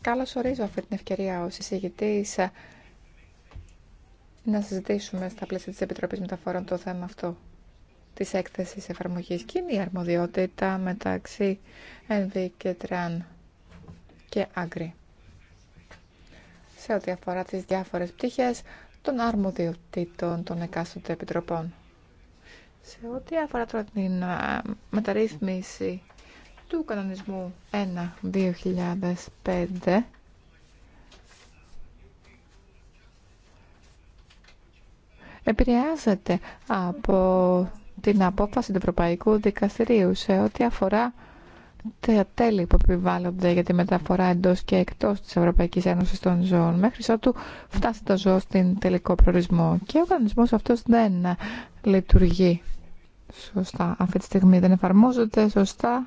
Καλώς ορίζω αυτή την ευκαιρία ως εισηγητής ε, να συζητήσουμε στα πλαίσια της Επιτροπής Μεταφορών το θέμα αυτό της έκθεσης εφαρμογής και είναι η αρμοδιότητα μεταξύ ενβί και ΤΡΑΝ και ΑΓΡΙ σε ό,τι αφορά τις διάφορες πτυχές των αρμοδιοτήτων των εκάστοτε επιτροπών. Σε ό,τι αφορά τώρα την μεταρρύθμιση του κανονισμού 1-2005, επηρεάζεται από την απόφαση του Ευρωπαϊκού Δικαστηρίου σε ό,τι αφορά τα τέλη που επιβάλλονται για τη μεταφορά εντό και εκτό τη Ευρωπαϊκή Ένωση των ζώων μέχρι ότου φτάσει το ζώο στην τελικό προορισμό. Και ο κανονισμός αυτός δεν λειτουργεί σωστά αυτή τη στιγμή, δεν εφαρμόζεται σωστά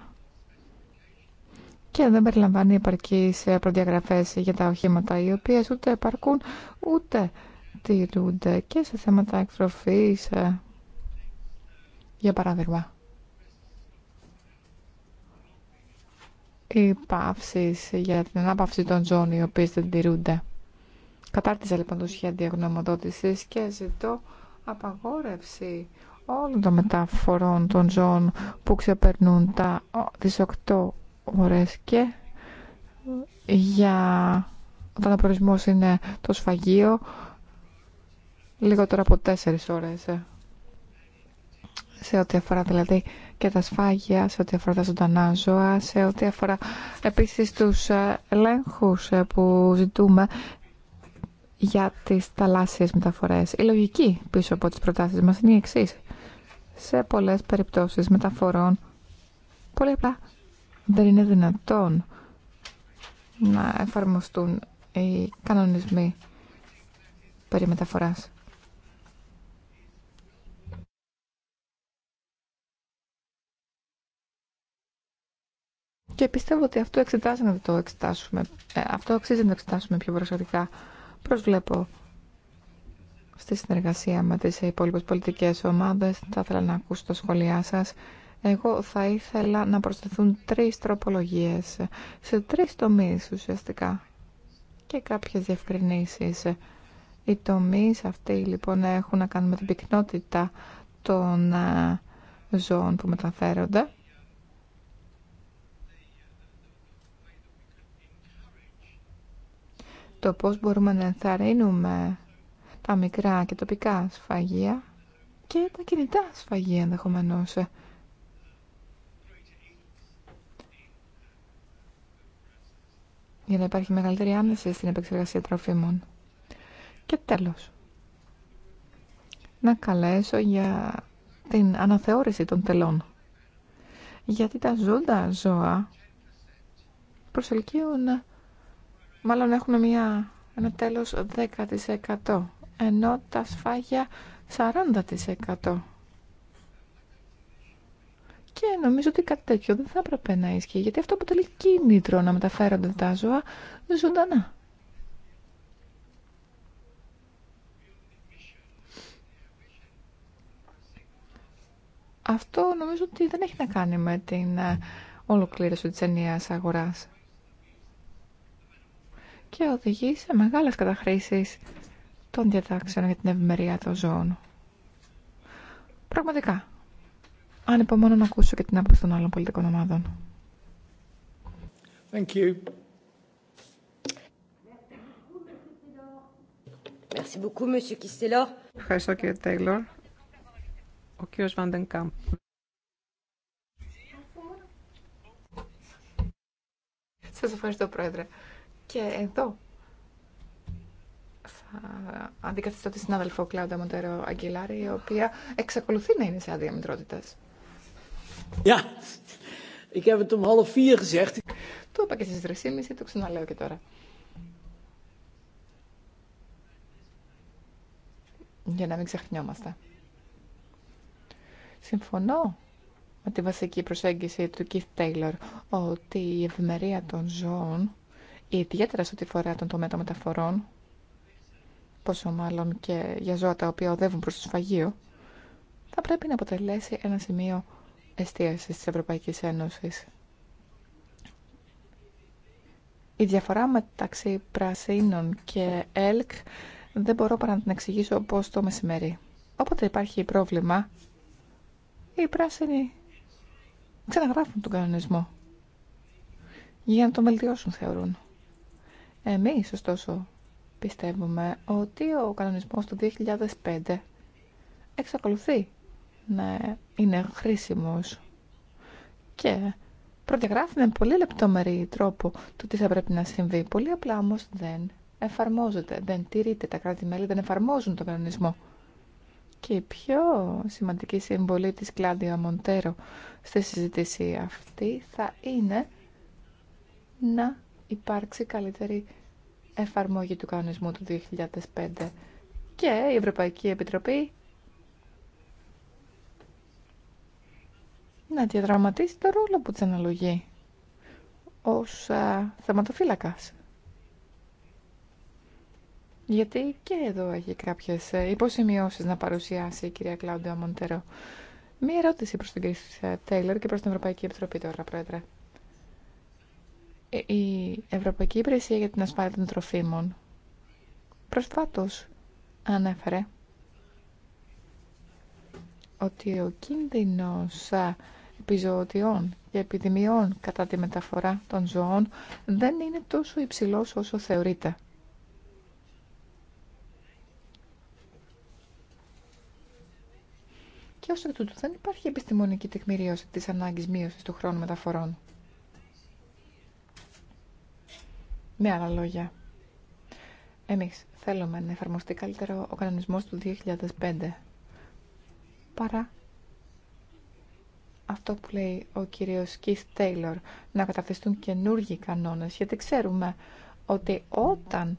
και δεν περιλαμβάνει επαρκή προδιαγραφέ για τα οχήματα οι οποίε ούτε επαρκούν ούτε τηρούνται και σε θέματα εκτροφή. Ε, για παράδειγμα. οι παύσεις για την ανάπαυση των ζώων οι οποίες δεν τηρούνται. Κατάρτιζα λοιπόν το σχέδιο γνωμοδότησης και ζητώ απαγόρευση όλων των μεταφορών των ζώων που ξεπερνούν τα, τις 8 ώρες και για όταν ο προορισμός είναι το σφαγείο λιγότερο από 4 ώρες ε, σε ό,τι αφορά δηλαδή και τα σφάγια σε ό,τι αφορά τα ζωντανά ζώα, σε ό,τι αφορά επίσης τους ελέγχους ε, που ζητούμε για τις θαλάσσιες μεταφορές. Η λογική πίσω από τις προτάσεις μας είναι η εξή. Σε πολλές περιπτώσεις μεταφορών, πολύ απλά δεν είναι δυνατόν να εφαρμοστούν οι κανονισμοί περί μεταφοράς. Και πιστεύω ότι αυτό εξετάζει να το εξετάσουμε. Ε, αυτό αξίζει να το εξετάσουμε πιο προσεκτικά. Προσβλέπω στη συνεργασία με τις υπόλοιπες πολιτικές ομάδες. Θα ήθελα να ακούσω τα σχόλιά σας. Εγώ θα ήθελα να προσθεθούν τρεις τροπολογίες σε τρεις τομείς ουσιαστικά και κάποιες διευκρινήσεις. Οι τομείς αυτοί λοιπόν έχουν να κάνουν με την πυκνότητα των ε, ζώων που μεταφέρονται το πώς μπορούμε να ενθαρρύνουμε τα μικρά και τοπικά σφαγεία και τα κινητά σφαγεία ενδεχομένω. για να υπάρχει μεγαλύτερη άνεση στην επεξεργασία τροφίμων. Και τέλος, να καλέσω για την αναθεώρηση των τελών. Γιατί τα ζώντα ζώα προσελκύουν μάλλον έχουν μια, ένα τέλος 10% ενώ τα σφάγια 40%. Και νομίζω ότι κάτι τέτοιο δεν θα έπρεπε να ισχύει, γιατί αυτό αποτελεί κίνητρο να μεταφέρονται τα ζώα ζωντανά. Αυτό νομίζω ότι δεν έχει να κάνει με την ε, ολοκλήρωση της ενιαίας αγοράς και οδηγεί σε μεγάλες καταχρήσεις των διατάξεων για την ευημερία των ζώων. Πραγματικά, Αν υπομόνω να ακούσω και την άποψη των άλλων πολιτικών ομάδων. Thank you. Merci beaucoup, Monsieur Ευχαριστώ κύριε Τέιλορ. Ο κύριος Βάντεν Σας ευχαριστώ, Πρόεδρε. Και εδώ θα αντικαθιστώ τη συνάδελφο Κλάουντα Μοντερό Αγγελάρη, η οποία εξακολουθεί να είναι σε άδεια μητρότητα. Το είπα και στις 3.30, το ξαναλέω και τώρα. Για να μην ξεχνιόμαστε. Συμφωνώ με τη βασική προσέγγιση του Κιθ Taylor ότι η ευημερία των ζώων ιδιαίτερα σε ό,τι φορά τον τομέα των μεταφορών, πόσο μάλλον και για ζώα τα οποία οδεύουν προς το σφαγείο, θα πρέπει να αποτελέσει ένα σημείο εστίασης της Ευρωπαϊκής Ένωσης. Η διαφορά μεταξύ πρασίνων και ΕΛΚ δεν μπορώ παρά να την εξηγήσω πώς το μεσημέρι. Όποτε υπάρχει πρόβλημα, οι πράσινοι ξαναγράφουν τον κανονισμό για να τον βελτιώσουν θεωρούν. Εμείς, ωστόσο, πιστεύουμε ότι ο κανονισμός του 2005 εξακολουθεί να είναι χρήσιμος και προδιαγράφει με πολύ λεπτόμερη τρόπο το τι θα πρέπει να συμβεί. Πολύ απλά όμως δεν εφαρμόζεται, δεν τηρείται. Τα κράτη-μέλη δεν εφαρμόζουν τον κανονισμό. Και η πιο σημαντική συμβολή της Κλάντια Μοντέρο στη συζήτηση αυτή θα είναι να υπάρξει καλύτερη εφαρμόγη του κανονισμού του 2005 και η Ευρωπαϊκή Επιτροπή να διαδραματίσει το ρόλο που της αναλογεί ως α, θεματοφύλακας. Γιατί και εδώ έχει κάποιες ε, υποσημειώσεις να παρουσιάσει η κυρία Κλάουντια Μοντερό. Μία ερώτηση προς τον κύριο ε, Τέιλορ και προς την Ευρωπαϊκή Επιτροπή τώρα, Πρόεδρε. Ε, η Ευρωπαϊκή Υπηρεσία για την Ασφάλεια των Τροφίμων προσφάτως ανέφερε ότι ο κίνδυνος επιζωοτιών και επιδημιών κατά τη μεταφορά των ζώων δεν είναι τόσο υψηλός όσο θεωρείται. Και ως εκ τούτου δεν υπάρχει επιστημονική τεκμηρίωση της ανάγκης μείωσης του χρόνου μεταφορών. Με άλλα λόγια, εμείς θέλουμε να εφαρμοστεί καλύτερο ο κανονισμός του 2005 παρά αυτό που λέει ο κύριος Keith Taylor, να καταρτιστούν καινούργιοι κανόνες, γιατί ξέρουμε ότι όταν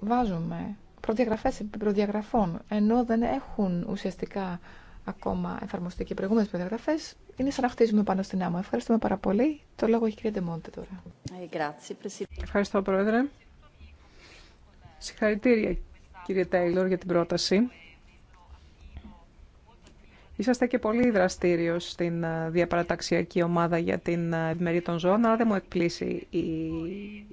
βάζουμε προδιαγραφές επί προδιαγραφών, ενώ δεν έχουν ουσιαστικά ακόμα εφαρμοστεί και οι προηγούμενε περιγραφέ, είναι σαν να χτίζουμε πάνω στην άμμο. Ευχαριστούμε πάρα πολύ. Το λόγο έχει η κυρία Ντεμόντε τώρα. Ε, Ευχαριστώ, Πρόεδρε. Συγχαρητήρια, κύριε Τέιλορ, για την πρόταση. Είσαστε και πολύ δραστηριο στην ε, διαπαραταξιακή ομάδα για την ε, ευημερία των ζώων, αλλά δεν μου εκπλήσει η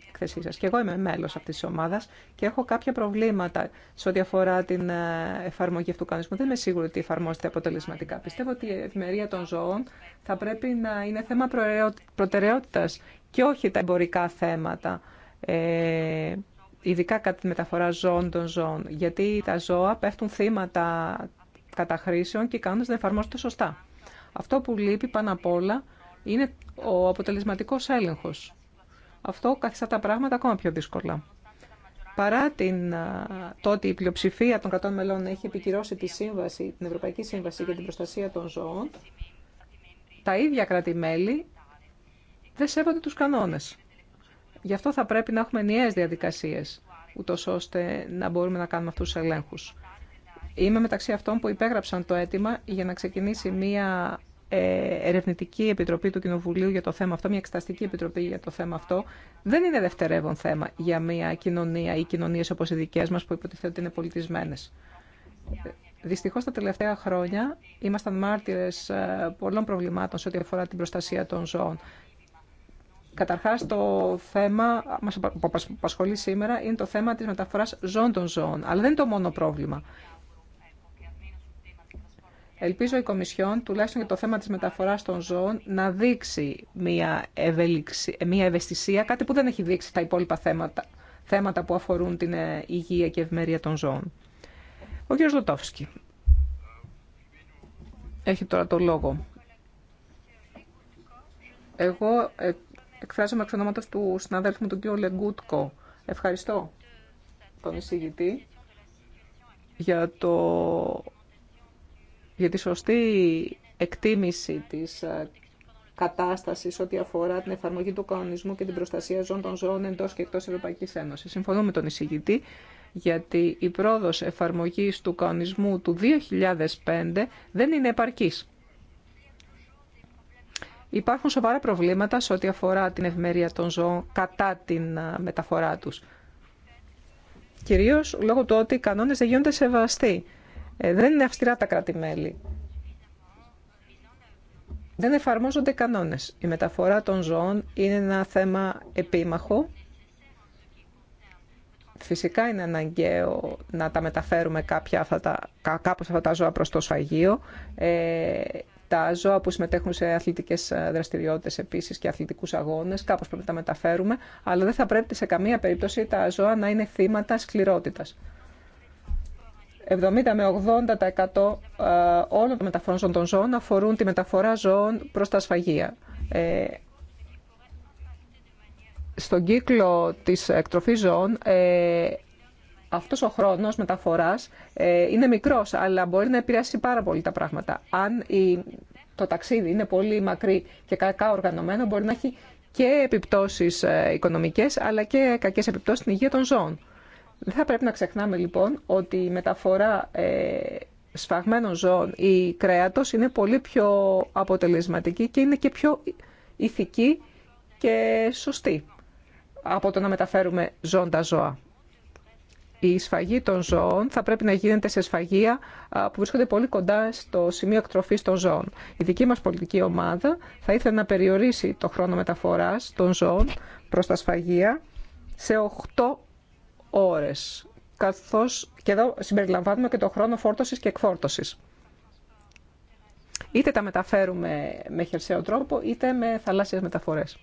εκθεσή σα. Και εγώ είμαι μέλο αυτή τη ομάδα και έχω κάποια προβλήματα σε ό,τι αφορά την ε, εφαρμογή αυτού του κανονισμού. Δεν είμαι σίγουρη ότι εφαρμόζεται αποτελεσματικά. Πιστεύω ότι η ευημερία των ζώων θα πρέπει να είναι θέμα προτεραιότητα και όχι τα εμπορικά θέματα. Ε, ειδικά κατά τη μεταφορά ζώων των ζώων, γιατί τα ζώα πέφτουν θύματα καταχρήσεων και οι να εφαρμόζονται σωστά. Αυτό που λείπει πάνω απ' όλα είναι ο αποτελεσματικό έλεγχο. Αυτό καθιστά τα πράγματα ακόμα πιο δύσκολα. Παρά την, το ότι η πλειοψηφία των κρατών μελών έχει επικυρώσει τη σύμβαση, την Ευρωπαϊκή Σύμβαση για την Προστασία των Ζώων, τα ίδια κράτη-μέλη δεν σέβονται τους κανόνες. Γι' αυτό θα πρέπει να έχουμε ενιαίες διαδικασίες, ούτω ώστε να μπορούμε να κάνουμε αυτού του έλεγχου. Είμαι μεταξύ αυτών που υπέγραψαν το αίτημα για να ξεκινήσει μία ε, ερευνητική επιτροπή του Κοινοβουλίου για το θέμα αυτό, μια εξεταστική επιτροπή για το θέμα αυτό, δεν είναι δευτερεύον θέμα για μια κοινωνία ή κοινωνίε όπω οι δικέ μα που υποτιθέτουν ότι είναι πολιτισμένε. Δυστυχώ τα τελευταία χρόνια ήμασταν μάρτυρε ε, πολλών προβλημάτων σε ό,τι αφορά την προστασία των ζώων. Καταρχάς το θέμα που απασχολεί σήμερα είναι το θέμα της μεταφορά ζών των ζώων. Αλλά δεν είναι το μόνο πρόβλημα. Ελπίζω η Κομισιόν, τουλάχιστον για το θέμα της μεταφοράς των ζώων, να δείξει μια, ευελιξη, μια ευαισθησία, κάτι που δεν έχει δείξει τα υπόλοιπα θέματα, θέματα που αφορούν την ε, υγεία και ευμερία των ζώων. Ο κ. Λοτόφσκι έχει τώρα το λόγο. Εγώ ε, εκφράζομαι εξ ονόματος του συναδέλφου μου, τον κ. Λεγκούτκο. Ευχαριστώ τον εισηγητή για το για τη σωστή εκτίμηση της ε, κατάστασης ό,τι αφορά την εφαρμογή του κανονισμού και την προστασία ζών των ζώων εντός και εκτός Ευρωπαϊκής Ένωσης. Συμφωνώ με τον εισηγητή γιατί η πρόοδος εφαρμογής του κανονισμού του 2005 δεν είναι επαρκής. Υπάρχουν σοβαρά προβλήματα σε ό,τι αφορά την ευμερία των ζώων κατά την ε, μεταφορά τους. Κυρίως λόγω του ότι οι κανόνες δεν γίνονται σεβαστοί ε, δεν είναι αυστηρά τα κράτη-μέλη. Δεν εφαρμόζονται οι κανόνες. Η μεταφορά των ζώων είναι ένα θέμα επίμαχο. Φυσικά είναι αναγκαίο να τα μεταφέρουμε κάποια αυτά τα, κάπως αυτά τα ζώα προς το σφαγείο. Ε, τα ζώα που συμμετέχουν σε αθλητικές ε, δραστηριότητες επίσης και αθλητικούς αγώνες, κάπως πρέπει να τα μεταφέρουμε, αλλά δεν θα πρέπει σε καμία περίπτωση τα ζώα να είναι θύματα σκληρότητας. 70 με 80% ε, όλων των μεταφορών των ζώων αφορούν τη μεταφορά ζώων προς τα σφαγεία. Ε, στον κύκλο της εκτροφής ζώων ε, αυτός ο χρόνος μεταφοράς ε, είναι μικρός, αλλά μπορεί να επηρεάσει πάρα πολύ τα πράγματα. Αν η, το ταξίδι είναι πολύ μακρύ και κακά οργανωμένο, μπορεί να έχει και επιπτώσεις οικονομικές, αλλά και κακές επιπτώσεις στην υγεία των ζώων. Δεν θα πρέπει να ξεχνάμε λοιπόν ότι η μεταφορά ε, σφαγμένων ζώων ή κρέατος είναι πολύ πιο αποτελεσματική και είναι και πιο ηθική και σωστή από το να μεταφέρουμε ζώντα ζώα. Η σφαγή των ζώων θα πρέπει να γίνεται σε σφαγεία που βρίσκονται πολύ κοντά στο σημείο εκτροφής των ζώων. Η δική μας πολιτική ομάδα θα ήθελε να περιορίσει το χρόνο μεταφοράς των ζώων προς τα σφαγεία σε 8 ώρες, καθώς και εδώ συμπεριλαμβάνουμε και το χρόνο φόρτωσης και εκφόρτωσης. Είτε τα μεταφέρουμε με χερσαίο τρόπο, είτε με θαλάσσιες μεταφορές.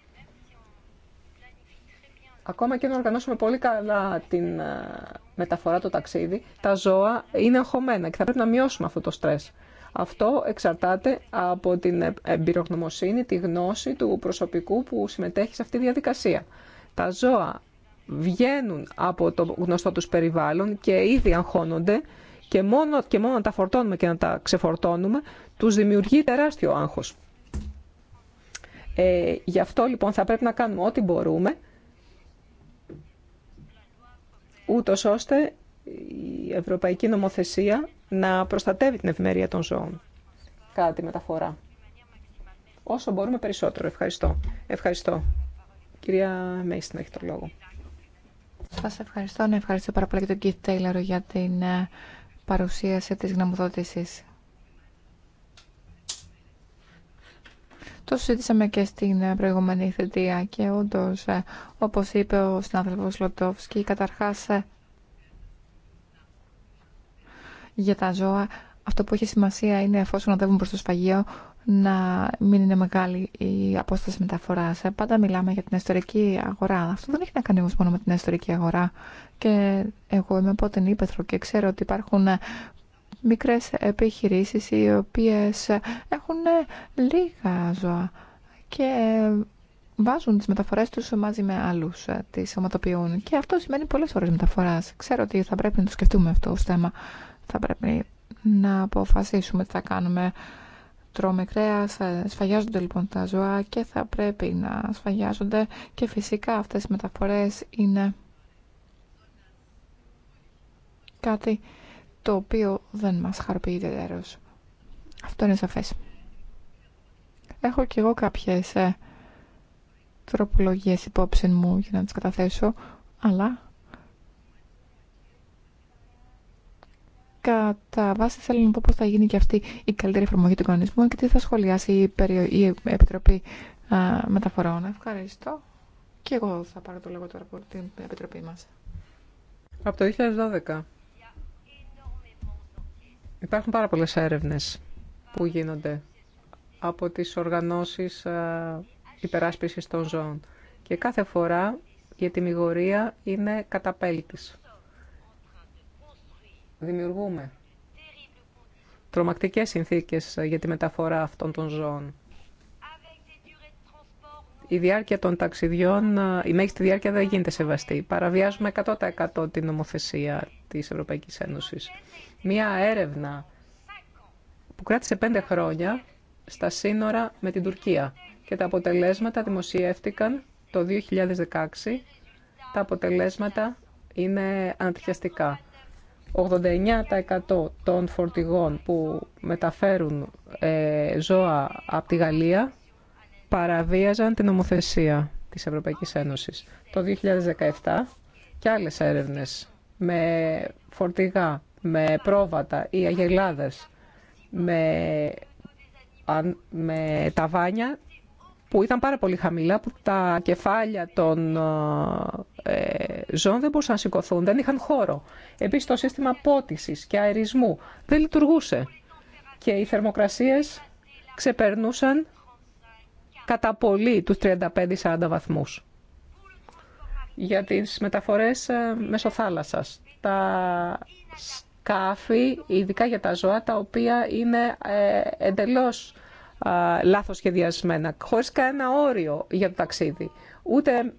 Ακόμα και να οργανώσουμε πολύ καλά την ε, μεταφορά το ταξίδι, τα ζώα είναι εγχωμένα και θα πρέπει να μειώσουμε αυτό το στρες. Αυτό εξαρτάται από την ε, εμπειρογνωμοσύνη, τη γνώση του προσωπικού που συμμετέχει σε αυτή τη διαδικασία. Τα ζώα βγαίνουν από το γνωστό τους περιβάλλον και ήδη αγχώνονται και μόνο, και μόνο να τα φορτώνουμε και να τα ξεφορτώνουμε, τους δημιουργεί τεράστιο άγχος. Ε, γι' αυτό λοιπόν θα πρέπει να κάνουμε ό,τι μπορούμε, ούτω ώστε η ευρωπαϊκή νομοθεσία να προστατεύει την ευημερία των ζώων κατά τη μεταφορά. Όσο μπορούμε περισσότερο. Ευχαριστώ. Ευχαριστώ. Κυρία να έχει το λόγο. Σας ευχαριστώ. Να ευχαριστώ πάρα πολύ και τον Keith Τέιλερ για την ε, παρουσίαση της γνωμοδότησης. Το συζήτησαμε και στην ε, προηγούμενη θετία και όντω, ε, όπως είπε ο συνάδελφος Λοτόφσκι, καταρχάς για τα ζώα αυτό που έχει σημασία είναι εφόσον οδεύουν προς το σφαγείο να μην είναι μεγάλη η απόσταση μεταφοράς. Ε, πάντα μιλάμε για την ιστορική αγορά. Αυτό δεν έχει να κάνει όμω μόνο με την ιστορική αγορά. Και εγώ είμαι από την Ήπεθρο και ξέρω ότι υπάρχουν ε, μικρές επιχειρήσεις οι οποίες ε, έχουν λίγα ζώα και βάζουν τις μεταφορές τους μαζί με άλλους, τις οματοποιούν. Και αυτό σημαίνει πολλές ώρες μεταφοράς. Ξέρω ότι θα πρέπει να το σκεφτούμε αυτό το θέμα. Θα πρέπει να αποφασίσουμε τι θα κάνουμε τρώμε κρέα, σφαγιάζονται λοιπόν τα ζώα και θα πρέπει να σφαγιάζονται και φυσικά αυτές οι μεταφορές είναι κάτι το οποίο δεν μας χαρπεί ιδιαίτερος. Αυτό είναι σαφές. Έχω κι εγώ κάποιες ε, τροπολογίες υπόψη μου για να τις καταθέσω, αλλά Κατά βάση θέλω να πω πώς θα γίνει και αυτή η καλύτερη εφαρμογή του κανονισμού και τι θα σχολιάσει η, Επιτροπή Μεταφορών. Ευχαριστώ. Και εγώ θα πάρω το λόγο τώρα από την Επιτροπή μας. Από το 2012. Υπάρχουν πάρα πολλές έρευνες που γίνονται από τις οργανώσεις υπεράσπισης των ζώων. Και κάθε φορά η ετοιμιγορία είναι καταπέλτης δημιουργούμε τρομακτικές συνθήκες ε, για τη μεταφορά αυτών των ζώων. Η διάρκεια των ταξιδιών, ε, η μέγιστη διάρκεια δεν γίνεται σεβαστή. Παραβιάζουμε 100% την νομοθεσία της Ευρωπαϊκής Ένωσης. Μία έρευνα που κράτησε πέντε χρόνια στα σύνορα με την Τουρκία και τα αποτελέσματα δημοσιεύτηκαν το 2016. Τα αποτελέσματα είναι ανατριχιαστικά. 89% των φορτηγών που μεταφέρουν ε, ζώα από τη Γαλλία παραβίαζαν την νομοθεσία της Ευρωπαϊκής Ένωσης. Το 2017 και άλλες έρευνες με φορτηγά, με πρόβατα ή αγελάδες, με, με ταβάνια που ήταν πάρα πολύ χαμηλά, που τα κεφάλια των ε, ζώων δεν μπορούσαν να σηκωθούν, δεν είχαν χώρο. Επίσης το σύστημα πότισης και αερισμού δεν λειτουργούσε και οι θερμοκρασίες ξεπερνούσαν κατά πολύ τους 35-40 βαθμούς. Για τις μεταφορές ε, μέσω θάλασσας. Τα σκάφη, ειδικά για τα ζώα, τα οποία είναι ε, εντελώς λάθος σχεδιασμένα, χωρίς κανένα όριο για το ταξίδι. Ούτε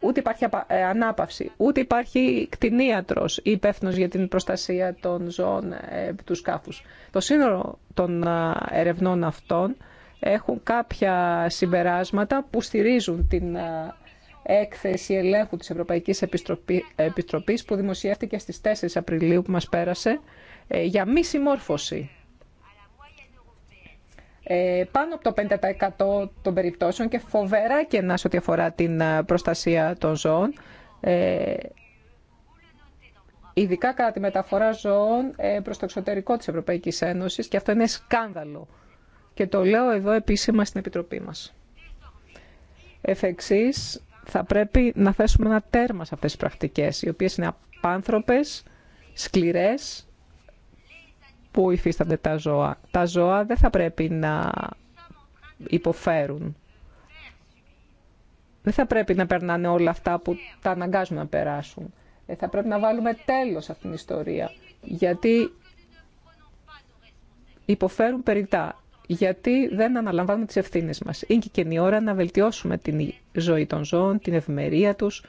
ούτε υπάρχει ε, ανάπαυση, ούτε υπάρχει κτηνίατρος ή υπεύθυνο για την προστασία των ζώων ε, του σκάφου. Το σύνολο των ε, ερευνών αυτών έχουν κάποια συμπεράσματα που στηρίζουν την έκθεση ελέγχου της Ευρωπαϊκής Επιστροπής που δημοσιεύτηκε στις 4 Απριλίου που μας πέρασε για μη συμμόρφωση ε, πάνω από το 5% των περιπτώσεων και φοβερά κενά σε ό,τι αφορά την ε, προστασία των ζώων. Ε, ειδικά κατά τη μεταφορά ζώων προς το εξωτερικό της Ευρωπαϊκής Ένωσης και αυτό είναι σκάνδαλο. Και το λέω εδώ επίσημα στην Επιτροπή μας. Εφεξής, θα πρέπει να θέσουμε ένα τέρμα σε αυτές τις πρακτικές, οι οποίες είναι απάνθρωπες, σκληρές που υφίστανται τα ζώα. Τα ζώα δεν θα πρέπει να υποφέρουν. Δεν θα πρέπει να περνάνε όλα αυτά που τα αναγκάζουν να περάσουν. Ε, θα πρέπει να βάλουμε τέλος αυτήν την ιστορία. Γιατί υποφέρουν περιτά. Γιατί δεν αναλαμβάνουμε τις ευθύνες μας. Είναι και η ώρα να βελτιώσουμε την ζωή των ζώων, την ευημερία τους,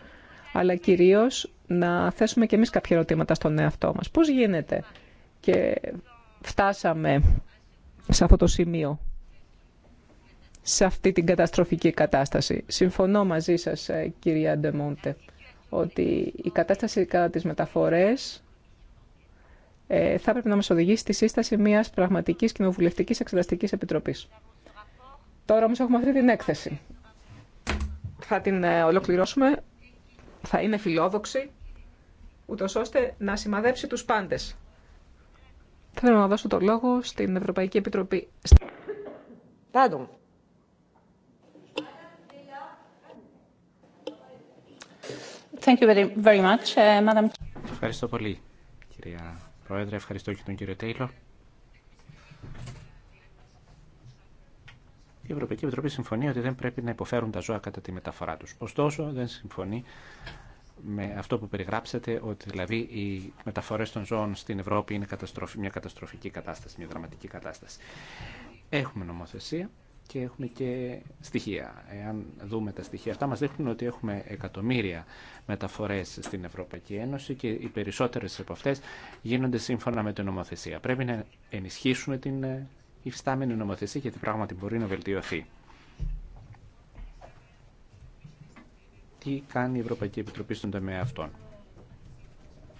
αλλά κυρίως να θέσουμε και εμείς κάποια ερωτήματα στον εαυτό μας. Πώς γίνεται και φτάσαμε σε αυτό το σημείο, σε αυτή την καταστροφική κατάσταση. Συμφωνώ μαζί σας, ε, κυρία Ντεμόντε, ότι η κατάσταση κατά τις μεταφορές ε, θα έπρεπε να μας οδηγήσει στη σύσταση μιας πραγματικής κοινοβουλευτικής εξεταστικής επιτροπής. Τώρα όμως έχουμε αυτή την έκθεση. Θα την ε, ολοκληρώσουμε, θα είναι φιλόδοξη, ούτως ώστε να σημαδέψει τους πάντες. Θέλω να δώσω το λόγο στην Ευρωπαϊκή Επιτροπή. Thank you very, very much, uh, Madam. Ευχαριστώ πολύ, κυρία Πρόεδρε. Ευχαριστώ και τον κύριο Τέιλο. Η Ευρωπαϊκή Επιτροπή συμφωνεί ότι δεν πρέπει να υποφέρουν τα ζώα κατά τη μεταφορά τους. Ωστόσο, δεν συμφωνεί με αυτό που περιγράψατε, ότι δηλαδή οι μεταφορέ των ζώων στην Ευρώπη είναι καταστροφή, μια καταστροφική κατάσταση, μια δραματική κατάσταση. Έχουμε νομοθεσία και έχουμε και στοιχεία. Εάν δούμε τα στοιχεία αυτά, μας δείχνουν ότι έχουμε εκατομμύρια μεταφορές στην Ευρωπαϊκή Ένωση και οι περισσότερες από αυτές γίνονται σύμφωνα με την νομοθεσία. Πρέπει να ενισχύσουμε την ε, υφιστάμενη νομοθεσία γιατί πράγματι μπορεί να βελτιωθεί. τι κάνει η Ευρωπαϊκή Επιτροπή στον τομέα αυτών.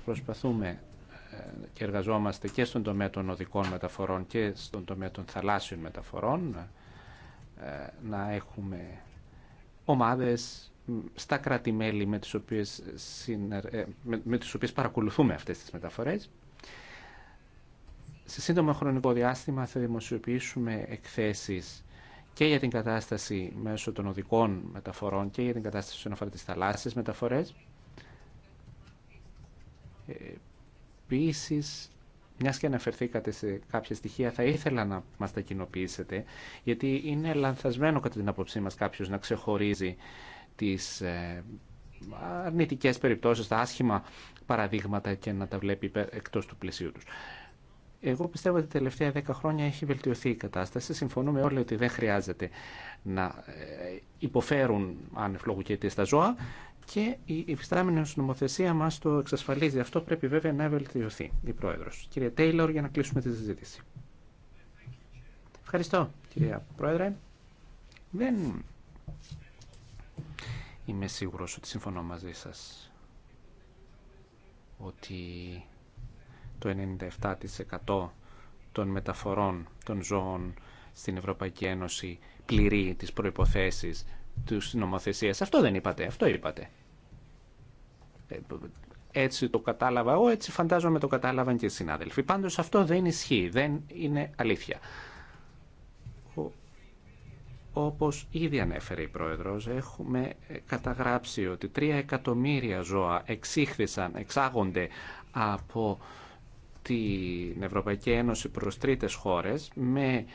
Προσπαθούμε ε, και εργαζόμαστε και στον τομέα των οδικών μεταφορών και στον τομέα των θαλάσσιων μεταφορών ε, να έχουμε ομάδες στα κράτη-μέλη με, τις οποίες συνερ... Ε, με τις οποίες παρακολουθούμε αυτές τις μεταφορές. Σε σύντομο χρονικό διάστημα θα δημοσιοποιήσουμε εκθέσεις και για την κατάσταση μέσω των οδικών μεταφορών και για την κατάσταση όσον αφορά τις θαλάσσιες μεταφορές. Επίση, μια και αναφερθήκατε σε κάποια στοιχεία, θα ήθελα να μα τα κοινοποιήσετε, γιατί είναι λανθασμένο κατά την άποψή μα κάποιο να ξεχωρίζει τι ε, αρνητικέ περιπτώσει, τα άσχημα παραδείγματα και να τα βλέπει εκτό του πλαισίου του. Εγώ πιστεύω ότι τα τελευταία δέκα χρόνια έχει βελτιωθεί η κατάσταση. Συμφωνούμε όλοι ότι δεν χρειάζεται να ε, υποφέρουν ανεφλόγου στα τα ζώα και η υφιστάμενη νομοθεσία μας το εξασφαλίζει. Αυτό πρέπει βέβαια να βελτιωθεί η Πρόεδρος. Κύριε Τέιλορ, για να κλείσουμε τη συζήτηση. Ευχαριστώ, κύριε Πρόεδρε. Δεν είμαι σίγουρος ότι συμφωνώ μαζί σας ότι το 97% των μεταφορών των ζώων στην Ευρωπαϊκή Ένωση πληρεί τις προϋποθέσεις της νομοθεσίας. Αυτό δεν είπατε, αυτό είπατε. Ε, έτσι το κατάλαβα εγώ, έτσι φαντάζομαι το κατάλαβαν και οι συνάδελφοι. Πάντως αυτό δεν ισχύει, δεν είναι αλήθεια. Όπως ήδη ανέφερε η Πρόεδρος, έχουμε καταγράψει ότι 3 εκατομμύρια ζώα εξήχθησαν, εξάγονται από την Ευρωπαϊκή Ένωση προς τρίτες χώρες με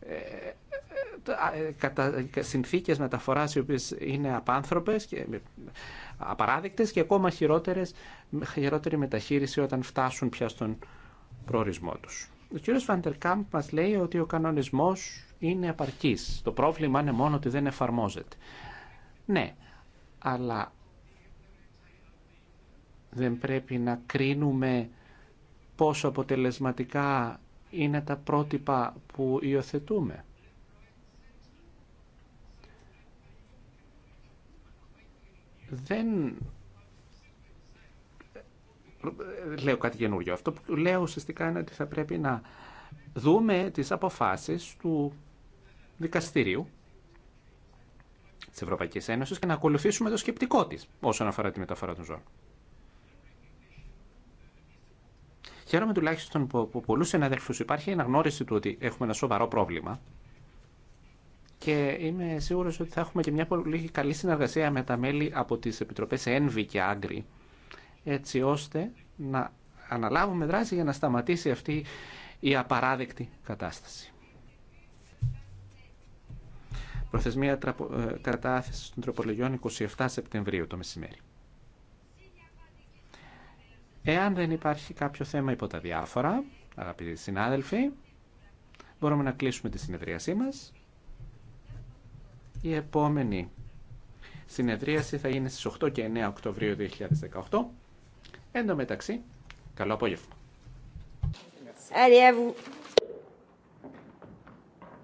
ε, ε, κατά συνθήκες μεταφοράς οι οποίες είναι απάνθρωπες και ε, απαράδεκτες και ακόμα χειρότερες, χειρότερη μεταχείριση όταν φτάσουν πια στον προορισμό τους. Ο κύριος Βαντερκάμπ μας λέει ότι ο κανονισμός είναι απαρκής. Το πρόβλημα είναι μόνο ότι δεν εφαρμόζεται. Ναι, αλλά δεν πρέπει να κρίνουμε πόσο αποτελεσματικά είναι τα πρότυπα που υιοθετούμε. Δεν λέω κάτι καινούριο. Αυτό που λέω ουσιαστικά είναι ότι θα πρέπει να δούμε τις αποφάσεις του δικαστηρίου της Ευρωπαϊκής Ένωσης και να ακολουθήσουμε το σκεπτικό της όσον αφορά τη μεταφορά των ζώων. Χαίρομαι τουλάχιστον που από πολλού συναδέλφου υπάρχει η αναγνώριση του ότι έχουμε ένα σοβαρό πρόβλημα. Και είμαι σίγουρο ότι θα έχουμε και μια πολύ καλή συνεργασία με τα μέλη από τι επιτροπέ ΕΝΒΙ και ΆΓΡΙ έτσι ώστε να αναλάβουμε δράση για να σταματήσει αυτή η απαράδεκτη κατάσταση. Προθεσμία ε, κατάθεση των τροπολογιών 27 Σεπτεμβρίου το μεσημέρι. Εάν δεν υπάρχει κάποιο θέμα υπό τα διάφορα, αγαπητοί συνάδελφοι, μπορούμε να κλείσουμε τη συνεδρίασή μας. Η επόμενη συνεδρίαση θα γίνει στις 8 και 9 Οκτωβρίου 2018. Εν τω μεταξύ, καλό απόγευμα. Allez